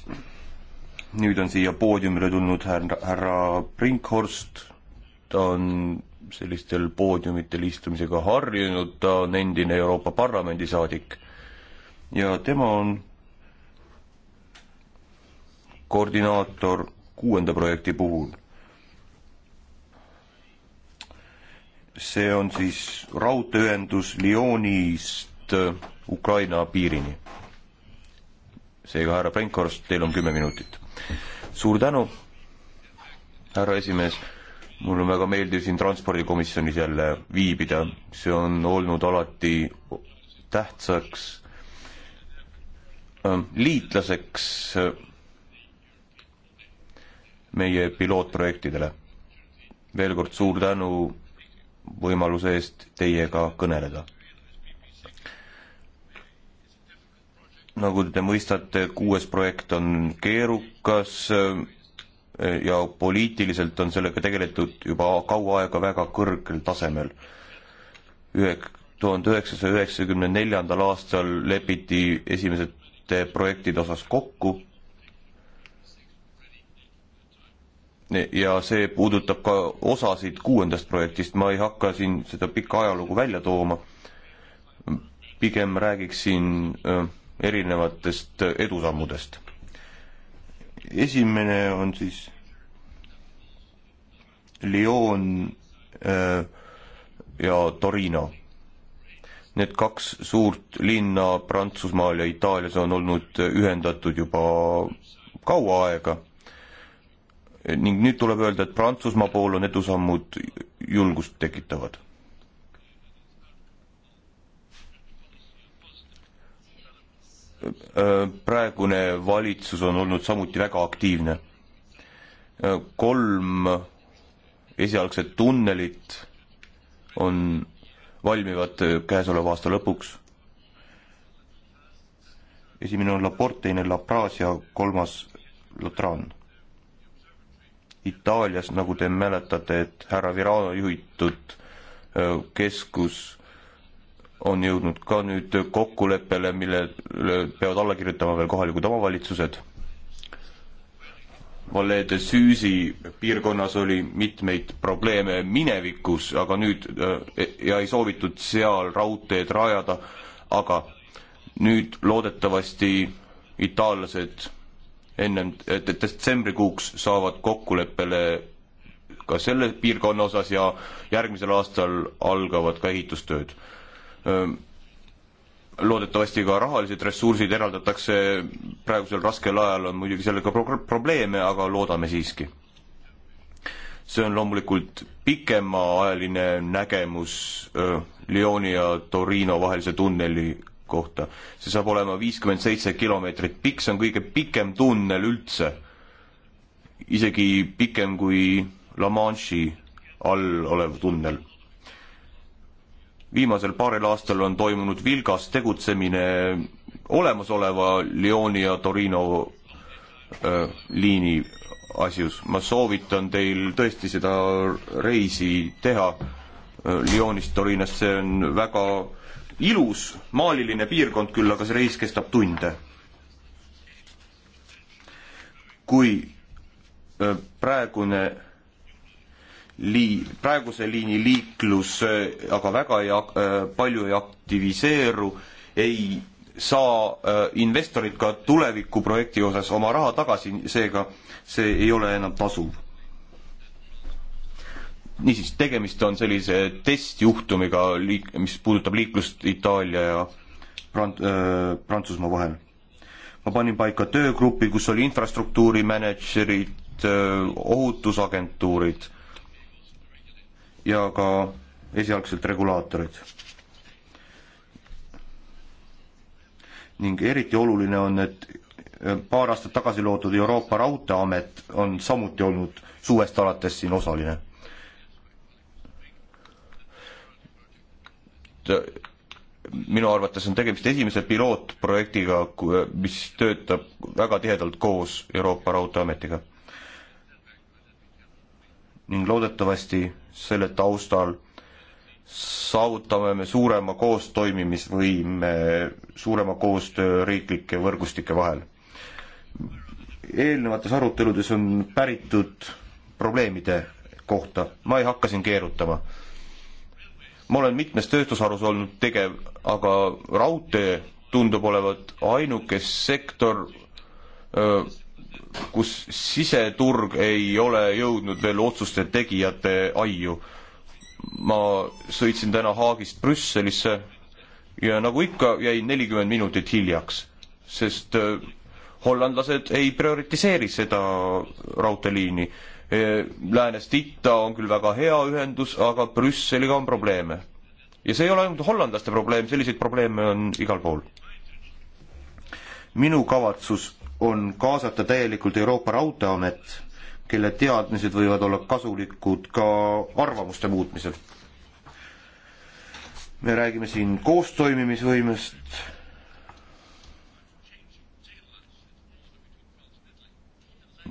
nüüd on siia poodiumile tulnud härra, härra Brinkhorst, ta on sellistel poodiumitel istumisega harjunud, ta on endine Euroopa Parlamendi saadik ja tema on koordinaator kuuenda projekti puhul. see on siis raudteeühendus Lyonist Liidust äh, Ukraina piirini. seega, härra Brenkhorst, teil on kümme minutit. suur tänu, härra esimees, mul on väga meeldiv siin transpordikomisjonis jälle viibida, see on olnud alati tähtsaks äh, liitlaseks äh, meie pilootprojektidele. veel kord suur tänu võimaluse eest teiega kõneleda nagu te mõistate, kuues projekt on keerukas eh, ja poliitiliselt on sellega tegeletud juba kaua aega väga kõrgel tasemel. ühe, tuhande üheksasaja üheksakümne neljandal aastal lepiti esimesed projektide osas kokku ja see puudutab ka osasid kuuendast projektist, ma ei hakka siin seda pikka ajalugu välja tooma, pigem räägiksin äh, erinevatest edusammudest. esimene on siis Lyon äh, ja Torino. Need kaks suurt linna Prantsusmaal ja Itaalias on olnud ühendatud juba kaua aega ning nüüd tuleb öelda, et Prantsusmaa pool on edusammud julgust tekitavad Äh, praegune valitsus on olnud samuti väga aktiivne. Äh, kolm esialgset tunnelit on, valmivad äh, käesoleva aasta lõpuks. esimene on Laport, teine Lapras ja kolmas Lotran. Itaalias, nagu te mäletate, et härra Virano juhitud keskus on jõudnud ka nüüd kokkuleppele, millele peavad alla kirjutama veel kohalikud omavalitsused. Valle de Süüsi piirkonnas oli mitmeid probleeme minevikus, aga nüüd äh, ja ei soovitud seal raudteed rajada, aga nüüd loodetavasti itaallased ennem detsembrikuuks saavad kokkuleppele ka selle piirkonna osas ja järgmisel aastal algavad ka ehitustööd loodetavasti ka rahalised ressursid eraldatakse, praegusel raskel ajal on muidugi sellega pro-, probleeme, aga loodame siiski. see on loomulikult pikemaajaline nägemus Lyoni ja Torino vahelise tunneli kohta. see saab olema viiskümmend seitse kilomeetrit pikk, see on kõige pikem tunnel üldse. isegi pikem kui La Manche'i all olev tunnel viimasel paaril aastal on toimunud vilgas tegutsemine olemasoleva Lyoni ja Torino äh, liini asjus. ma soovitan teil tõesti seda reisi teha äh, Lyonist Torinast, see on väga ilus maaliline piirkond küll, aga see reis kestab tunde. kui äh, praegune lii-, praeguse liini liiklus äh, aga väga ei ak-, äh, palju ei aktiviseeru, ei saa äh, investorid ka tulevikuprojekti osas oma raha tagasi, seega see ei ole enam tasuv. niisiis, tegemist on sellise testjuhtumiga liik-, mis puudutab liiklust Itaalia ja Prant-, Prantsusmaa vahel. ma panin paika töögrupi, kus oli infrastruktuuri mänedžerid, ohutusagentuurid ja ka esialgselt regulaatorid. ning eriti oluline on, et äh, paar aastat tagasi loodud Euroopa Raudteeamet on samuti olnud suvest alates siin osaline. minu arvates on tegemist esimese pilootprojektiga, mis töötab väga tihedalt koos Euroopa Raudteeametiga. ning loodetavasti selle taustal saavutame me suurema koostoimimisvõime, suurema koostöö riiklike võrgustike vahel. eelnevates aruteludes on päritud probleemide kohta, ma ei hakka siin keerutama. ma olen mitmes tööstusharus olnud tegev, aga raudtee tundub olevat ainuke sektor, kus siseturg ei ole jõudnud veel otsuste tegijate aiu. ma sõitsin täna Haagist Brüsselisse ja nagu ikka, jäin nelikümmend minutit hiljaks, sest äh, hollandlased ei prioritiseeri seda raudteeliini. Äh, läänest itta on küll väga hea ühendus, aga Brüsseliga on probleeme. ja see ei ole ainult hollandlaste probleem, selliseid probleeme on igal pool. minu kavatsus on kaasata täielikult Euroopa Raudteeamet, kelle teadmised võivad olla kasulikud ka arvamuste muutmisel. me räägime siin koostoimimisvõimest,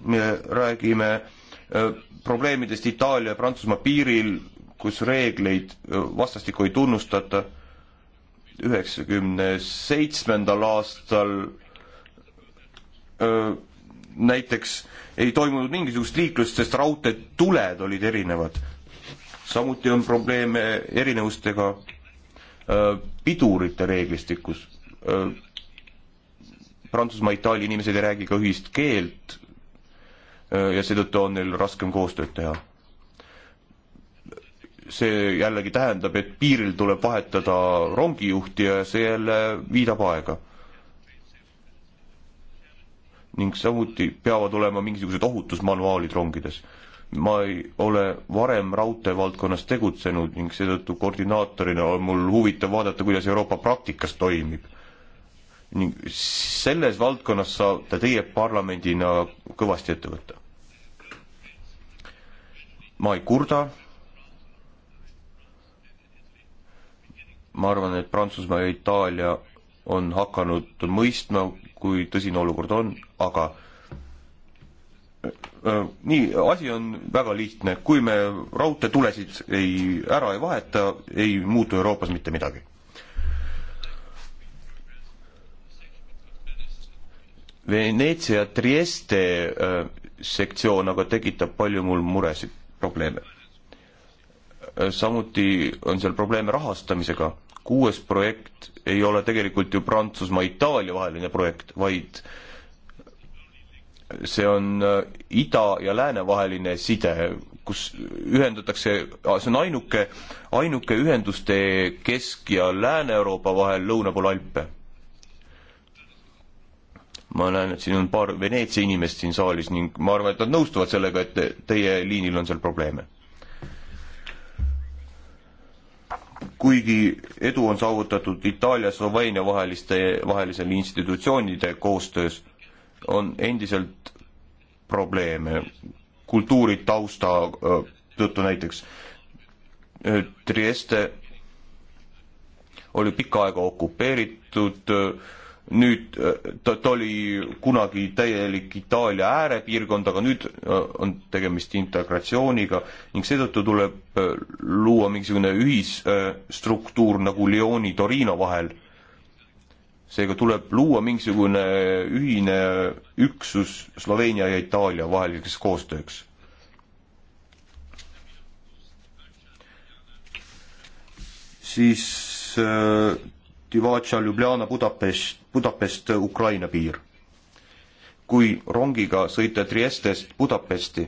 me räägime äh, probleemidest Itaalia ja Prantsusmaa piiril, kus reegleid äh, vastastikku ei tunnustata. üheksakümne seitsmendal aastal näiteks ei toimunud mingisugust liiklust, sest raudteetuled olid erinevad. samuti on probleeme erinevustega pidurite reeglistikus. Prantsusmaa, Itaalia inimesed ei räägi ka ühist keelt ja seetõttu on neil raskem koostööd teha. see jällegi tähendab, et piiril tuleb vahetada rongijuhti ja see jälle viidab aega ning samuti peavad olema mingisugused ohutusmanuaalid rongides. ma ei ole varem raudtee valdkonnas tegutsenud ning seetõttu koordinaatorina on mul huvitav vaadata, kuidas Euroopa praktikas toimib. ning selles valdkonnas saate teie parlamendina kõvasti ette võtta. ma ei kurda, ma arvan, et Prantsusmaa ja Itaalia on hakanud mõistma kui tõsine olukord on, aga äh, äh, nii, asi on väga lihtne, kui me raudteetulesid ei, ära ei vaheta, ei muutu Euroopas mitte midagi. Veneetsia Trieste äh, sektsioon aga tekitab palju mul muresid, probleeme. samuti on seal probleeme rahastamisega kuues projekt ei ole tegelikult ju Prantsusmaa-Itaalia vaheline projekt, vaid see on äh, ida ja lääne vaheline side, kus ühendatakse, see on ainuke, ainuke ühendustee Kesk- ja Lääne-Euroopa vahel lõuna pool Alpe. ma näen, et siin on paar Veneetsia inimest siin saalis ning ma arvan, et nad nõustuvad sellega, et teie liinil on seal probleeme kuigi edu on saavutatud Itaalia, Sloveenia vaheliste, vahelisel institutsioonide koostöös, on endiselt probleeme kultuuri tausta tõttu näiteks. Trieste oli pikka aega okupeeritud, nüüd äh, ta, ta oli kunagi täielik Itaalia äärepiirkond, aga nüüd äh, on tegemist integratsiooniga ning seetõttu tuleb äh, luua mingisugune ühisstruktuur nagu Lyoni, Torino vahel. seega tuleb luua mingisugune ühine üksus Sloveenia ja Itaalia vaheliseks koostööks siis Divača, Ljubljana, Budapest, Budapest-Ukraina piir. kui rongiga sõita Triestest Budapesti,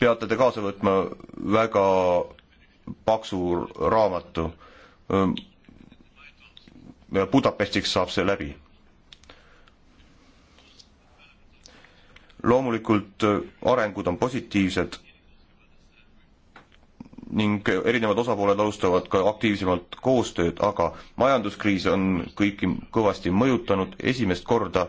peate te kaasa võtma väga paksu raamatu. Ehm, Budapestiks saab see läbi. loomulikult eh, arengud on positiivsed ning erinevad osapooled alustavad ka aktiivsemalt koostööd, aga majanduskriis on kõiki kõvasti mõjutanud, esimest korda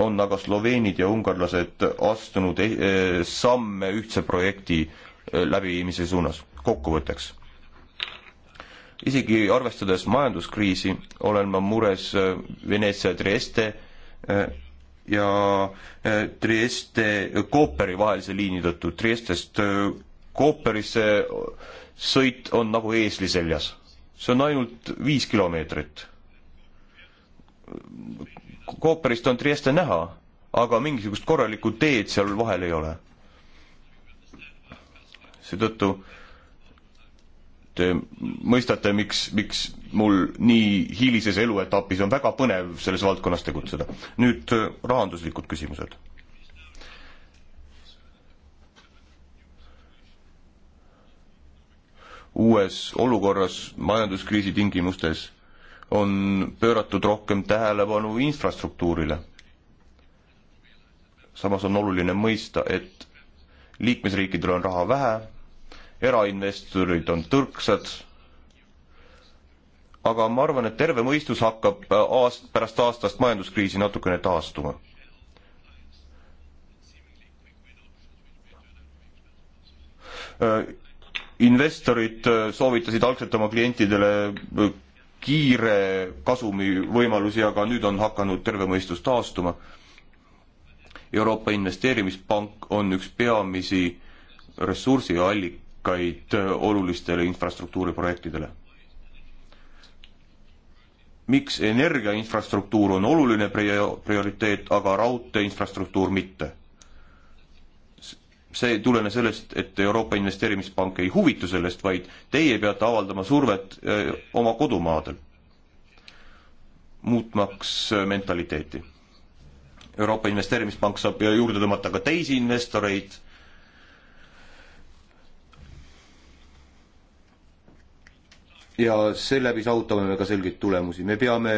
on aga sloveenid ja ungarlased astunud eh, samme ühtse projekti eh, läbiviimise suunas. kokkuvõtteks, isegi arvestades majanduskriisi, olen ma mures eh, Veneetsia Trieste ja eh, Trieste eh, Kooperi vahelise liini tõttu. Triestest eh, Kooperisse sõit on nagu eesli seljas. see on ainult viis kilomeetrit. Kooperist on Trieste näha, aga mingisugust korralikku teed seal vahel ei ole. seetõttu äh, te mõistate, miks, miks mul nii hilises eluetapis on väga põnev selles valdkonnas tegutseda. nüüd äh, rahanduslikud küsimused. uues olukorras, majanduskriisi tingimustes on pööratud rohkem tähelepanu infrastruktuurile. samas on oluline mõista, et liikmesriikidel on raha vähe erainvestorid on tõrksad, aga ma arvan, et terve mõistus hakkab äh, aast-, pärast aastast majanduskriisi natukene taastuma. Äh, investorid äh, soovitasid algselt oma klientidele kiire kasumi võimalusi, aga nüüd on hakanud terve mõistus taastuma. Euroopa Investeerimispank on üks peamisi ressursiallikaid allikaid äh, olulistele infrastruktuuriprojektidele. miks energiainfrastruktuur on oluline prioriteet, aga raudteeinfrastruktuur mitte? see ei tulene sellest, et Euroopa Investeerimispank ei huvitu sellest, vaid teie peate avaldama survet äh, oma kodumaadel, muutmaks äh, mentaliteeti. Euroopa Investeerimispank saab juurde tõmmata ka teisi investoreid ja seeläbi saavutame me ka selgeid tulemusi. me peame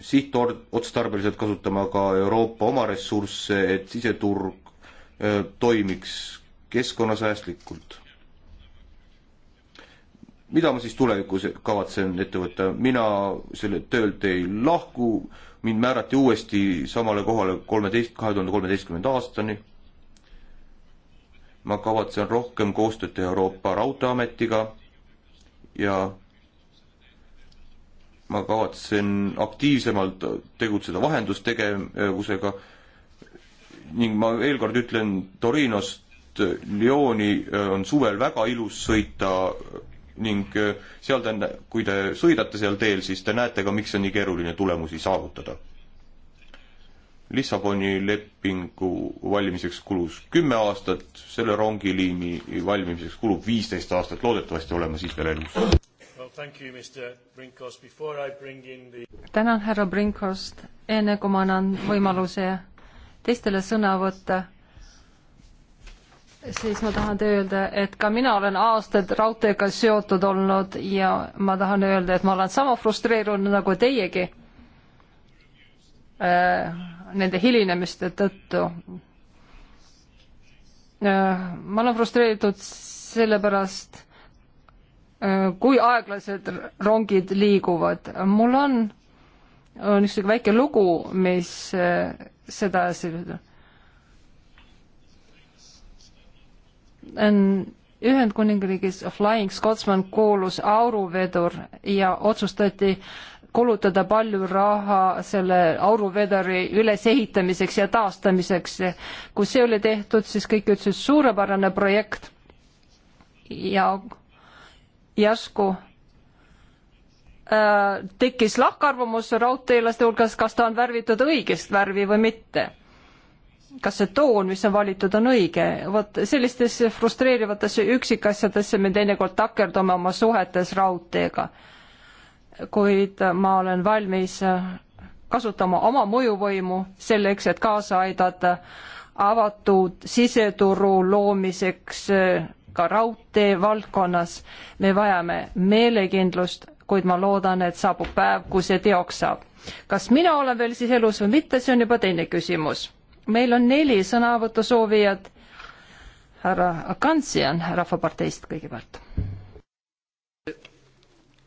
sihtotstarbeliselt kasutama ka Euroopa oma ressursse, et siseturg toimiks keskkonnasäästlikult. mida ma siis tulevikus kavatsen ette võtta? mina sellelt töölt ei lahku, mind määrati uuesti samale kohale kolmeteist, kahe tuhande kolmeteistkümnenda aastani. ma kavatsen rohkem koostööd teha Euroopa Raudteeametiga ja ma kavatsen aktiivsemalt tegutseda vahendustegevusega ning ma veel kord ütlen, Torinost Lyoni äh, on suvel väga ilus sõita ning äh, seal te, kui te sõidate seal teel, siis te näete ka, miks on nii keeruline tulemusi saavutada. Lissaboni lepingu valmimiseks kulus kümme aastat, selle rongiliini valmimiseks kulub viisteist aastat, loodetavasti olen ma siis veel elus tänan, härra Brinkost, enne kui ma annan võimaluse teistele sõna võtta, siis ma tahan öelda, et ka mina olen aastaid raudteega seotud olnud ja ma tahan öelda, et ma olen sama frustreerunud nagu teiegi äh, nende hilinemiste tõttu äh,. ma olen frustreeritud sellepärast Äh, kui aeglased rongid liiguvad. mul on, on niisugune väike lugu, mis äh, seda seletab. Ühendkuningriigis Flying Scotsman kuulus auruvedur ja otsustati kulutada palju raha selle auruvedari ülesehitamiseks ja taastamiseks. kui see oli tehtud, siis kõik ütlesid, suurepärane projekt ja järsku äh, tekkis lahkarvamus raudteelaste hulgas, kas ta on värvitud õigest värvi või mitte. kas see toon, mis on valitud, on õige. vot sellistesse frustreerivatesse üksikasjadesse me teinekord takerdume oma suhetes raudteega. kuid ma olen valmis äh, kasutama oma mõjuvõimu selleks, et kaasa aidata avatud siseturu loomiseks äh, ka raudtee valdkonnas. me vajame meelekindlust, kuid ma loodan, et saabub päev, kui see teoks saab. kas mina olen veel siis elus või mitte, see on juba teine küsimus. meil on neli sõnavõtusoovijat. härra Kantsian Rahvaparteist kõigepealt.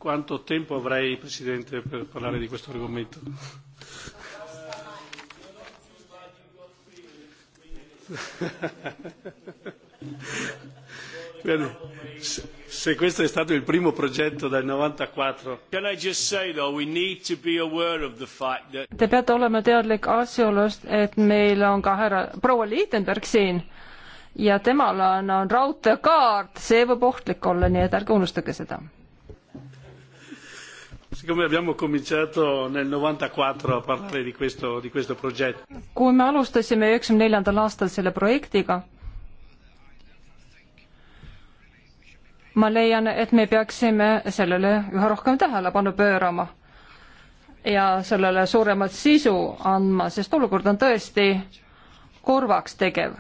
Quanto tempo avrei, Presidente, per parlare di questo argomento? se questo è stato il primo progetto del 94. Te peate olema teadlik asjaolust, et meil on ka härra proua Liitenberg siin ja temal on, on raudteekaart, see võib ohtlik olla, nii et ärge unustage seda. Siccome abbiamo cominciato nel 94 a parlare di questo, di questo progetto. Kui me alustasime 94. aastal selle projektiga, ma leian, et me peaksime sellele üha rohkem tähelepanu pöörama ja sellele suuremat sisu andma, sest olukord on tõesti kurvaks tegev.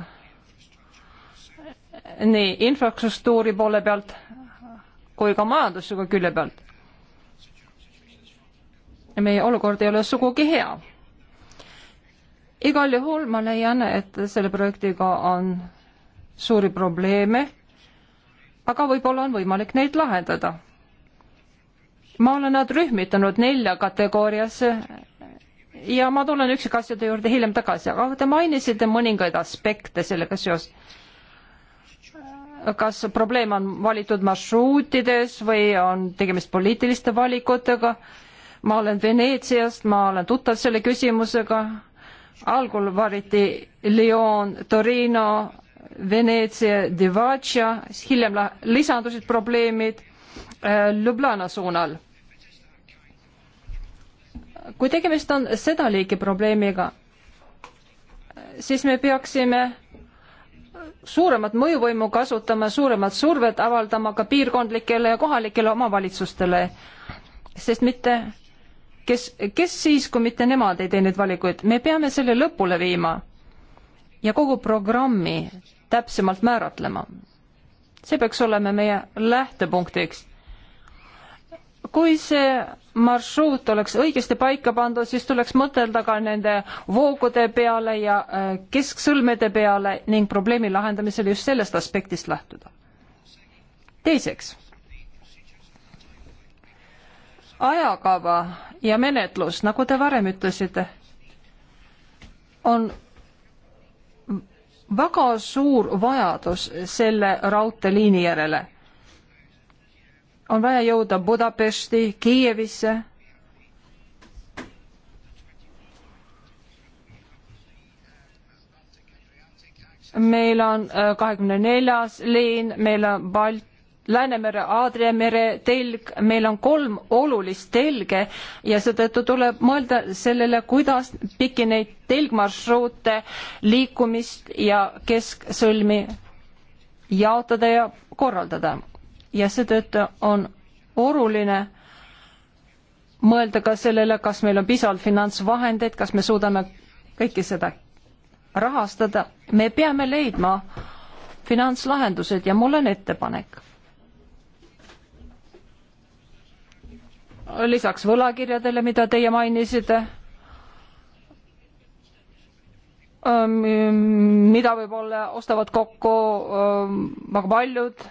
nii infrastruktuuri poole pealt kui ka majandusliku külje pealt. meie olukord ei ole sugugi hea. igal juhul ma leian, et selle projektiga on suuri probleeme aga võib-olla on võimalik neid lahendada. ma olen nad rühmitanud nelja kategooriasse ja ma tulen üksikasjade juurde hiljem tagasi, aga te mainisite mõningaid aspekte sellega seoses. kas probleem on valitud marsruutides või on tegemist poliitiliste valikutega? ma olen Veneetsiast, ma olen tuttav selle küsimusega. algul valiti Lyon, Torino, Veneetsia, Devatša, hiljem lisandusid probleemid äh, Ljubljana suunal. kui tegemist on seda liiki probleemiga, siis me peaksime suuremat mõjuvõimu kasutama, suuremat survet avaldama ka piirkondlikele ja kohalikele omavalitsustele, sest mitte kes, kes siis, kui mitte nemad ei tee neid valikuid, me peame selle lõpule viima ja kogu programmi täpsemalt määratlema. see peaks olema meie lähtepunktiks. kui see marsruut oleks õigesti paika pandud, siis tuleks mõtelda ka nende voogude peale ja äh, kesksõlmede peale ning probleemi lahendamisel just sellest aspektist lähtuda. teiseks, ajakava ja menetlus, nagu te varem ütlesite, on väga suur vajadus selle raudteeliini järele. on vaja jõuda Budapesti, Kiievisse. meil on äh, kahekümne neljas liin, meil on Balt-, Läänemere, Aadria mere telg, meil on kolm olulist telge ja seetõttu tuleb mõelda sellele, kuidas pikki neid telgmarsruute, liikumist ja kesksõlmi jaotada ja korraldada. ja seetõttu on oluline mõelda ka sellele, kas meil on piisavalt finantsvahendeid, kas me suudame kõike seda rahastada, me peame leidma finantslahendused ja mul on ettepanek lisaks võlakirjadele, mida teie mainisite, ähm, mida võib-olla ostavad kokku ähm, väga paljud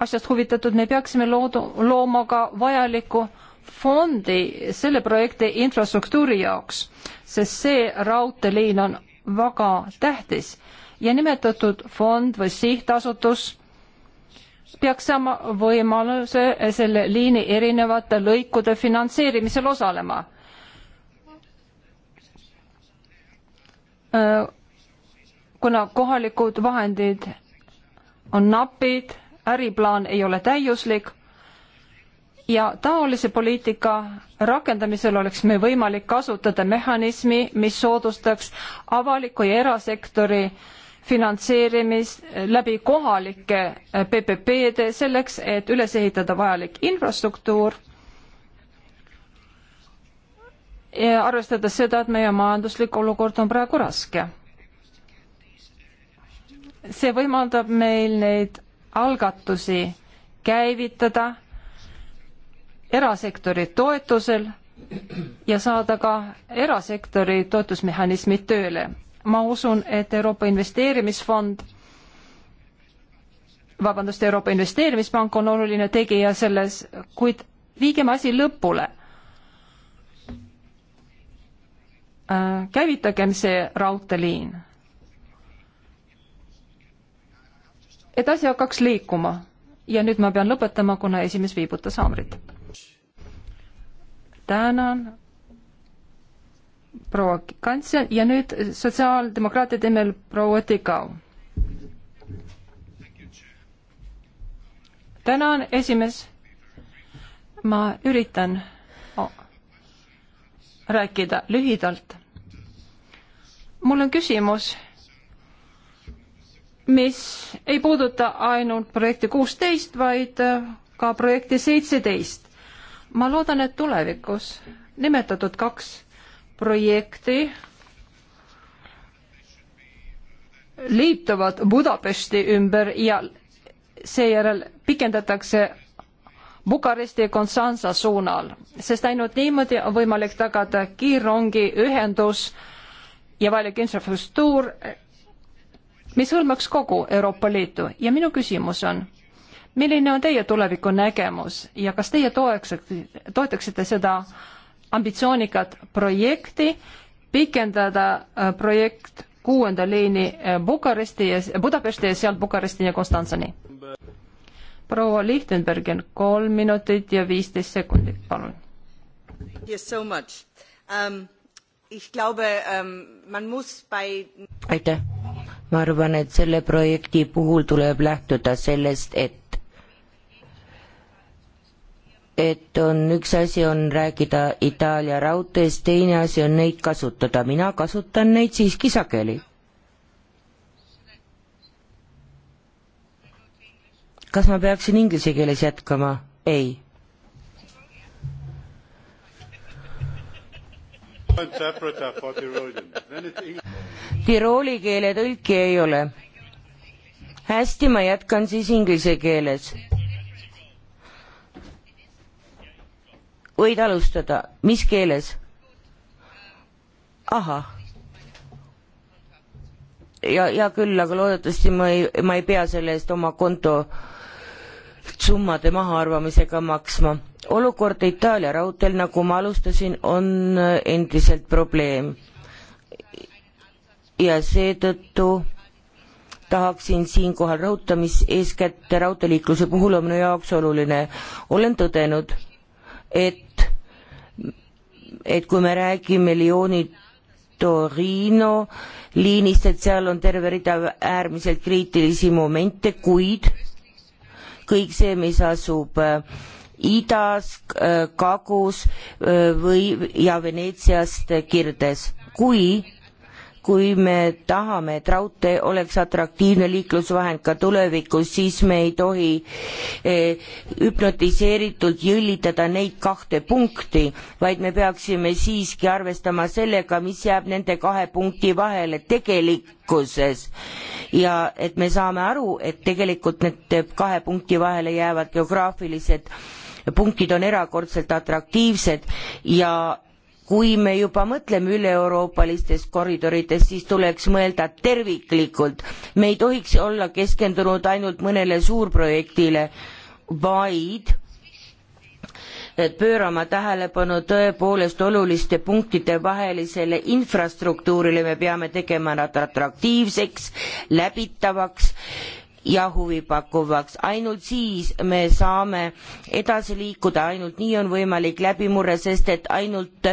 asjast huvitatud, me peaksime loodu, looma ka vajaliku fondi selle projekti infrastruktuuri jaoks, sest see raudteeliin on väga tähtis ja nimetatud fond või sihtasutus peaks saama võimaluse selle liini erinevate lõikude finantseerimisel osalema. Äh, kuna kohalikud vahendid on napid, äriplaan ei ole täiuslik ja taolise poliitika rakendamisel oleks meil võimalik kasutada mehhanismi, mis soodustaks avaliku ja erasektori äh, finantseerimist läbi kohalike äh, PPP-de selleks, et üles ehitada vajalik infrastruktuur. ja arvestades seda, et meie majanduslik olukord on praegu raske. see võimaldab meil neid algatusi käivitada erasektori toetusel ja saada ka erasektori toetusmehhanismid tööle ma usun, et Euroopa Investeerimisfond, vabandust, Euroopa Investeerimispank on oluline tegija selles, kuid viigem asi lõpule äh,. käivitagem see raudteeliin. et asi hakkaks liikuma ja nüüd ma pean lõpetama, kuna esimees viibutas haamrit. tänan proua Kantsen ja nüüd sotsiaaldemokraatide nimel proua Tikau. tänan, esimees. ma üritan rääkida lühidalt. mul on küsimus, mis ei puuduta ainult projekti kuusteist, vaid ka projekti seitseteist. ma loodan, et tulevikus nimetatud kaks projekti liituvad Budapesti ümber ja seejärel pikendatakse Bukaresti ja Konstanza suunal, sest ainult niimoodi on võimalik tagada kiirrongiühendus ja vajalik infrastruktuur, mis hõlmaks kogu Euroopa Liitu ja minu küsimus on, milline on teie tuleviku nägemus ja kas teie toeksite, toetaksite seda äh, ambitsioonikat projekti, pikendada äh, projekt kuuenda liini äh, Bukaresti ja Budapesti ja sealt Bukarestini ja Konstantsani. proua Lichtenbergen, kolm minutit ja viisteist sekundit, palun. Um, um, aitäh, ma arvan, et selle projekti puhul tuleb lähtuda sellest, et et on, üks asi on rääkida Itaalia raudteest, teine asi on neid kasutada, mina kasutan neid siiski sageli. kas ma peaksin inglise keeles jätkama? ei. Tirooli keele tõlki ei ole. hästi, ma jätkan siis inglise keeles võid alustada, mis keeles? ahah. ja hea küll, aga loodetavasti ma ei, ma ei pea selle eest oma konto summade mahaarvamisega maksma. olukord Itaalia raudteel, nagu ma alustasin, on endiselt probleem. ja seetõttu tahaksin siinkohal rõhuta, mis eeskätt raudteeliikluse puhul on minu jaoks oluline. olen tõdenud, et et kui me räägime Lyoni Torino liinist, et seal on terve rida äärmiselt kriitilisi momente, kuid kõik see, mis asub äh, idas, äh, kagus äh, või, ja Veneetsiast kirdes, kui kui me tahame, et raudtee oleks atraktiivne liiklusvahend ka tulevikus, siis me ei tohi eh, hüpnotiseeritult jõllitada neid kahte punkti, vaid me peaksime siiski arvestama sellega, mis jääb nende kahe punkti vahele tegelikkuses. ja et me saame aru, et tegelikult nende kahe punkti vahele jäävad geograafilised punktid on erakordselt atraktiivsed ja kui me juba mõtleme üle-euroopalistes koridorides, siis tuleks mõelda terviklikult. me ei tohiks olla keskendunud ainult mõnele suurprojektile, vaid pöörama tähelepanu tõepoolest oluliste punktide vahelisele infrastruktuurile, me peame tegema nad atraktiivseks, läbitavaks ja huvipakkuvaks. ainult siis me saame edasi liikuda, ainult nii on võimalik läbimurre, sest et ainult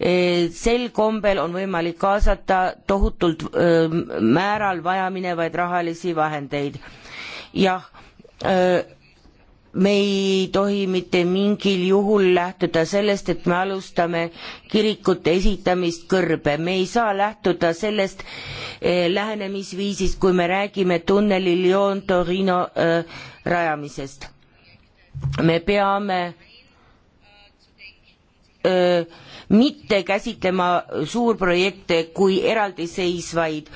eh, sel kombel on võimalik kaasata tohutult eh, määral vajaminevaid rahalisi vahendeid. jah eh, me ei tohi mitte mingil juhul lähtuda sellest, et me alustame kirikute esitamist kõrbe, me ei saa lähtuda sellest eh, lähenemisviisist, kui me räägime tunneli Lyon Torino eh, rajamisest. me peame eh, mitte käsitlema suurprojekte kui eraldiseisvaid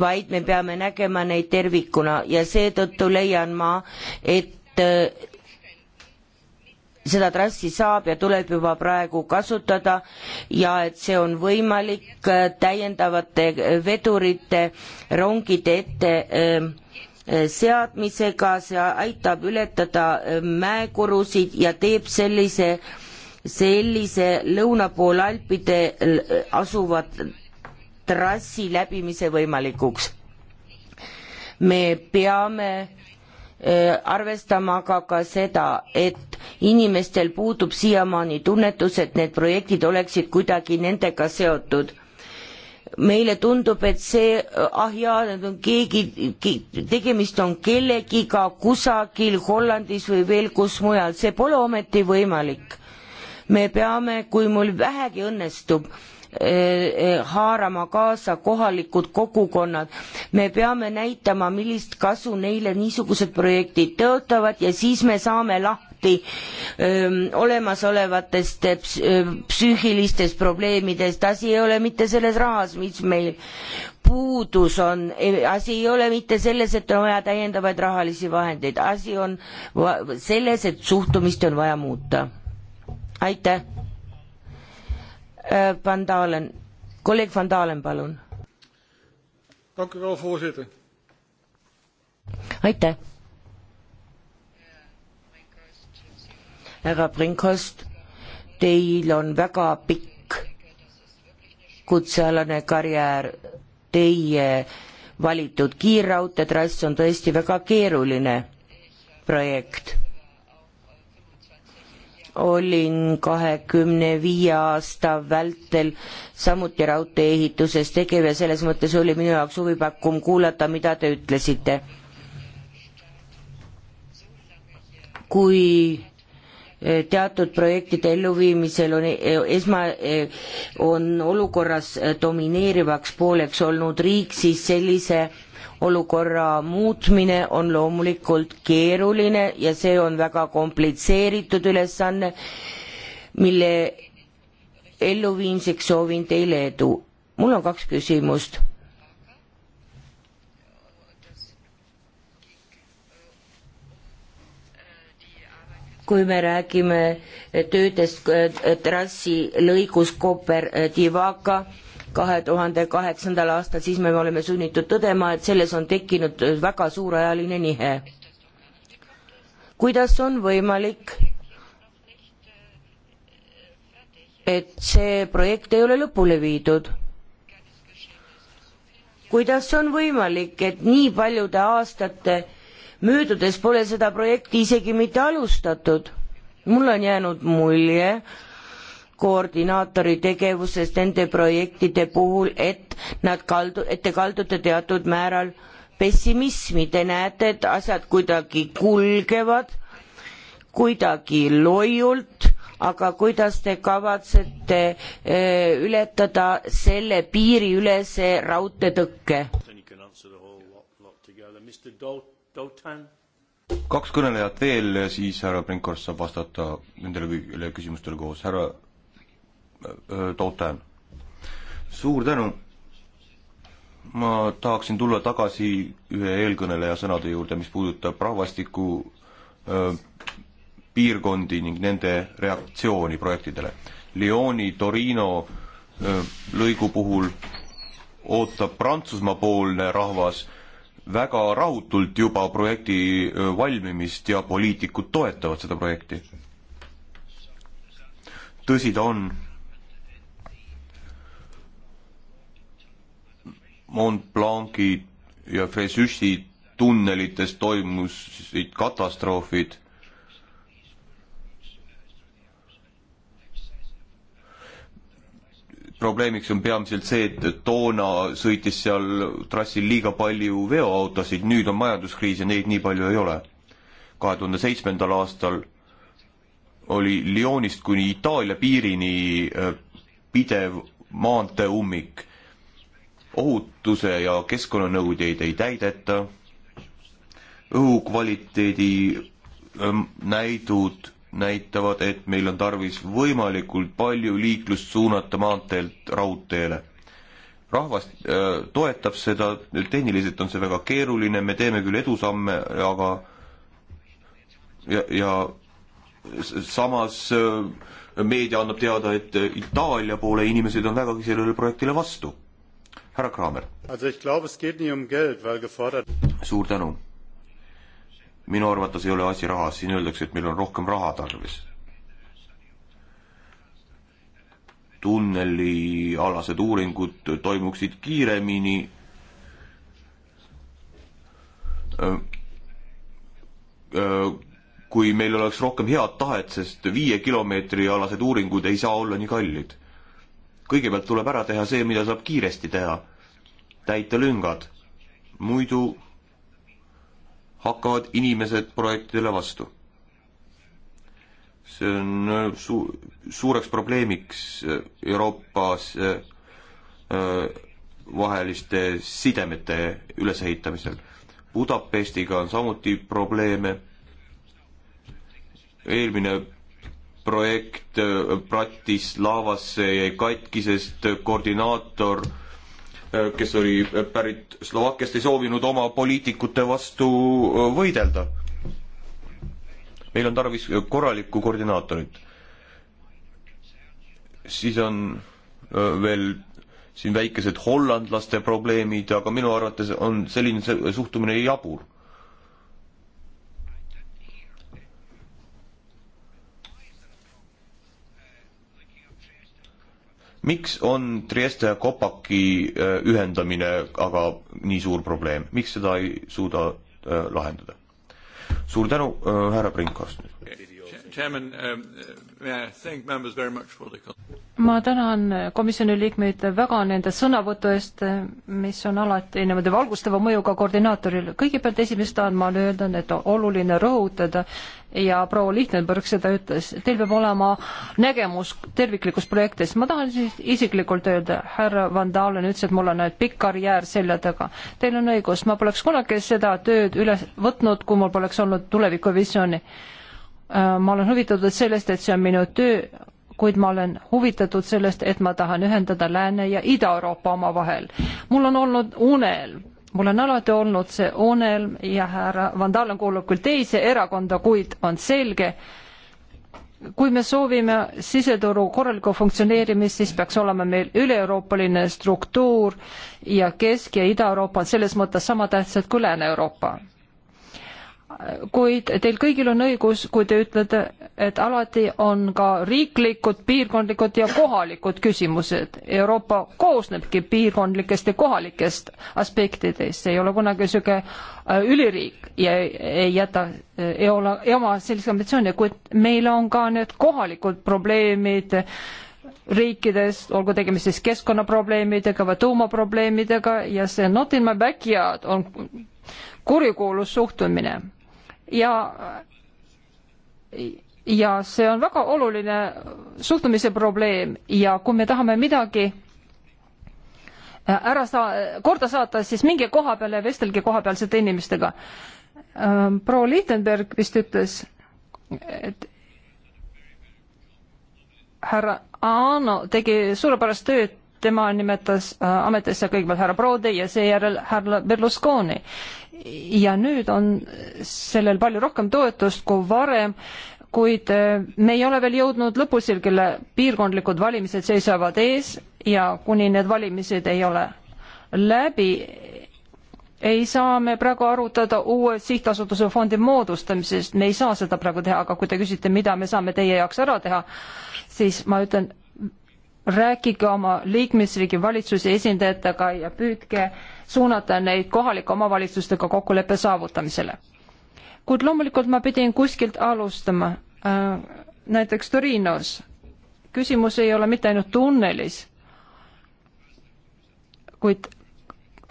vaid me peame nägema neid tervikuna ja seetõttu leian ma, et eh, seda trassi saab ja tuleb juba praegu kasutada ja et see on võimalik äh, täiendavate äh, vedurite rongide ette ähm, äh, seadmisega, see aitab ületada mäekurusid ja teeb sellise, sellise lõuna pool Alpide asuvat trassi läbimise võimalikuks. me peame Äh, arvestama aga ka seda, et inimestel puudub siiamaani tunnetus, et need projektid oleksid kuidagi nendega seotud. meile tundub, et see, äh, ah jaa, need on keegi ke,, tegemist on kellegiga kusagil Hollandis või veel kus mujal, see pole ometi võimalik. me peame, kui mul vähegi õnnestub, Eh, eh, haarama kaasa kohalikud kogukonnad. me peame näitama, millist kasu neile niisugused projektid tõotavad ja siis me saame lahti öö, ehm, olemasolevatest eh, psüühilistest probleemidest, asi ei ole mitte selles rahas, mis meil puudus on, asi ei ole mitte selles, et on vaja täiendavaid rahalisi vahendeid, asi on selles, et suhtumist on vaja muuta. aitäh! Eh, Van Dalen, kolleeg Van Dalen, palun. aitäh. härra Brinkhorst, teil on väga pikk kutsealane karjäär, teie valitud kiirraudteetrass on tõesti väga keeruline projekt olin kahekümne viie aasta vältel samuti raudtee-ehituses tegev ja selles mõttes oli minu jaoks huvipakkum kuulata, mida te ütlesite. kui eh, teatud projektide elluviimisel on eh, esma, eh, on olukorras domineerivaks pooleks olnud riik, siis sellise olukorra muutmine on loomulikult keeruline ja see on väga komplitseeritud ülesanne, mille elluviimiseks soovin teile edu. mul on kaks küsimust kui me räägime eh, töödest eh, eh, trassilõigus Koper-Divaka kahe tuhande kaheksandal aastal, siis me oleme sunnitud tõdema, et selles on tekkinud väga suurajaline nihe. kuidas on võimalik, et see projekt ei ole lõpule viidud? kuidas on võimalik, et nii paljude aastate äh, möödudes pole seda projekti isegi mitte alustatud. mul on jäänud mulje koordinaatori tegevusest nende projektide puhul, et nad kaldu, et te kaldute teatud määral pessimismi, te näete, et asjad kuidagi kulgevad, kuidagi loiult, aga kuidas te kavatsete öö, eh, ületada selle piiriülese raudteetõkke? Mr. Dalton kaks kõnelejat veel, siis härra Brinkhorst saab vastata nendele kõigile küsimustele koos, härra Tootan. Äh, äh, suur tänu. ma tahaksin tulla tagasi ühe eelkõneleja sõnade juurde, mis puudutab rahvastiku öö, äh, piirkondi ning nende reaktsiooni projektidele. Lyoni, Torino öö, lõigu puhul ootab Prantsusmaa-poolne rahvas öö, väga rahutult juba projekti valmimist ja poliitikud toetavad seda projekti. tõsi ta on, Mont Blanci ja Fesüsi tunnelites toimusid katastroofid probleemiks on peamiselt see, et toona sõitis seal trassil liiga palju veoautosid, nüüd on majanduskriis ja neid nii palju ei ole. kahe tuhande seitsmendal aastal oli Lyonist kuni Itaalia piirini äh, pidev maantee ummik. ohutuse ja keskkonnanõudeid ei täideta, õhukvaliteedi ähm, näidud näitavad, et meil on tarvis võimalikult palju liiklust suunata maanteelt raudteele. rahvas äh, toetab seda, tehniliselt on see väga keeruline, me teeme küll edusamme, aga ja, ja samas äh, meedia annab teada, et äh, Itaalia poole inimesed on vägagi sellele projektile vastu. härra Kraamer. Um suur tänu minu arvates ei ole asi rahas, siin öeldakse, et meil on rohkem raha tarvis. tunnelialased uuringud toimuksid kiiremini. kui meil oleks rohkem head tahet, sest viie kilomeetri alased uuringud ei saa olla nii kallid. kõigepealt tuleb ära teha see, mida saab kiiresti teha, täita lüngad, muidu hakkavad inimesed projektidele vastu. see on äh, su-, suureks probleemiks äh, Euroopas äh, vaheliste sidemete ülesehitamisel. Budapestiga on samuti probleeme, eelmine projekt Bratislavasse jäi katki, sest koordinaator äh, Äh, kes oli äh, pärit Slovakkiast, ei soovinud oma poliitikute vastu äh, võidelda. meil on tarvis korralikku koordinaatorit. siis on veel siin väikesed hollandlaste probleemid, aga minu arvates on selline suhtumine jabur miks on Trieste ja Kopaki äh, ühendamine aga nii suur probleem, miks seda ei suuda äh, lahendada? suur tänu, äh, härra Brinkhorst nüüd um, uh, ma tänan komisjoni liikmeid väga nende sõnavõtu eest, mis on alati niimoodi valgustava mõjuga koordinaatorile. kõigepealt esimest tahan ma öelda, et oluline rõhutada, ja proua Lichtenberg seda ütles, teil peab olema nägemus terviklikust projektist. ma tahan siis isiklikult öelda, härra Van Dalen ütles, et mul on nüüd pikk karjäär selja taga. Teil on õigus, ma poleks kunagi seda tööd üles võtnud, kui mul poleks olnud tulevikuvisiooni. Äh, ma olen huvitatud sellest, et see on minu töö, kuid ma olen huvitatud sellest, et ma tahan ühendada Lääne- ja Ida-Euroopa omavahel. mul on olnud unelm mul on alati olnud see unelm ja härra Vandalen kuulub küll teise erakonda, kuid on selge, kui me soovime siseturu korralikku funktsioneerimist, siis peaks olema meil üle-euroopaline struktuur ja Kesk- ja Ida-Euroopa on selles mõttes sama tähtsad kui Lääne-Euroopa kuid teil kõigil on õigus, kui te ütlete, et alati on ka riiklikud, piirkondlikud ja kohalikud küsimused. Euroopa koosnebki piirkondlikest ja kohalikest aspektidest, see ei ole kunagi niisugune äh, üliriik ja ei jäta, äh, ei ole oma sellist ambitsiooni, kuid meil on ka need kohalikud probleemid riikides, olgu tegemist siis keskkonnaprobleemidega või tuumaprobleemidega ja see not in my backyard on kurikuulus suhtumine ja ja see on väga oluline suhtumise probleem ja kui me tahame midagi äh, ära saa-, korda saata, siis minge koha peale ja vestelge kohapealsete inimestega. Ähm, proua Lichtenberg vist ütles, et härra Aano tegi suurepärast tööd, tema nimetas äh, ametisse kõigepealt härra Brode ja seejärel härra Berlusconi ja nüüd on sellel palju rohkem toetust kui varem, kuid äh, me ei ole veel jõudnud lõpusirgele, piirkondlikud valimised seisavad ees ja kuni need valimised ei ole läbi, ei saa me praegu arutada uue sihtasutuse fondi moodustamisest, me ei saa seda praegu teha, aga kui te küsite, mida me saame teie jaoks ära teha, siis ma ütlen, rääkige oma liikmesriigi valitsuse esindajatega ja püüdke äh, suunata neid kohalike omavalitsustega kokkuleppe saavutamisele. kuid loomulikult ma pidin kuskilt alustama, äh, näiteks Torinos. küsimus ei ole mitte ainult tunnelis, kuid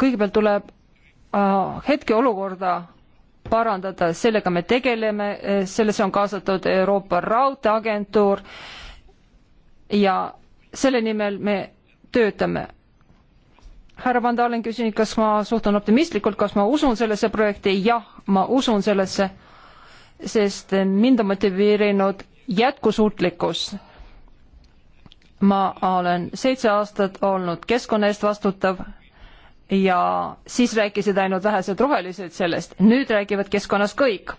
kõigepealt tuleb äh, hetkeolukorda parandada, sellega me tegeleme, sellesse on kaasatud Euroopa Raudteeagentuur ja selle nimel me töötame härra Van Dalen küsinud, kas ma suhtun optimistlikult, kas ma usun sellesse projekti, jah, ma usun sellesse, sest mind on motiveerinud jätkusuutlikkus. ma olen seitse aastat olnud keskkonna eest vastutav ja siis rääkisid ainult vähesed rohelised sellest, nüüd räägivad keskkonnast kõik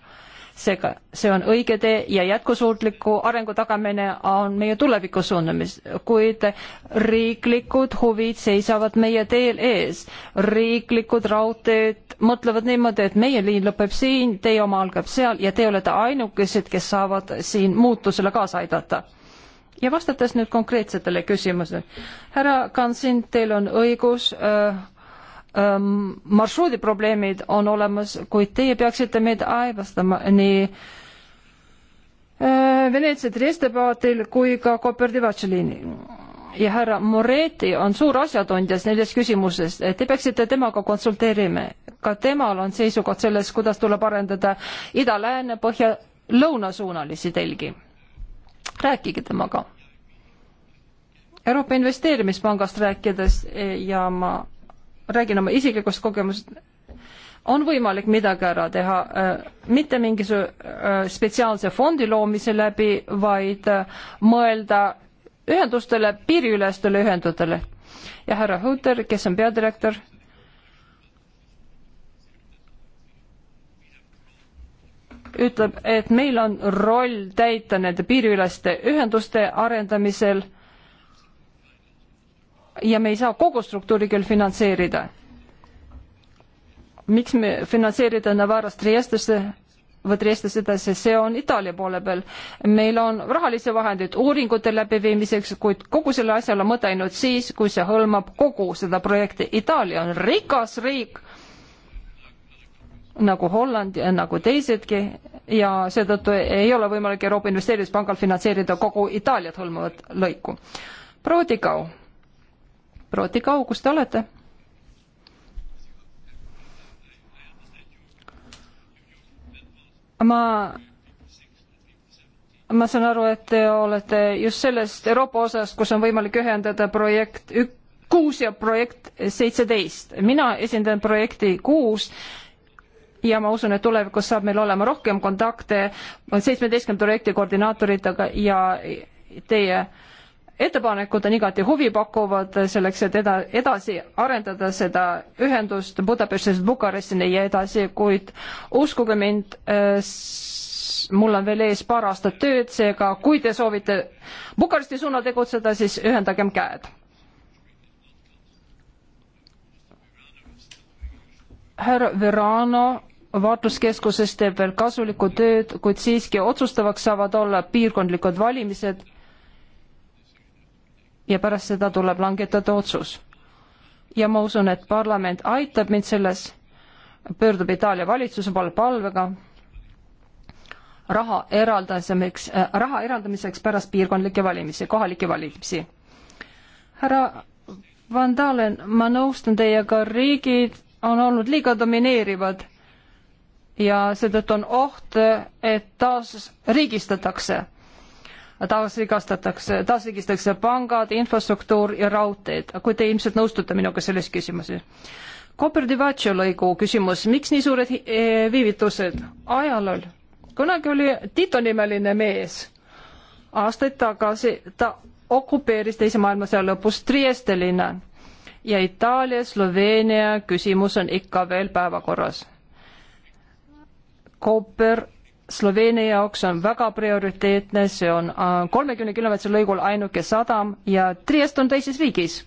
seega see on õige tee ja jätkusuutliku arengu tagamine on meie tuleviku suunamis, kuid riiklikud huvid seisavad meie teel ees. riiklikud raudteed mõtlevad niimoodi, et meie liin lõpeb siin, teie oma algab seal ja te olete ainukesed, kes saavad siin muutusele kaasa aidata ja vastates nüüd konkreetsetele küsimusele. härra Kansin, teil on õigus äh, Ähm, marsruudi probleemid on olemas, kuid teie peaksite meid aevastama nii äh, Veneetsia Trieste paatil kui ka Koperdi Vatšelini. ja härra Moreti on suur asjatundja selles küsimuses, te peaksite temaga konsulteerima. ka temal on seisukoht selles, kuidas tuleb arendada ida-lääne, põhja-lõuna suunalisi telgi. rääkige temaga Euroopa Investeerimispangast rääkides eh, ja ma räägin oma isiklikust kogemusest, on võimalik midagi ära teha äh, mitte mingisuguse äh, spetsiaalse fondi loomise läbi, vaid äh, mõelda ühendustele, piiriülestele ühendudele. ja härra Huter, kes on peadirektor, ütleb, et meil on roll täita nende piiriüleste ühenduste arendamisel ja me ei saa kogu struktuuri küll finantseerida. miks me finantseerida Navarast Triestesse või Triestesse edasi, see on Itaalia poole peal. meil on rahalisi vahendeid uuringute läbiviimiseks, kuid kogu selle asjal on mõte ainult siis, kui see hõlmab kogu seda projekti. Itaalia on rikas riik nagu Holland ja nagu teisedki ja seetõttu ei ole võimalik Euroopa Investeerimispangal finantseerida kogu Itaaliat hõlmavat lõiku. proua Tikau proua Tikau, kus te olete? ma, ma saan aru, et te olete just sellest Euroopa osast, kus on võimalik ühendada projekt ük-, kuus ja projekt seitseteist. mina esindan projekti kuus ja ma usun, et tulevikus saab meil olema rohkem kontakte seitsmeteistkümnenda projekti koordinaatoritega ja teie äh, ettepanekud on igati huvipakkuvad selleks, et eda-, edasi arendada seda ühendust Budapestist Bukarestini ja edasi, kuid uskuge mind, äh, mul on veel ees paar aastat tööd, seega kui te soovite Bukaresti suunal tegutseda, siis ühendagem käed. härra Verano vaatluskeskuses teeb veel kasulikku tööd, kuid siiski otsustavaks saavad olla piirkondlikud valimised ja pärast seda tuleb langetada otsus. ja ma usun, et parlament aitab mind selles, pöördub Itaalia valitsuse poole palvega raha eraldamiseks äh,, raha eraldamiseks pärast piirkondlikke valimisi, kohalikke valimisi. härra Van Dalen, ma nõustun teiega, riigid on olnud liiga domineerivad ja seetõttu on oht, et taas riigistatakse taasrikastatakse, taasrigistatakse pangad, infrastruktuur ja raudteed, kuid te ilmselt nõustute minuga selles küsimuses. Copper Divacio lõigu küsimus, miks nii suured eh, viivitused ajalool? kunagi oli Tito nimeline mees, aastaid tagasi ta okupeeris Teise maailmasõja lõpus Trieste linna ja Itaalia, Sloveenia küsimus on ikka veel päevakorras. Copper Sloveenia jaoks on väga prioriteetne, see on äh, kolmekümne kilomeetri lõigul ainuke sadam ja Triest on teises riigis.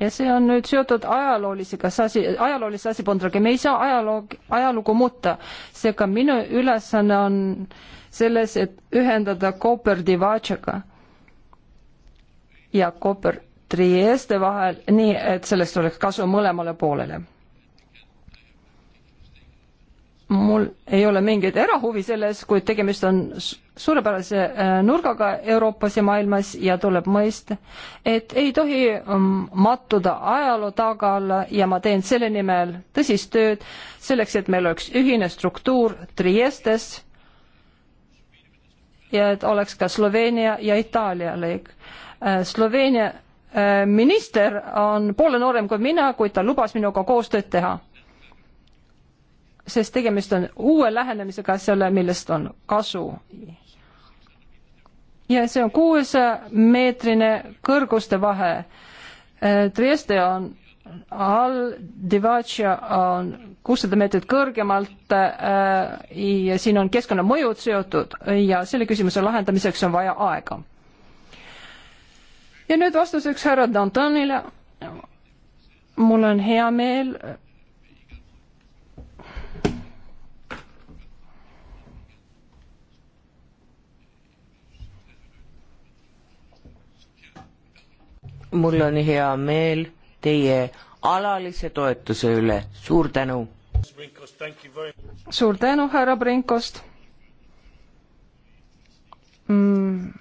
ja see on nüüd seotud ajaloolisega sasi, ajaloolise asipondradega, me ei saa ajaloog, ajalugu muuta. seega minu ülesanne on selles, et ühendada Koper Divačaga ja Koper Trieste vahel, nii et sellest oleks kasu mõlemale poolele mul ei ole mingeid erahuvi selles, kuid tegemist on suurepärase äh, nurgaga Euroopas ja maailmas ja tuleb mõista, et ei tohi ähm, mattuda ajaloo taga alla ja ma teen selle nimel tõsist tööd selleks, et meil oleks ühine struktuur Triestes ja et oleks ka Sloveenia ja Itaalia lõik. Äh, Sloveenia äh, minister on poole noorem kui mina, kuid ta lubas minuga koostööd teha sest tegemist on uue lähenemisega selle, millest on kasu. ja see on kuuesajameetrine kõrguste vahe. Trieste on all, Divacia on kuussada meetrit kõrgemalt ja siin on keskkonnamõjud seotud ja selle küsimuse lahendamiseks on vaja aega. ja nüüd vastuseks härra Dantonile. mul on hea meel mul on hea meel teie alalise toetuse üle, suur tänu! suur tänu, härra Brinkost! Mm,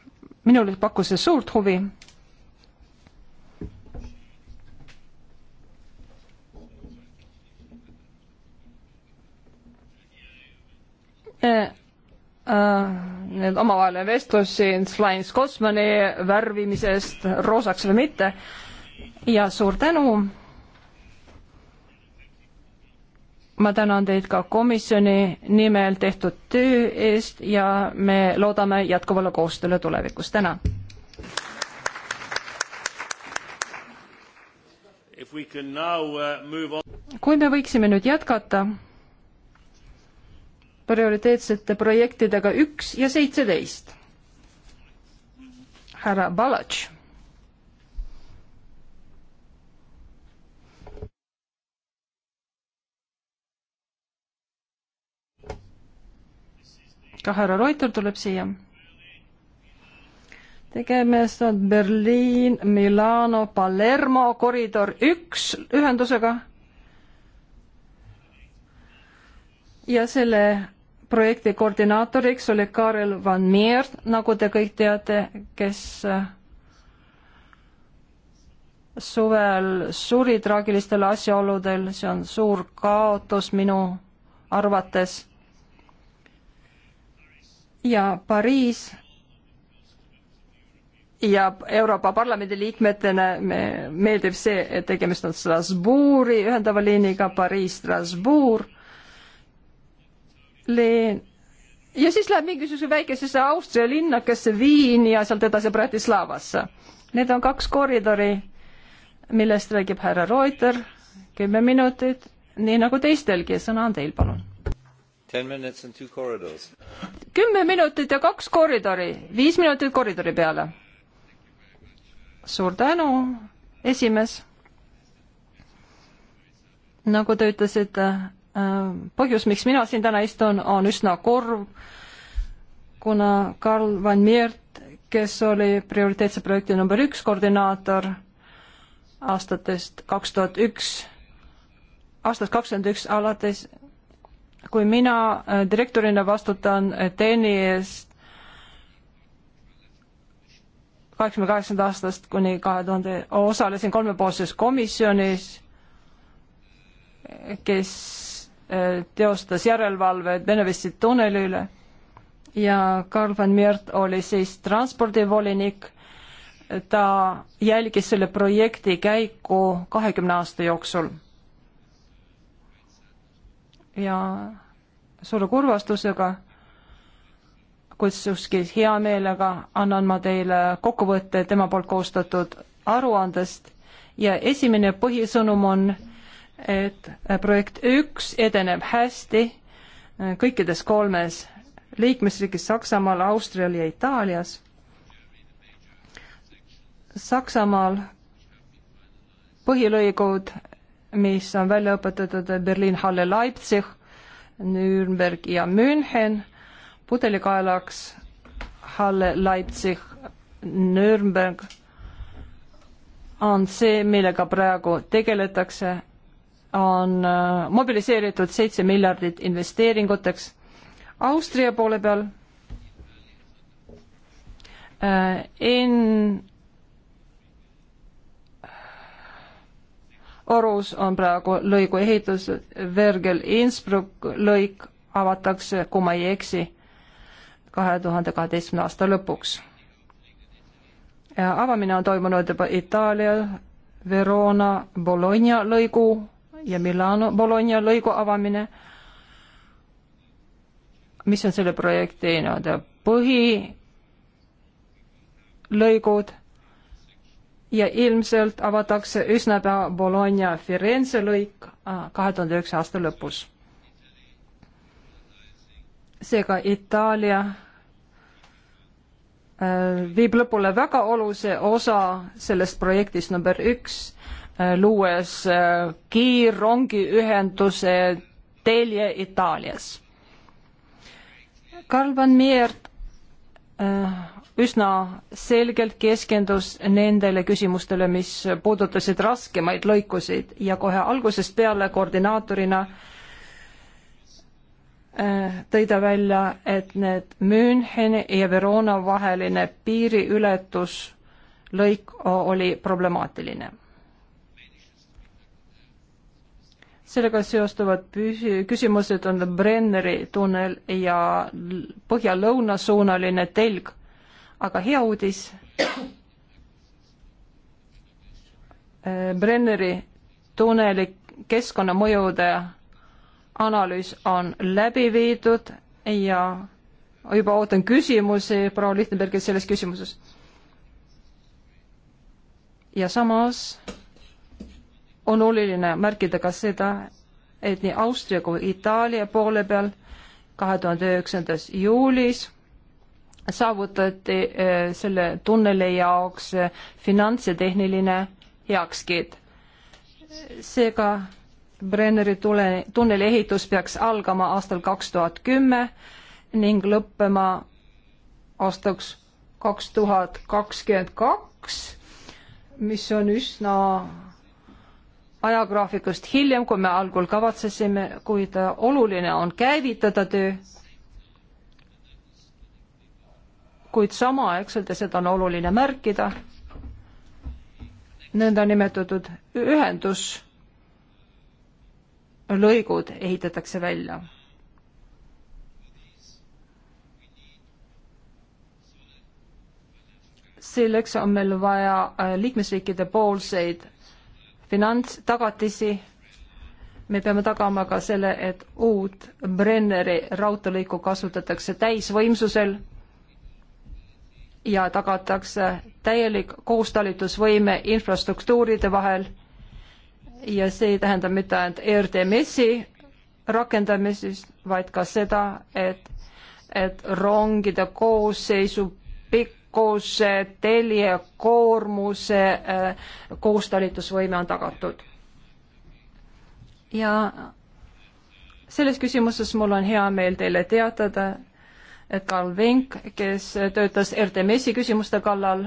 minule pakkus see suurt huvi. Uh... Äh, äh omavaheline vestlus siin Flines Kosmani värvimisest roosaks või mitte. ja suur tänu. ma tänan teid ka komisjoni nimel tehtud töö eest ja me loodame jätkuvale koostööle tulevikus. tänan. Uh, kui me võiksime nüüd jätkata prioriteetsete projektidega üks ja seitseteist. härra Balatš. ka härra Reuter tuleb siia. tegemist on Berliin, Milano, Palermo koridor üks ühendusega ja selle projekti koordinaatoriks oli Karel van Meer, nagu te kõik teate, kes äh, suvel suri traagilistel asjaoludel, see on suur kaotus minu arvates. ja Pariis ja Euroopa Parlamendi liikmetena me, meeldib see, et tegemist on Strasbourgi ühendava liiniga Pariis-Strasbourg leen ja siis läheb mingisuguse väikesesse Austria linnakesse Viini ja sealt edasi Bratislavasse. Need on kaks koridori, millest räägib härra Reuter, kümme minutit, nii nagu teistelgi, sõna on teil, palun. kümme minutit ja kaks koridori, viis minutit koridori peale. suur tänu, esimees. nagu te ütlesite Ähm, põhjus, miks mina siin täna istun, on üsna kurb, kuna Karl van Miert, kes oli prioriteetse projekti number üks koordinaator aastatest kaks tuhat üks, aastast kakskümmend üks alates, kui mina äh, direktorina vastutan äh, TEN-i eest kaheksakümne kaheksanda aastast kuni kahe tuhande, osalesin kolmepoolses komisjonis, kes teostas järelevalve Benevesti tunneli üle ja Karl van Miert oli siis transpordivolinik. ta jälgis selle projekti käiku kahekümne aasta jooksul. ja suure kurvastusega, kutsuski hea meelega, annan ma teile kokkuvõtte tema poolt koostatud aruandest ja esimene põhisõnum on et projekt üks edeneb hästi kõikides kolmes liikmesriigis Saksamaal, Austrial ja Itaalias. Saksamaal põhilõigud, mis on välja õpetatud Berliin, Halle, Leipzig, Nürnberg ja München, pudelikaelaks Halle, Leipzig, Nürnberg on see, millega praegu tegeletakse on äh, mobiliseeritud seitse miljardit investeeringuteks. Austria poole peal äh, in Orus on praegu lõigu ehitus, Vergel Innsbruck lõik avatakse, kui ma ei eksi, kahe tuhande kaheteistkümne aasta lõpuks. avamine on toimunud juba Itaalia, Verona, Bologna lõigu ja Milano Bologna lõigu avamine, mis on selle projekti nii-öelda põhilõigud ja ilmselt avatakse üsna pea Bologna Firenze lõik äh, kahe tuhande üheksa aasta lõpus. seega Itaalia äh, viib lõpule väga olulise osa sellest projektist number üks Äh, luues äh, kiirrongiühenduse Telia Itaalias. Karl van Miert äh, üsna selgelt keskendus nendele küsimustele, mis puudutasid raskemaid lõikusid ja kohe algusest peale koordinaatorina tõi ta välja, et need Müncheni ja Verona vaheline piiriületuslõik oli problemaatiline sellega seostuvad küsimused on Brenneri tunnel ja põhja-lõuna suunaline telg. aga hea uudis. Äh, Brenneri tunneli keskkonnamõjude analüüs on läbi viidud ja juba ootan küsimusi proua Lichtenbergilt selles küsimuses. ja samas on oluline märkida ka seda, et nii Austria kui Itaalia poole peal kahe tuhande üheksandas juulis saavutati eh, selle tunneli jaoks eh, finants- ja tehniline heakskiit. seega Brenneri tule, tunneli ehitus peaks algama aastal kaks tuhat kümme ning lõppema aastaks kaks tuhat kakskümmend kaks, mis on üsna ajagraafikust hiljem, kui me algul kavatsesime, kuid äh, oluline on käivitada töö. kuid samaaegselt ja seda on oluline märkida, nõndanimetatud ühenduslõigud ehitatakse välja selleks on meil vaja äh, liikmesriikide poolseid finantstagatisi. me peame tagama ka selle, et uut Brenneri raudteelõiku kasutatakse täisvõimsusel ja tagatakse täielik koostalitusvõime infrastruktuuride vahel. ja see ei tähenda mitte ainult ERTMS-i rakendamisest, vaid ka seda, et, et rongide koosseisu pikk võimekuse, eh, teljekoormuse, eh, koostalitusvõime on tagatud. ja selles küsimuses mul on hea meel teile teatada, et Karl Vink, kes töötas RTMS-i küsimuste kallal,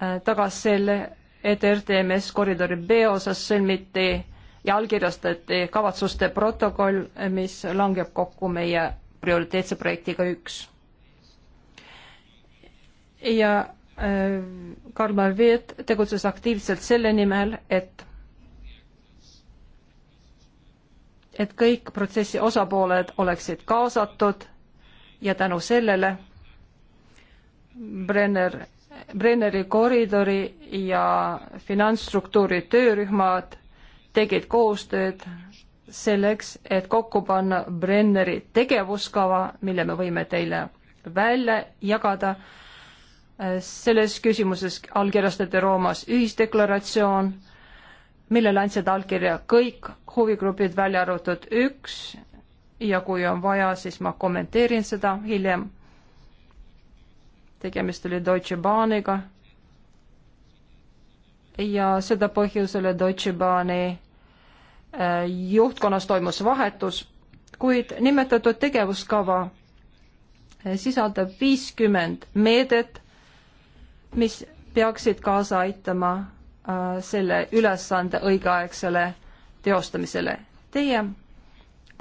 eh, tagas selle, et RTMS koridori B osas sõlmiti ja allkirjastati kavatsuste protokoll, mis langeb kokku meie prioriteetse projektiga üks ja äh, Karl Malveet tegutses aktiivselt selle nimel, et et kõik protsessi osapooled oleksid kaasatud ja tänu sellele Brenner, Brenneri koridori ja finantsstruktuuri töörühmad tegid koostööd selleks, et kokku panna Brenneri tegevuskava, mille me võime teile välja jagada Äh, selles küsimuses allkirjastati Roomas ühisdeklaratsioon, millele andsid allkirja kõik huvigrupid, välja arvatud üks ja kui on vaja, siis ma kommenteerin seda hiljem. tegemist oli Deutsche Bahniga ja seda põhjusel, et Deutsche Bahni äh, juhtkonnas toimus vahetus, kuid nimetatud tegevuskava äh, sisaldab viiskümmend meedet mis peaksid kaasa aitama äh, selle ülesande õigeaegsele teostamisele. Teie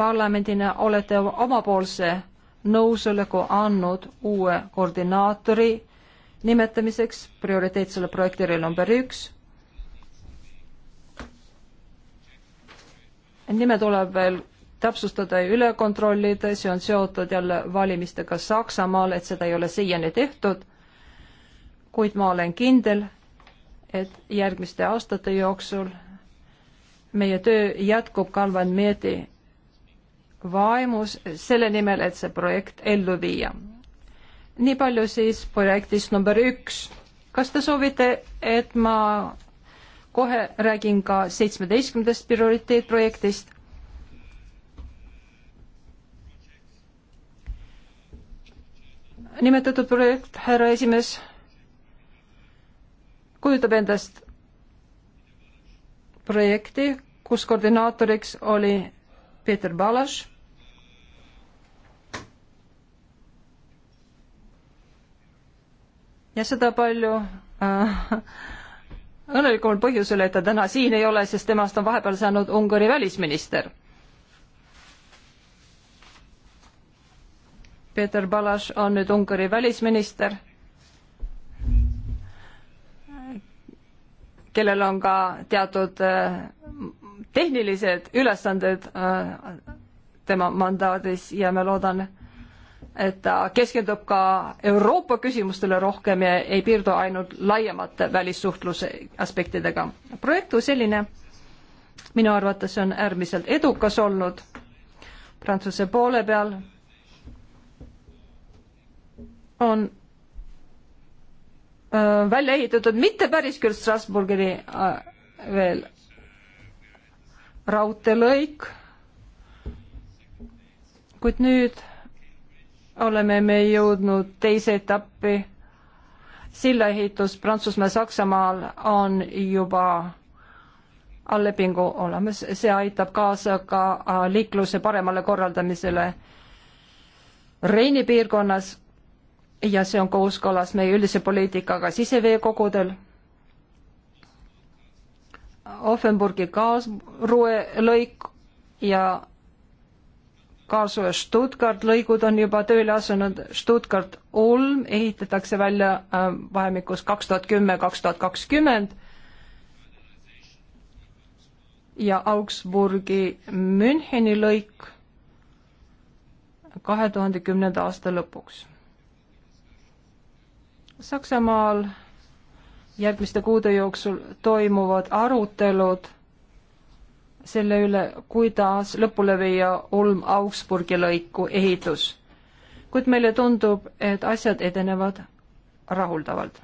parlamendina olete omapoolse nõusoleku andnud uue koordinaatori nimetamiseks prioriteetsele projektile number üks. nime tuleb veel täpsustada ja üle kontrollida, see on seotud jälle valimistega Saksamaal, et seda ei ole siiani tehtud kuid ma olen kindel, et järgmiste aastate jooksul meie töö jätkub Kalvan Meedi vaimus selle nimel, et see projekt ellu viia. nii palju siis projektist number üks. kas te soovite, et ma kohe räägin ka seitsmeteistkümnendast prioriteetprojektist? nimetatud projekt, härra esimees kujutab endast projekti, kus koordinaatoriks oli Peeter Balas. ja seda palju äh, õnnelikumal põhjusel, et ta täna siin ei ole, sest temast on vahepeal saanud Ungari välisminister. Peeter Balas on nüüd Ungari välisminister kellel on ka teatud äh, tehnilised ülesanded äh, tema mandaadis ja ma loodan, et ta keskendub ka Euroopa küsimustele rohkem ja ei piirdu ainult laiemate välissuhtluse aspektidega. projekt kui selline minu arvates on äärmiselt edukas olnud Prantsuse poole peal on Äh, välja ehitatud mitte päris küll Strasbourgini äh, veel raudteelõik, kuid nüüd oleme me jõudnud teise etappi. sillaehitus Prantsusmaa, Saksamaal on juba alllepingu olemas, see aitab kaasa ka äh, liikluse paremale korraldamisele Reini piirkonnas ja see on kooskõlas meie üldise poliitikaga siseveekogudel. Offenburgi kaasrue lõik ja kaasrue Stuttgart lõigud on juba tööle asunud, Stuttgart Ulm ehitatakse välja äh, vahemikus kaks tuhat kümme, kaks tuhat kakskümmend ja Augsburgi Müncheni lõik kahe tuhande kümnenda aasta lõpuks Saksamaal järgmiste kuude jooksul toimuvad arutelud selle üle, kuidas lõpule viia Ulm-Augsburgi lõiku ehitus. kuid meile tundub, et asjad edenevad rahuldavalt.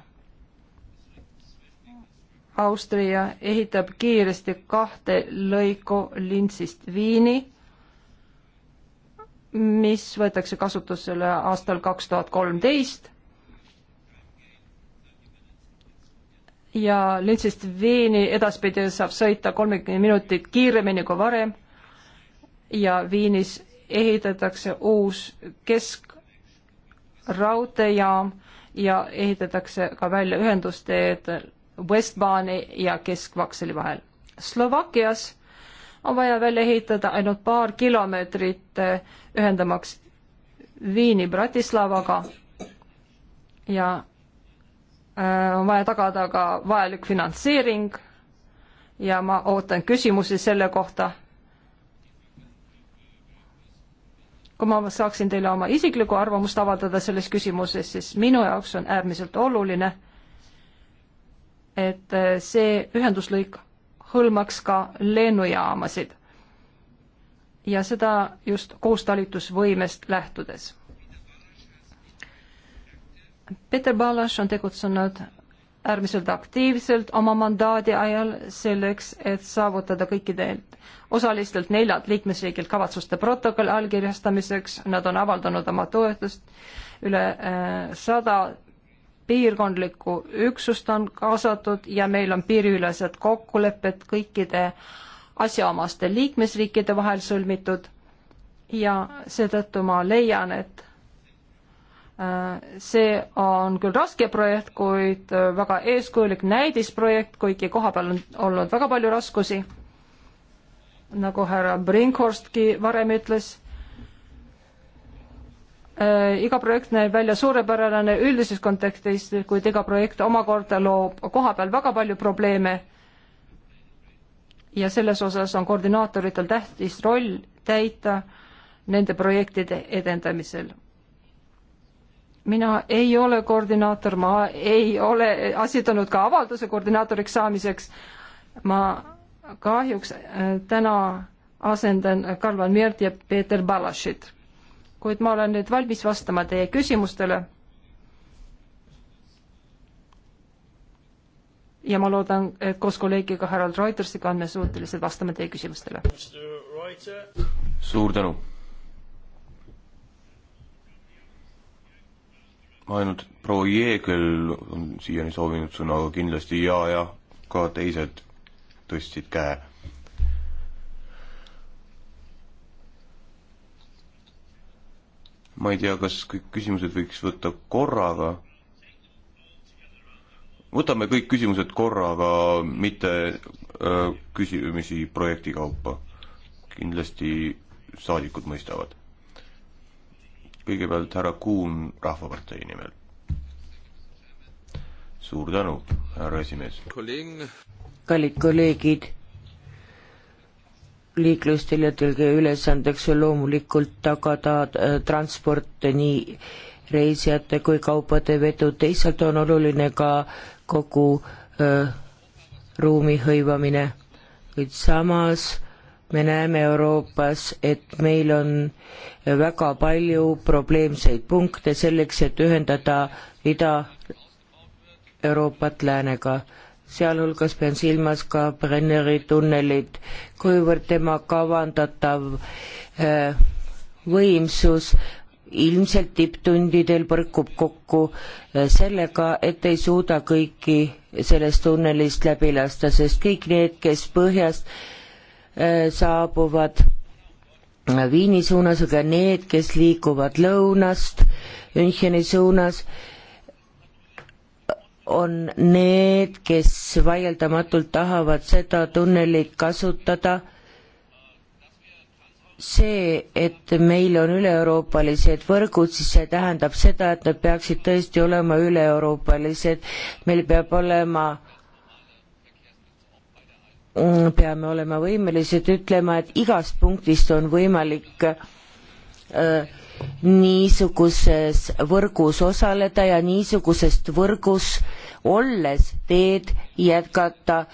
Austria ehitab kiiresti kahte lõiku Lintsist Viini, mis võetakse kasutusele aastal kaks tuhat kolmteist ja Lütsist Viini edaspidi saab sõita kolmkümmend minutit kiiremini kui varem ja Viinis ehitatakse uus keskraudteejaam ja ehitatakse ka välja ühendusteed Westbahni ja Keskvakseli vahel. Slovakkias on vaja välja ehitada ainult paar kilomeetrit eh, ühendamaks Viini Bratislavaga ja Äh, on vaja tagada ka vajalik finantseering ja ma ootan küsimusi selle kohta. kui ma saaksin teile oma isiklikku arvamust avaldada selles küsimuses, siis minu jaoks on äärmiselt oluline, et äh, see ühenduslõik hõlmaks ka lennujaamasid ja seda just koostalitusvõimest lähtudes Peter Ballas on tegutsenud äärmiselt aktiivselt oma mandaadi ajal selleks, et saavutada kõikidelt osalistelt neljalt liikmesriigilt kavatsuste protokolli allkirjastamiseks, nad on avaldanud oma toetust, üle äh, sada piirkondlikku üksust on kaasatud ja meil on piiriülesed kokkulepped kõikide asjaomaste liikmesriikide vahel sõlmitud ja seetõttu ma leian, et see on küll raske projekt, kuid äh, väga eeskujulik näidisprojekt, kuigi kohapeal on olnud väga palju raskusi. nagu härra Brinkhorstki varem ütles äh, iga projekt näeb välja suurepärane üldises kontekstis, kuid iga projekt omakorda loob koha peal väga palju probleeme. ja selles osas on koordinaatoritel tähtis roll täita nende projektide edendamisel mina ei ole koordinaator, ma ei ole asitanud ka avalduse koordinaatoriks saamiseks. ma kahjuks äh, täna asendan Karl-Van Miert ja Peeter Balašit. kuid ma olen nüüd valmis vastama teie küsimustele. ja ma loodan, et koos kolleegiga Harald Reutersiga on me suutelised vastama teie küsimustele. suur tänu ainult proua Jeegel on siiani soovinud sõna, aga kindlasti ja, ja ka teised tõstsid käe. ma ei tea, kas kõik küsimused võiks võtta korraga. võtame kõik küsimused korraga, mitte öö, äh, küsimusi projekti kaupa. kindlasti saadikud mõistavad kõigepealt härra Kuun Rahvapartei nimel. suur tänu, härra esimees. kallid kolleegid, liiklusteljatelge ülesandeks on loomulikult tagada äh, transport nii reisijate kui kaupade vedu, teisalt on oluline ka kogu öö, äh, ruumi hõivamine, kuid samas me näeme Euroopas, et meil on väga palju probleemseid punkte selleks, et ühendada Ida-Euroopat läänega. sealhulgas pean silmas ka Brenneri tunnelit, kuivõrd tema kavandatav äh, võimsus ilmselt tipptundidel põrkub kokku äh, sellega, et ei suuda kõiki sellest tunnelist läbi lasta, sest kõik need, kes põhjast Äh, saabuvad Viini suunas, aga need, kes liiguvad lõunast Müncheni suunas, on need, kes vaieldamatult tahavad seda tunnelit kasutada. see, et meil on üle-euroopalised võrgud, siis see tähendab seda, et nad peaksid tõesti olema üle-euroopalised, meil peab olema äh, Mm, peame olema võimelised ütlema, et igast punktist on võimalik äh, niisuguses võrgus osaleda ja niisugusest võrgus olles teed jätkata,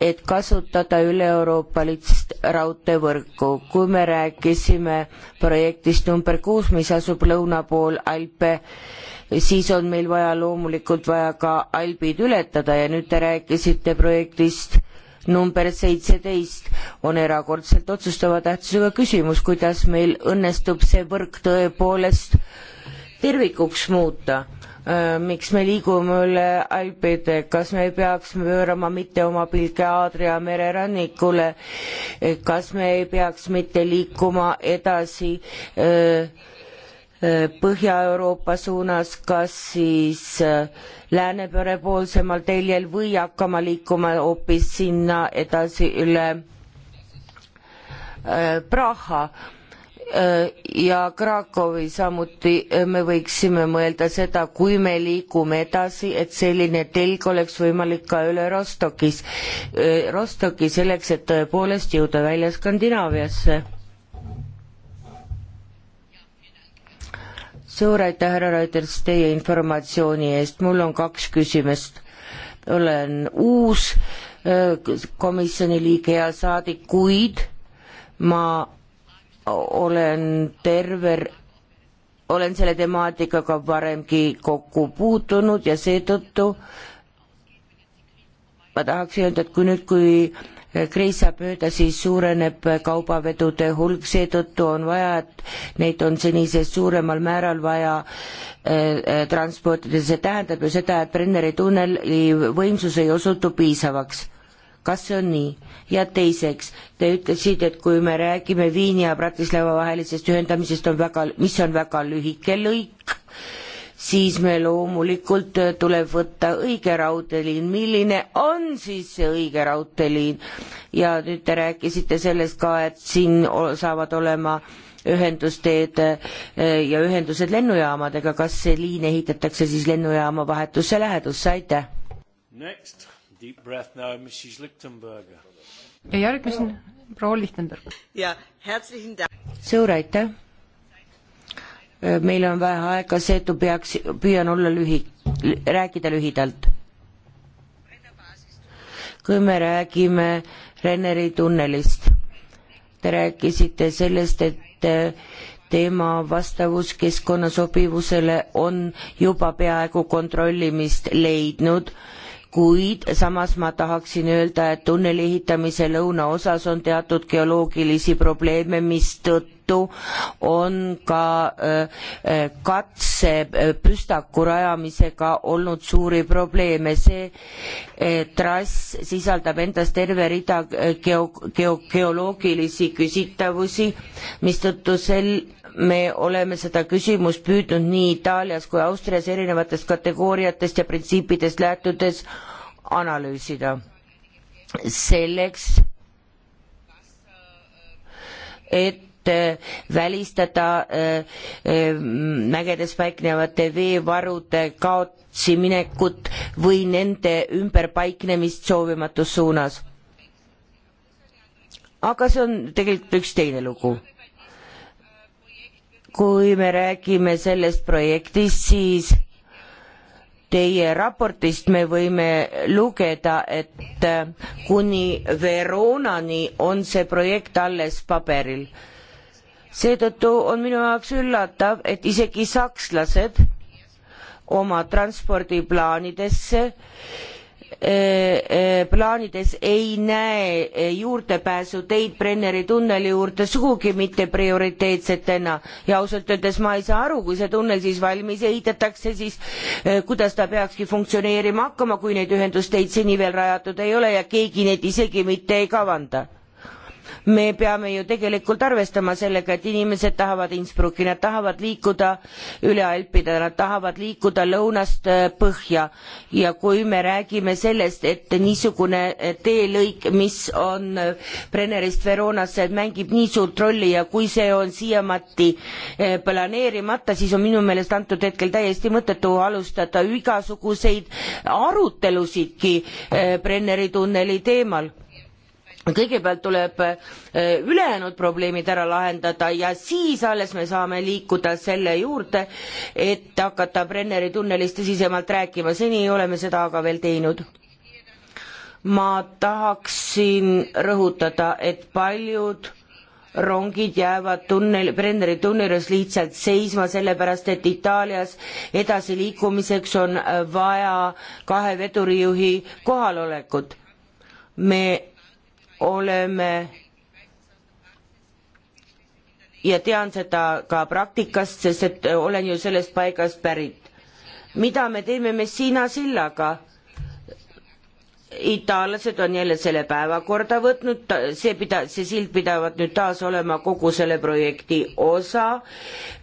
et kasutada üle-euroopalist raudteevõrku. kui me rääkisime projektist number kuus, mis asub lõuna pool Alpe, siis on meil vaja loomulikult vaja ka Albid ületada ja nüüd te rääkisite projektist number seitseteist on erakordselt otsustava tähtsusega küsimus, kuidas meil õnnestub see võrk tõepoolest tervikuks muuta. Äh, miks me liigume üle Alpide, kas me ei peaks pöörama mitte oma pilke Aadria mererannikule, äh, kas me ei peaks mitte liikuma edasi öö, äh, Põhja-Euroopa suunas, kas siis äh, läänepere poolsemal teljel või hakkama liikuma hoopis sinna edasi üle äh, Praha äh, ja Krakowi samuti me võiksime mõelda seda, kui me liigume edasi, et selline telg oleks võimalik ka üle Rostokis, Rostoki selleks, et tõepoolest jõuda välja Skandinaaviasse suur aitäh, härra Reuters, teie informatsiooni eest, mul on kaks küsimust. olen uus äh, komisjoni liige ja saadik, kuid ma olen terve, olen selle temaatikaga varemgi kokku puutunud ja seetõttu ma tahaks öelda, et kui nüüd, kui kreisapööda, siis suureneb kaubavedude hulk, seetõttu on vaja, et neid on senisest suuremal määral vaja äh, transportida, see tähendab ju seda, et Brenneri tunneli võimsus ei osutu piisavaks. kas see on nii? ja teiseks, te ütlesite, et kui me räägime Viini ja Bratislava vahelisest ühendamisest, on väga, mis on väga lühike lõik, siis me loomulikult äh, tuleb võtta õige raudteeliin. milline on siis see õige raudteeliin? ja nüüd te rääkisite sellest ka, et siin saavad olema ühendusteed äh, ja ühendused lennujaamadega, kas see liin ehitatakse siis lennujaama vahetusse lähedusse, aitäh! ja järgmisena proua Lichtenberg. suur aitäh! meil on vähe aega, seetõttu peaks, püüan olla lühi-, rääkida lühidalt. kui me räägime Renneri tunnelist, te rääkisite sellest, et eh, tema vastavus keskkonna sobivusele on juba peaaegu kontrollimist leidnud, kuid samas ma tahaksin öelda, et tunneli ehitamise lõunaosas on teatud geoloogilisi probleeme, mistõttu Liitu on ka äh, äh, katsepüstaku äh, rajamisega olnud suuri probleeme. see trass sisaldab endas terve rida geo-, geo-, geoloogilisi küsitavusi, mistõttu sel-, me oleme seda küsimust püüdnud nii Itaalias kui Austrias erinevatest kategooriatest ja printsiipidest lähtudes analüüsida. selleks, et Äh, välistada äh, äh, mägedes paiknevate veevarude kaotsiminekut või nende ümberpaiknemist soovimatus suunas. aga see on tegelikult üks teine lugu. kui me räägime sellest projektist, siis teie raportist me võime lugeda, et kuni Veroonani on see projekt alles paberil seetõttu on minu jaoks üllatav, et isegi sakslased oma transpordiplaanidesse eh, eh, plaanides ei näe eh, juurdepääsuteid Brenneri tunneli juurde sugugi mitte prioriteetsetena ja ausalt öeldes ma ei saa aru, kui see tunnel siis valmis ehitatakse, siis kuidas ta peakski funktsioneerima hakkama, kui neid ühendusteid seni veel rajatud ei ole ja keegi neid isegi mitte ei kavanda me peame ju tegelikult arvestama sellega, et inimesed tahavad Innsbrucki, nad tahavad liikuda üle Alpide, nad tahavad liikuda lõunast äh, põhja ja kui me räägime sellest, et niisugune äh, teelõik, mis on äh, Brennerist Veroonasse, mängib nii suurt rolli ja kui see on siiamati planeerimata, siis on minu meelest antud hetkel täiesti mõttetu alustada igasuguseid arutelusidki Brenneri tunneli teemal kõigepealt tuleb eh, ülejäänud probleemid ära lahendada ja siis alles me saame liikuda selle juurde, et hakata Brenneri tunnelist tõsisemalt rääkima, seni ei ole me seda aga veel teinud. ma tahaksin rõhutada, et paljud rongid jäävad tunnel, Brenneri tunnelis lihtsalt seisma, sellepärast et Itaalias edasiliikumiseks on vaja kahe vedurijuhi kohalolekut. me oleme ja tean seda ka praktikast, sest et olen ju sellest paigast pärit. mida me teeme Messina sillaga? itaallased on jälle selle päevakorda võtnud, see pida-, see sild pidavat nüüd taas olema kogu selle projekti osa.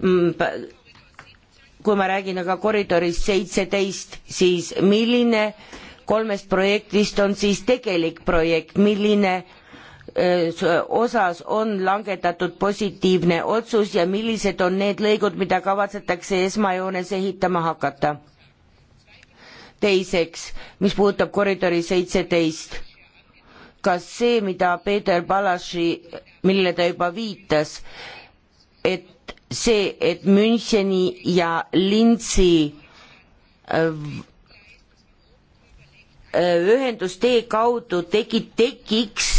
Mm, kui ma räägin aga koridorist seitseteist, siis milline äh, kolmest projektist on siis tegelik projekt, milline osas on langetatud positiivne otsus ja millised on need lõigud, mida kavatsetakse esmajoones ehitama hakata? teiseks, mis puudutab koridori seitseteist, kas see, mida Peeter Balasi, millele ta juba viitas, et see, et Müncheni ja Linzi Äh, ühendustee kaudu tegi, tekiks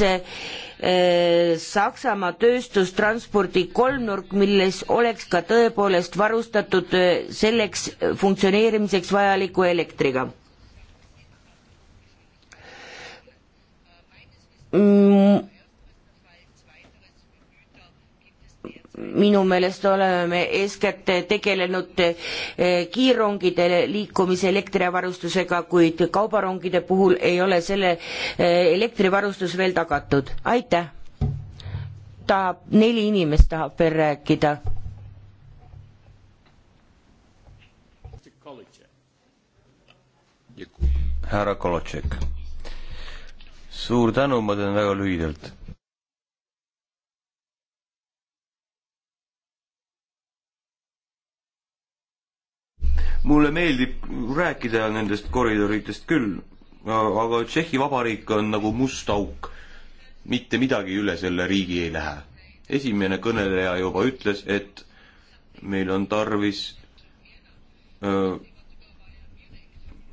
äh, Saksamaa tööstustranspordi kolmnurk, milles oleks ka tõepoolest varustatud äh, selleks funktsioneerimiseks vajaliku elektriga. Mm minu meelest oleme me eeskätt tegelenud eh, kiirrongide liikumise elektrivarustusega, kuid kaubarongide puhul ei ole selle eh, elektrivarustus veel tagatud. aitäh! tahab, neli inimest tahab veel rääkida. härra Kolotšek. suur tänu, ma teen väga lühidalt mulle meeldib rääkida nendest koridoridest küll, aga Tšehhi Vabariik on nagu must auk. mitte midagi üle selle riigi ei lähe. esimene kõneleja juba ütles, et meil on tarvis öö,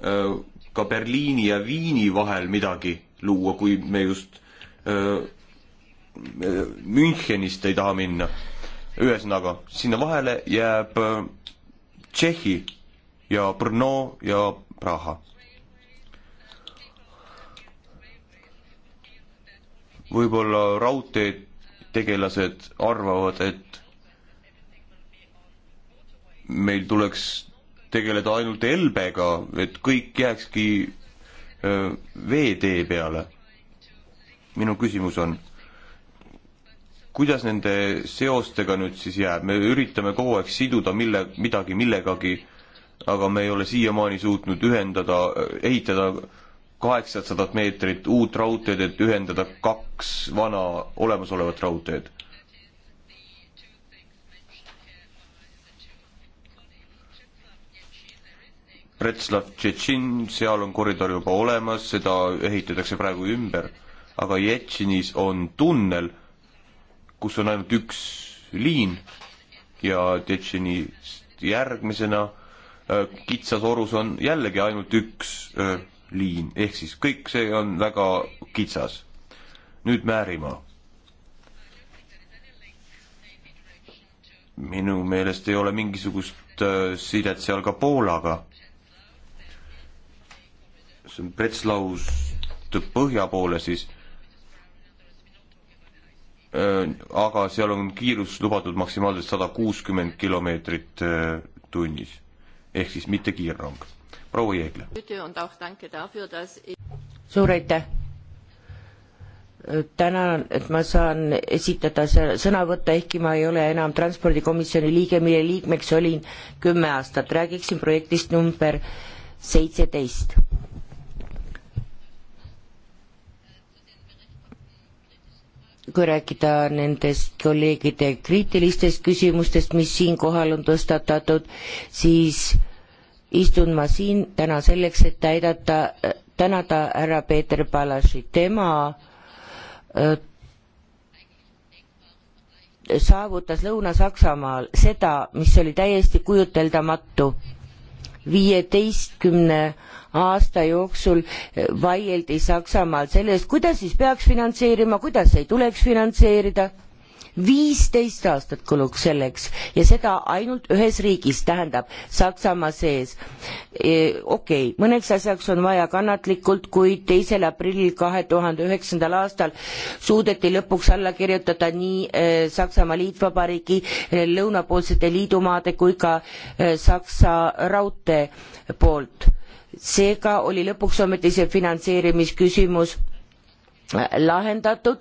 öö, ka Berliini ja Viini vahel midagi luua, kui me just öö, Münchenist ei taha minna. ühesõnaga, sinna vahele jääb Tšehhi ja Brno ja Praha. võib-olla raudteetegelased arvavad, et meil tuleks tegeleda ainult Elbega, et kõik jääkski veetee peale. minu küsimus on, kuidas nende seostega nüüd siis jääb, me üritame kogu aeg siduda mille, midagi millegagi aga me ei ole siiamaani suutnud ühendada, ehitada kaheksasadat meetrit uut raudteed, et ühendada kaks vana olemasolevat raudteed. Bretslav-Tšetšin, seal on koridor juba olemas, seda ehitatakse praegu ümber, aga Jetšinis on tunnel, kus on ainult üks liin ja Tšetšinist järgmisena Äh, kitsas orus on jällegi ainult üks äh, liin, ehk siis kõik see on väga kitsas. nüüd Määrimaa. minu meelest ei ole mingisugust äh, sidet seal ka Poolaga. see on Pretslaust põhja poole siis aga seal on kiirus lubatud maksimaalselt sada kuuskümmend kilomeetrit tunnis ehk siis mitte kiirrong. proua Jeegla. suur aitäh! tänan, et ma saan esitada sõna võtta, ehkki ma ei ole enam transpordikomisjoni liige, mille liikmeks olin kümme aastat. räägiksin projektist number seitseteist kui rääkida nendest kolleegide kriitilistest küsimustest, mis siinkohal on tõstatatud, siis istun ma siin täna selleks, et täidata, tänada härra Peeter Palaši, tema öö, äh, saavutas Lõuna-Saksamaal seda, mis oli täiesti kujuteldamatu. viieteistkümne aasta jooksul vaieldi Saksamaal selle eest, kuidas siis peaks finantseerima, kuidas ei tuleks finantseerida. viisteist aastat kuluks selleks ja seda ainult ühes riigis, tähendab Saksamaa sees e,. okei okay,, mõneks asjaks on vaja kannatlikult, kuid teisel aprillil kahe tuhande üheksandal aastal suudeti lõpuks alla kirjutada nii e, Saksamaa Liitvabariigi e, lõunapoolsete liidumaade kui ka e, Saksa raudtee poolt seega oli lõpuks ometi see finantseerimisküsimus lahendatud,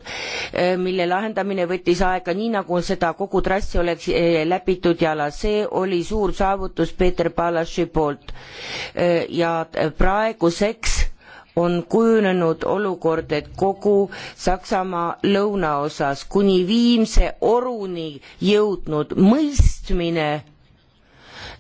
eh, mille lahendamine võttis aega nii, nagu seda kogu trassi oleks eh, läbitud jala, see oli suur saavutus Peeter Palasi poolt. Eh, ja praeguseks on kujunenud olukord, et kogu Saksamaa lõunaosas kuni Viimse oruni jõudnud mõistmine,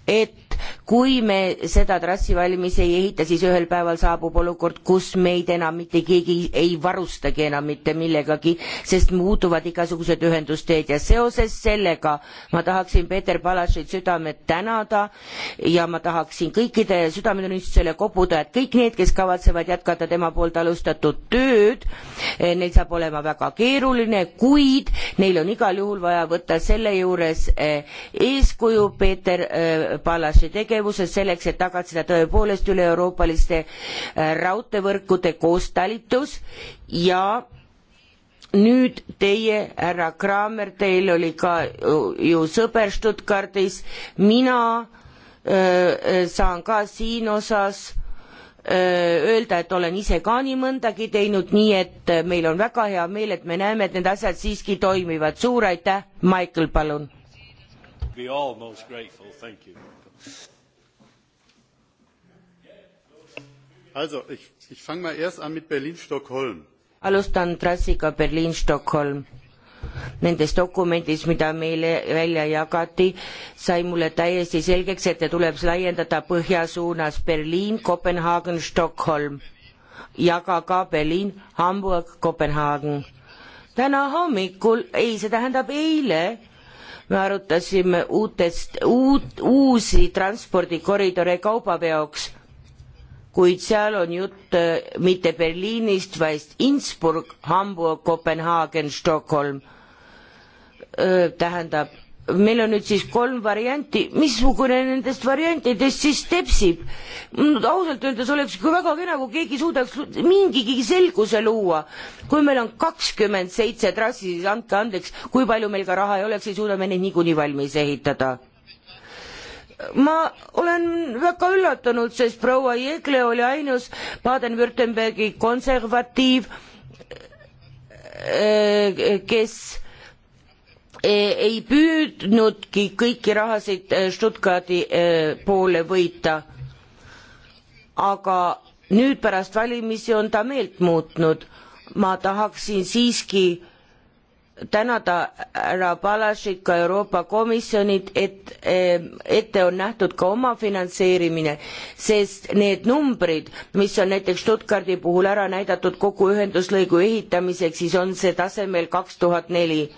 et et kui me seda trassi valmis ei ehita, siis ühel päeval saabub olukord, kus meid enam mitte keegi ei varustagi enam mitte millegagi, sest muutuvad igasugused ühendusteed ja seoses sellega ma tahaksin Peeter Palašit südamed tänada ja ma tahaksin kõikide südametunnistusele kopuda, et kõik need, kes kavatsevad jätkata tema poolt alustatud tööd, eh, neil saab olema väga keeruline, kuid neil on igal juhul vaja võtta selle juures eh, eeskuju Peeter eh, Palašilt edasi tegevused selleks, et tagada seda tõepoolest üle-euroopaliste äh, raudteevõrkude koostalitus ja nüüd teie, härra Kramer, teil oli ka ju sõber Stuttgardis, mina öö, äh, äh, saan ka siin osas öelda, et olen ise ka nii mõndagi teinud, nii et meil on väga hea meel, et me näeme, et need asjad siiski toimivad. suur aitäh, Michael, palun! Also, ich, ich fange mal erst an mit Berlin-Stockholm. alustan trassiga Berliin-Stockholm. Nendes dokumendis, mida meile välja jagati, sai mulle täiesti selgeks, et ta tuleb laiendada põhja suunas Berliin, Kopenhaagen, Stockholm ja ka ka Berliin, Hamburg, Kopenhaagen. täna hommikul, ei, see tähendab eile, me arutasime uutest, uut, uusi transpordikoridore kaubaveoks kuid seal on jutt äh, mitte Berliinist, vaid Innsbruck, Hamburg, Kopenhaagen, Stockholm. Äh, tähendab, meil on nüüd siis kolm varianti, missugune nendest variantidest siis tepsib? ausalt öeldes oleks ikka väga kena, kui keegi suudaks mingigi selguse luua. kui meil on kakskümmend seitse trassi, siis andke andeks, kui palju meil ka raha ei oleks, ei suuda me neid niikuinii valmis ehitada ma olen väga üllatunud, sest proua Jõgle oli ainus Baden-Württembergi konservatiiv, äh, kes äh, ei püüdnudki kõiki rahasid äh, Stuttgardi poole võita. aga nüüd pärast valimisi on ta meelt muutnud. ma tahaksin siiski äh, tänada härra Palašit ka Euroopa Komisjonit, et eh, ette on nähtud ka omafinantseerimine, sest need numbrid, mis on näiteks Stuttgardi puhul ära näidatud kogu ühenduslõigu ehitamiseks, siis on see tasemel kaks tuhat neli.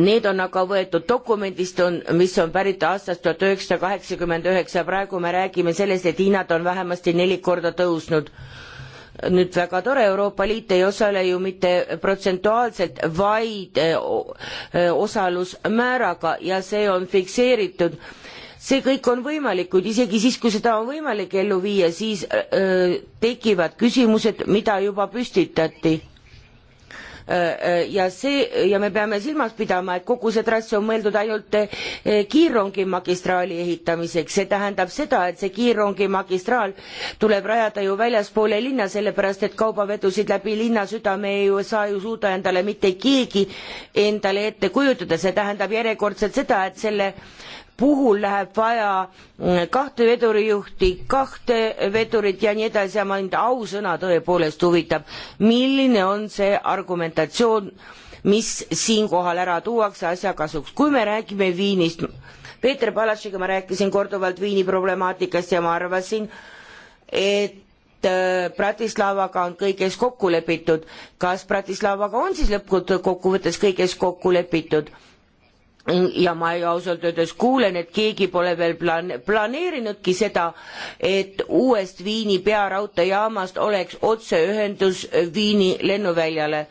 Need on aga võetud dokumendist, on, mis on pärit aastast tuhat üheksasada kaheksakümmend üheksa, praegu me räägime sellest, et hinnad on vähemasti neli korda tõusnud nüüd väga tore, Euroopa Liit ei osale ju mitte protsentuaalselt, vaid eh, eh, osalusmääraga ja see on fikseeritud. see kõik on võimalik, kuid isegi siis, kui seda on võimalik ellu viia, siis öö, eh, tekivad küsimused, mida juba püstitati Äh, äh, ja see ja me peame silmas pidama, et kogu see trass on mõeldud ainult äh, kiirrongi magistraali ehitamiseks, see tähendab seda, et see kiirrongi magistraal tuleb rajada ju väljaspoole linna, sellepärast et kaubavedusid läbi linna südame ei ju saa ju suuda endale mitte keegi endale ette kujutada, see tähendab järjekordselt seda, et selle puhul läheb vaja mm, kahte vedurijuhti, kahte vedurit ja nii edasi ja mind ausõna tõepoolest huvitab, milline on see argumentatsioon, mis siinkohal ära tuuakse asja kasuks, kui me räägime Viinist. Peeter Palashiga ma rääkisin korduvalt Viini problemaatikast ja ma arvasin, et äh, Bratislavaga on kõiges kokku lepitud. kas Bratislavaga on siis lõppkokkuvõttes kõiges kokku lepitud? ja ma ju ausalt öeldes kuulen, et keegi pole veel plaan-, planeerinudki seda, et uuest Viini pearaudteejaamast oleks otseühendus Viini lennuväljale.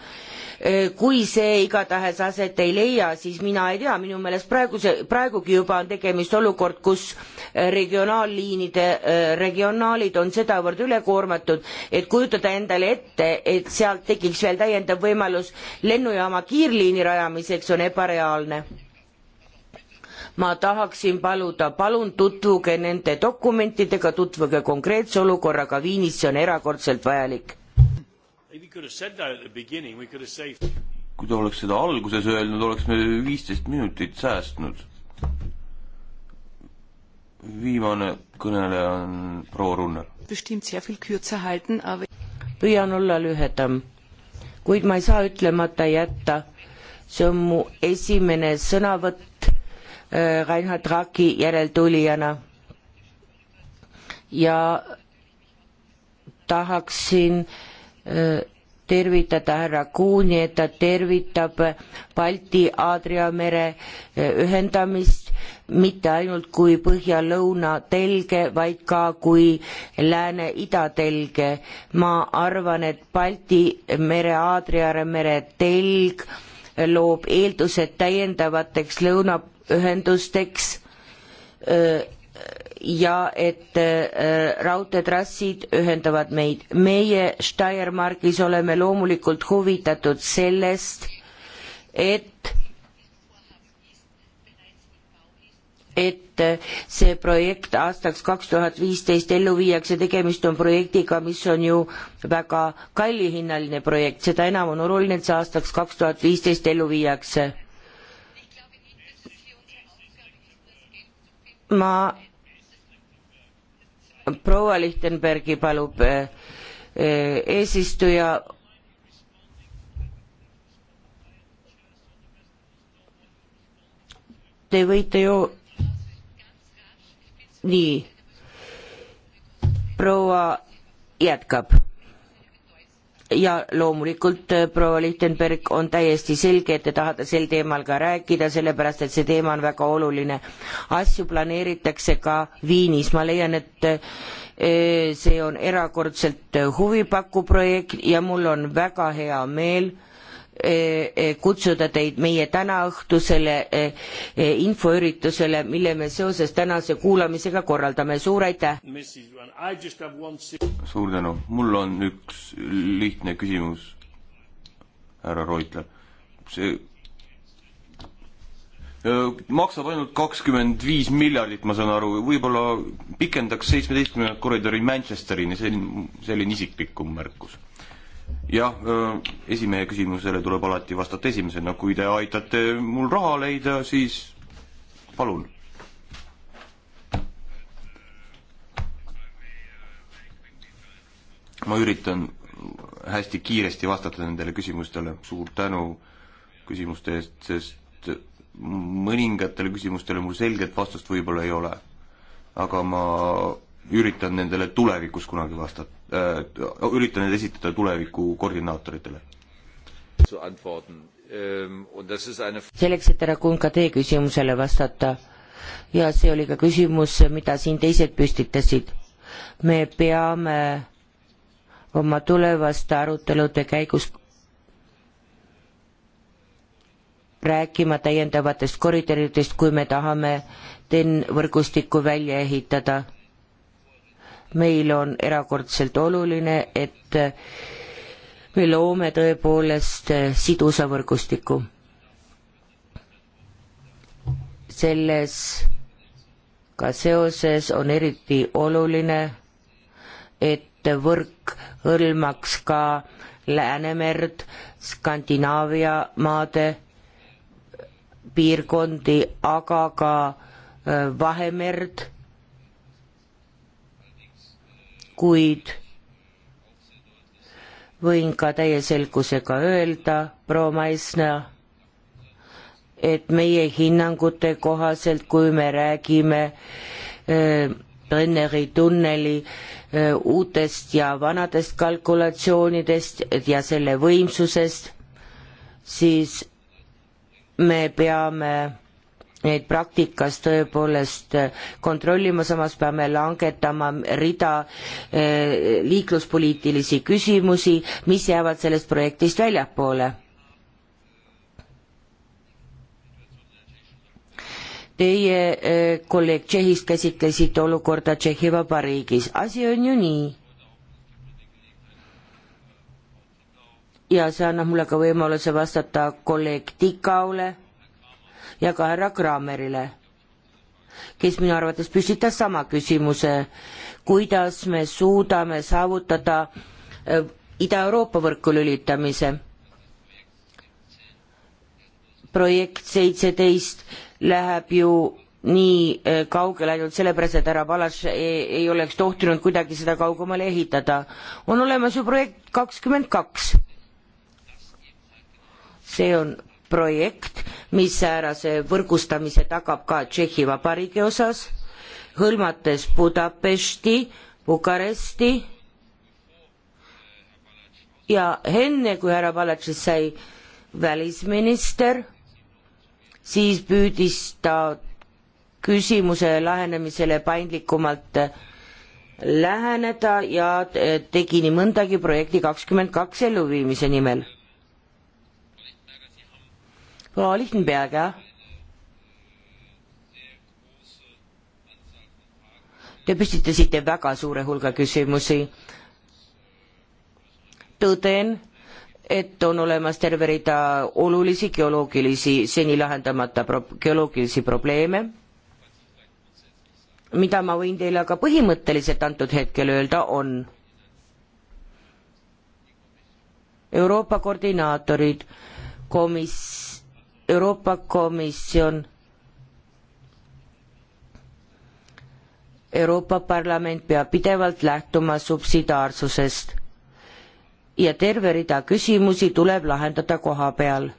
kui see igatahes aset ei leia, siis mina ei tea, minu meelest praeguse, praegugi juba on tegemist olukord, kus äh, regionaalliinide, äh, regionaalid on sedavõrd ülekoormatud, et kujutada endale ette, et sealt tekiks veel täiendav võimalus lennujaama kiirliini rajamiseks, on ebareaalne ma tahaksin paluda, palun tutvuge nende dokumentidega, tutvuge konkreetse olukorraga Viinis, see on erakordselt vajalik. kui ta oleks seda alguses öelnud, oleks me viisteist minutit säästnud. viimane kõneleja on proua Runner. püüan olla lühedam, kuid ma ei saa ütlemata jätta, see on mu esimene sõnavõtt Äh, Reinhard Raki järeltulijana ja tahaksin äh, tervitada härra Kuuni, et ta tervitab Balti-Aadria mere äh, ühendamist mitte ainult kui põhja-lõuna telge, vaid ka kui lääne-ida telge. ma arvan, et Balti mere, Aadria mere telg loob eeldused täiendavateks lõuna ühendusteks ja et raudteetrassid ühendavad meid. meie Steiermarkis oleme loomulikult huvitatud sellest, et et see projekt aastaks kaks tuhat viisteist ellu viiakse, tegemist on projektiga, mis on ju väga kallihinnaline projekt, seda enam on oluline, et see aastaks kaks tuhat viisteist ellu viiakse ma, proua Lichtenbergi palub eh, eh, eesistuja Te võite ju nii, proua jätkab ja loomulikult äh, proua Lichtenberg, on täiesti selge, et te tahate sel teemal ka rääkida, sellepärast et see teema on väga oluline. asju planeeritakse ka Viinis, ma leian, et äh, see on erakordselt äh, huvipakkuv projekt ja mul on väga hea meel, Eh, eh, kutsuda teid meie tänaõhtusele eh, infoüritusele, mille me seoses tänase kuulamisega korraldame, suur aitäh! suur tänu, mul on üks lihtne küsimus, härra Roitla, see maksab ainult kakskümmend viis miljardit, ma saan aru, võib-olla pikendaks seitsmeteistkümnendat koridori Manchesterini, see oli, see oli nisiklikum märkus jah, esimehe küsimusele tuleb alati vastata esimesena, kui te aitate mul raha leida, siis palun. ma üritan hästi kiiresti vastata nendele küsimustele, suur tänu küsimuste eest, sest mõningatele küsimustele mul selget vastust võib-olla ei ole. aga ma üritan nendele tulevikus kunagi vastata. Äh, üritan need esitada tuleviku koordinaatoritele. Ähm, selleks, et härra Kund ka teie küsimusele vastata ja see oli ka küsimus, mida siin teised püstitasid. me peame oma tulevaste arutelude käigus rääkima täiendavatest koridoridest, kui me tahame TEN võrgustikku välja ehitada meil on erakordselt oluline, et me loome tõepoolest sidusa võrgustiku. selles ka seoses on eriti oluline, et võrk hõlmaks ka Läänemerd, Skandinaavia maade piirkondi, aga ka äh, Vahemerd kuid võin ka täie selgusega öelda, proua Maisna, et meie hinnangute kohaselt, kui me räägime äh, Brenneri tunneli äh, uutest ja vanadest kalkulatsioonidest ja selle võimsusest, siis me peame neid praktikas tõepoolest kontrollima, samas peame langetama rida eh, liikluspoliitilisi küsimusi, mis jäävad sellest projektist väljapoole. Teie eh, kolleeg Tšehhist käsitlesite olukorda Tšehhi Vabariigis, asi on ju nii ja see annab mulle ka võimaluse vastata kolleeg Tikaule ja ka härra Kramerile, kes minu arvates püstitas sama küsimuse, kuidas me suudame saavutada äh, Ida-Euroopa võrku lülitamise. projekt seitseteist läheb ju nii äh, kaugele ainult sellepärast, et härra Palas ei, ei oleks tohtinud kuidagi seda kaugemale ehitada. on olemas ju projekt kakskümmend kaks. see on projekt, mis säärase võrgustamise tagab ka Tšehhi Vabariigi osas, hõlmates Budapesti, Bukaresti ja enne, kui härra Palatšis sai välisminister, siis püüdis ta küsimuse lahenemisele paindlikumalt läheneda ja tegi nii mõndagi projekti kakskümmend kaks elluviimise nimel Frau Lichtenberger, te püstitasite väga suure hulga küsimusi. tõden, et on olemas terve rida olulisi geoloogilisi, seni lahendamata pro-, geoloogilisi probleeme, mida ma võin teile aga põhimõtteliselt antud hetkel öelda, on Euroopa koordinaatorid, komis-, Euroopa Komisjon, Euroopa Parlament peab pidevalt lähtuma subsidiaarsusest ja terve rida küsimusi tuleb lahendada koha peal.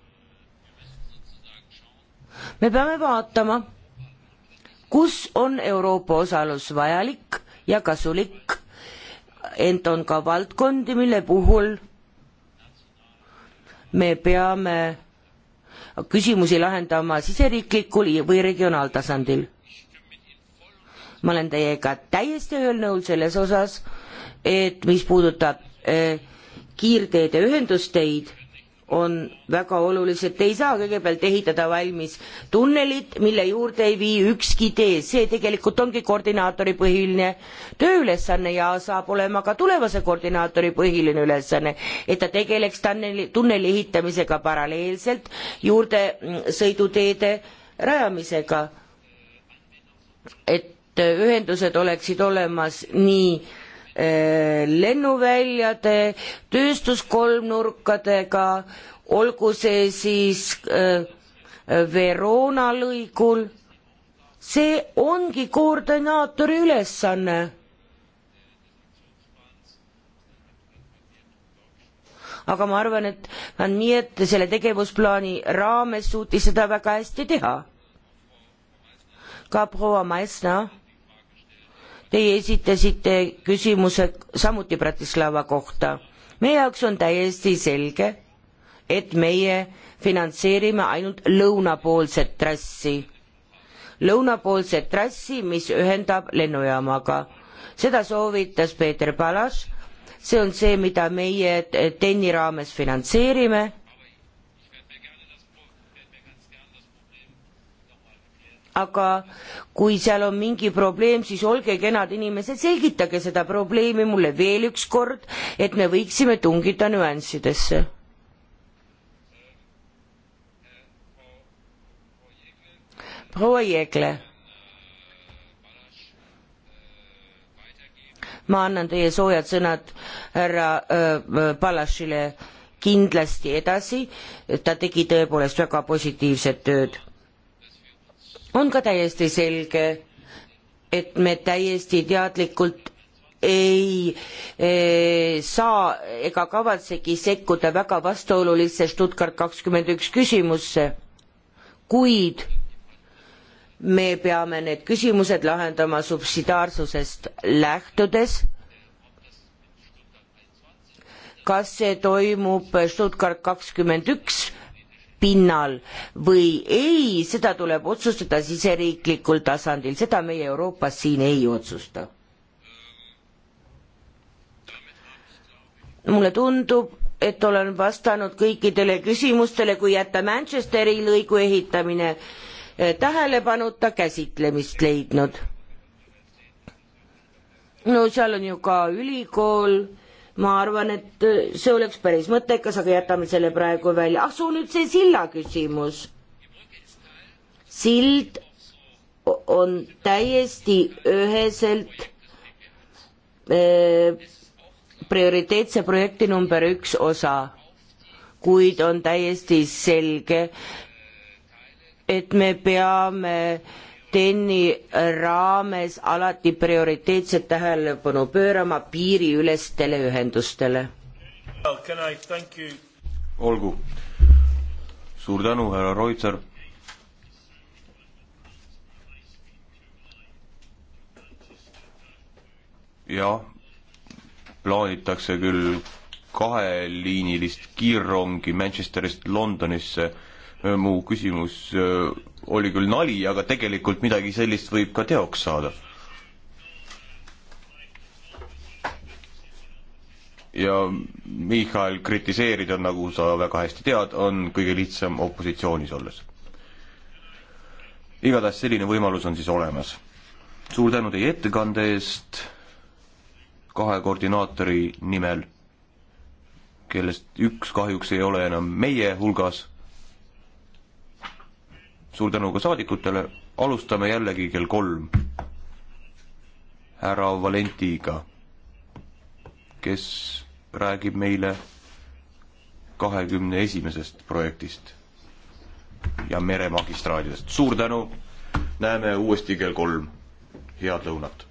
me peame vaatama, kus on Euroopa osalus vajalik ja kasulik, ent on ka valdkondi, mille puhul me peame küsimusi lahendama siseriiklikul või regionaaltasandil. ma olen teiega täiesti ühel nõul selles osas, et mis puudutab eh, kiirteede ühendusteid, on väga olulised, te ei saa kõigepealt ehitada valmis tunnelit, mille juurde ei vii ükski tee, see tegelikult ongi koordinaatori põhiline tööülesanne ja saab olema ka tulevase koordinaatori põhiline ülesanne, et ta tegeleks tunneli, tunneli ehitamisega paralleelselt juurdesõiduteede mm, rajamisega. et ühendused oleksid olemas nii äh, Äh, lennuväljade, tööstuskolmnurkadega, olgu see siis äh, Verona lõigul, see ongi koordinaatori ülesanne. aga ma arvan, et Van Miet selle tegevusplaani raames suutis seda väga hästi teha. ka proua Maisna Teie esitasite küsimuse samuti Bratislava kohta. meie jaoks on täiesti selge, et meie finantseerime ainult lõunapoolset trassi, lõunapoolset trassi, mis ühendab lennujaamaga. seda soovitas Peeter Palas, see on see, mida meie TEN-i raames finantseerime aga kui seal on mingi probleem, siis olge kenad inimesed, selgitage seda probleemi mulle veel üks kord, et me võiksime tungida nüanssidesse. proua Jeegle. ma annan teie soojad sõnad härra äh, Palašile kindlasti edasi, ta tegi tõepoolest väga positiivset tööd on ka täiesti selge, et me täiesti teadlikult ei e, saa ega kavatsegi sekkuda väga vastuolulisse Stuttgart kakskümmend üks küsimusse, kuid me peame need küsimused lahendama subsidiaarsusest lähtudes. kas see toimub Stuttgart kakskümmend üks pinnal või ei, seda tuleb otsustada siseriiklikul tasandil, seda meie Euroopas siin ei otsusta. mulle tundub, et olen vastanud kõikidele küsimustele, kui jätta Manchesteri lõigu ehitamine eh, tähelepanuta käsitlemist leidnud. no seal on ju ka ülikool ma arvan, et äh, see oleks päris mõttekas, aga jätame selle praegu välja. ah soo, nüüd see silla küsimus. sild on täiesti üheselt äh, prioriteetse projekti number üks osa, kuid on täiesti selge, et me peame äh, TEN-i raames alati prioriteetset tähelepanu pöörama piiriülestele ühendustele. olgu, suur tänu, härra Roitser. jah, plaanitakse küll kaheliinilist kiirrongi Manchesterist Londonisse Äh, mu küsimus äh, oli küll nali, aga tegelikult midagi sellist võib ka teoks saada. ja Michal kritiseerida, nagu sa väga hästi tead, on kõige lihtsam opositsioonis olles. igatahes selline võimalus on siis olemas. suur tänu teie ettekande eest kahe koordinaatori nimel, kellest üks kahjuks ei ole enam meie hulgas suur tänu ka saadikutele, alustame jällegi kell kolm härra Valentiga, kes räägib meile kahekümne esimesest projektist ja meremagistraadidest. suur tänu, näeme uuesti kell kolm, head lõunat!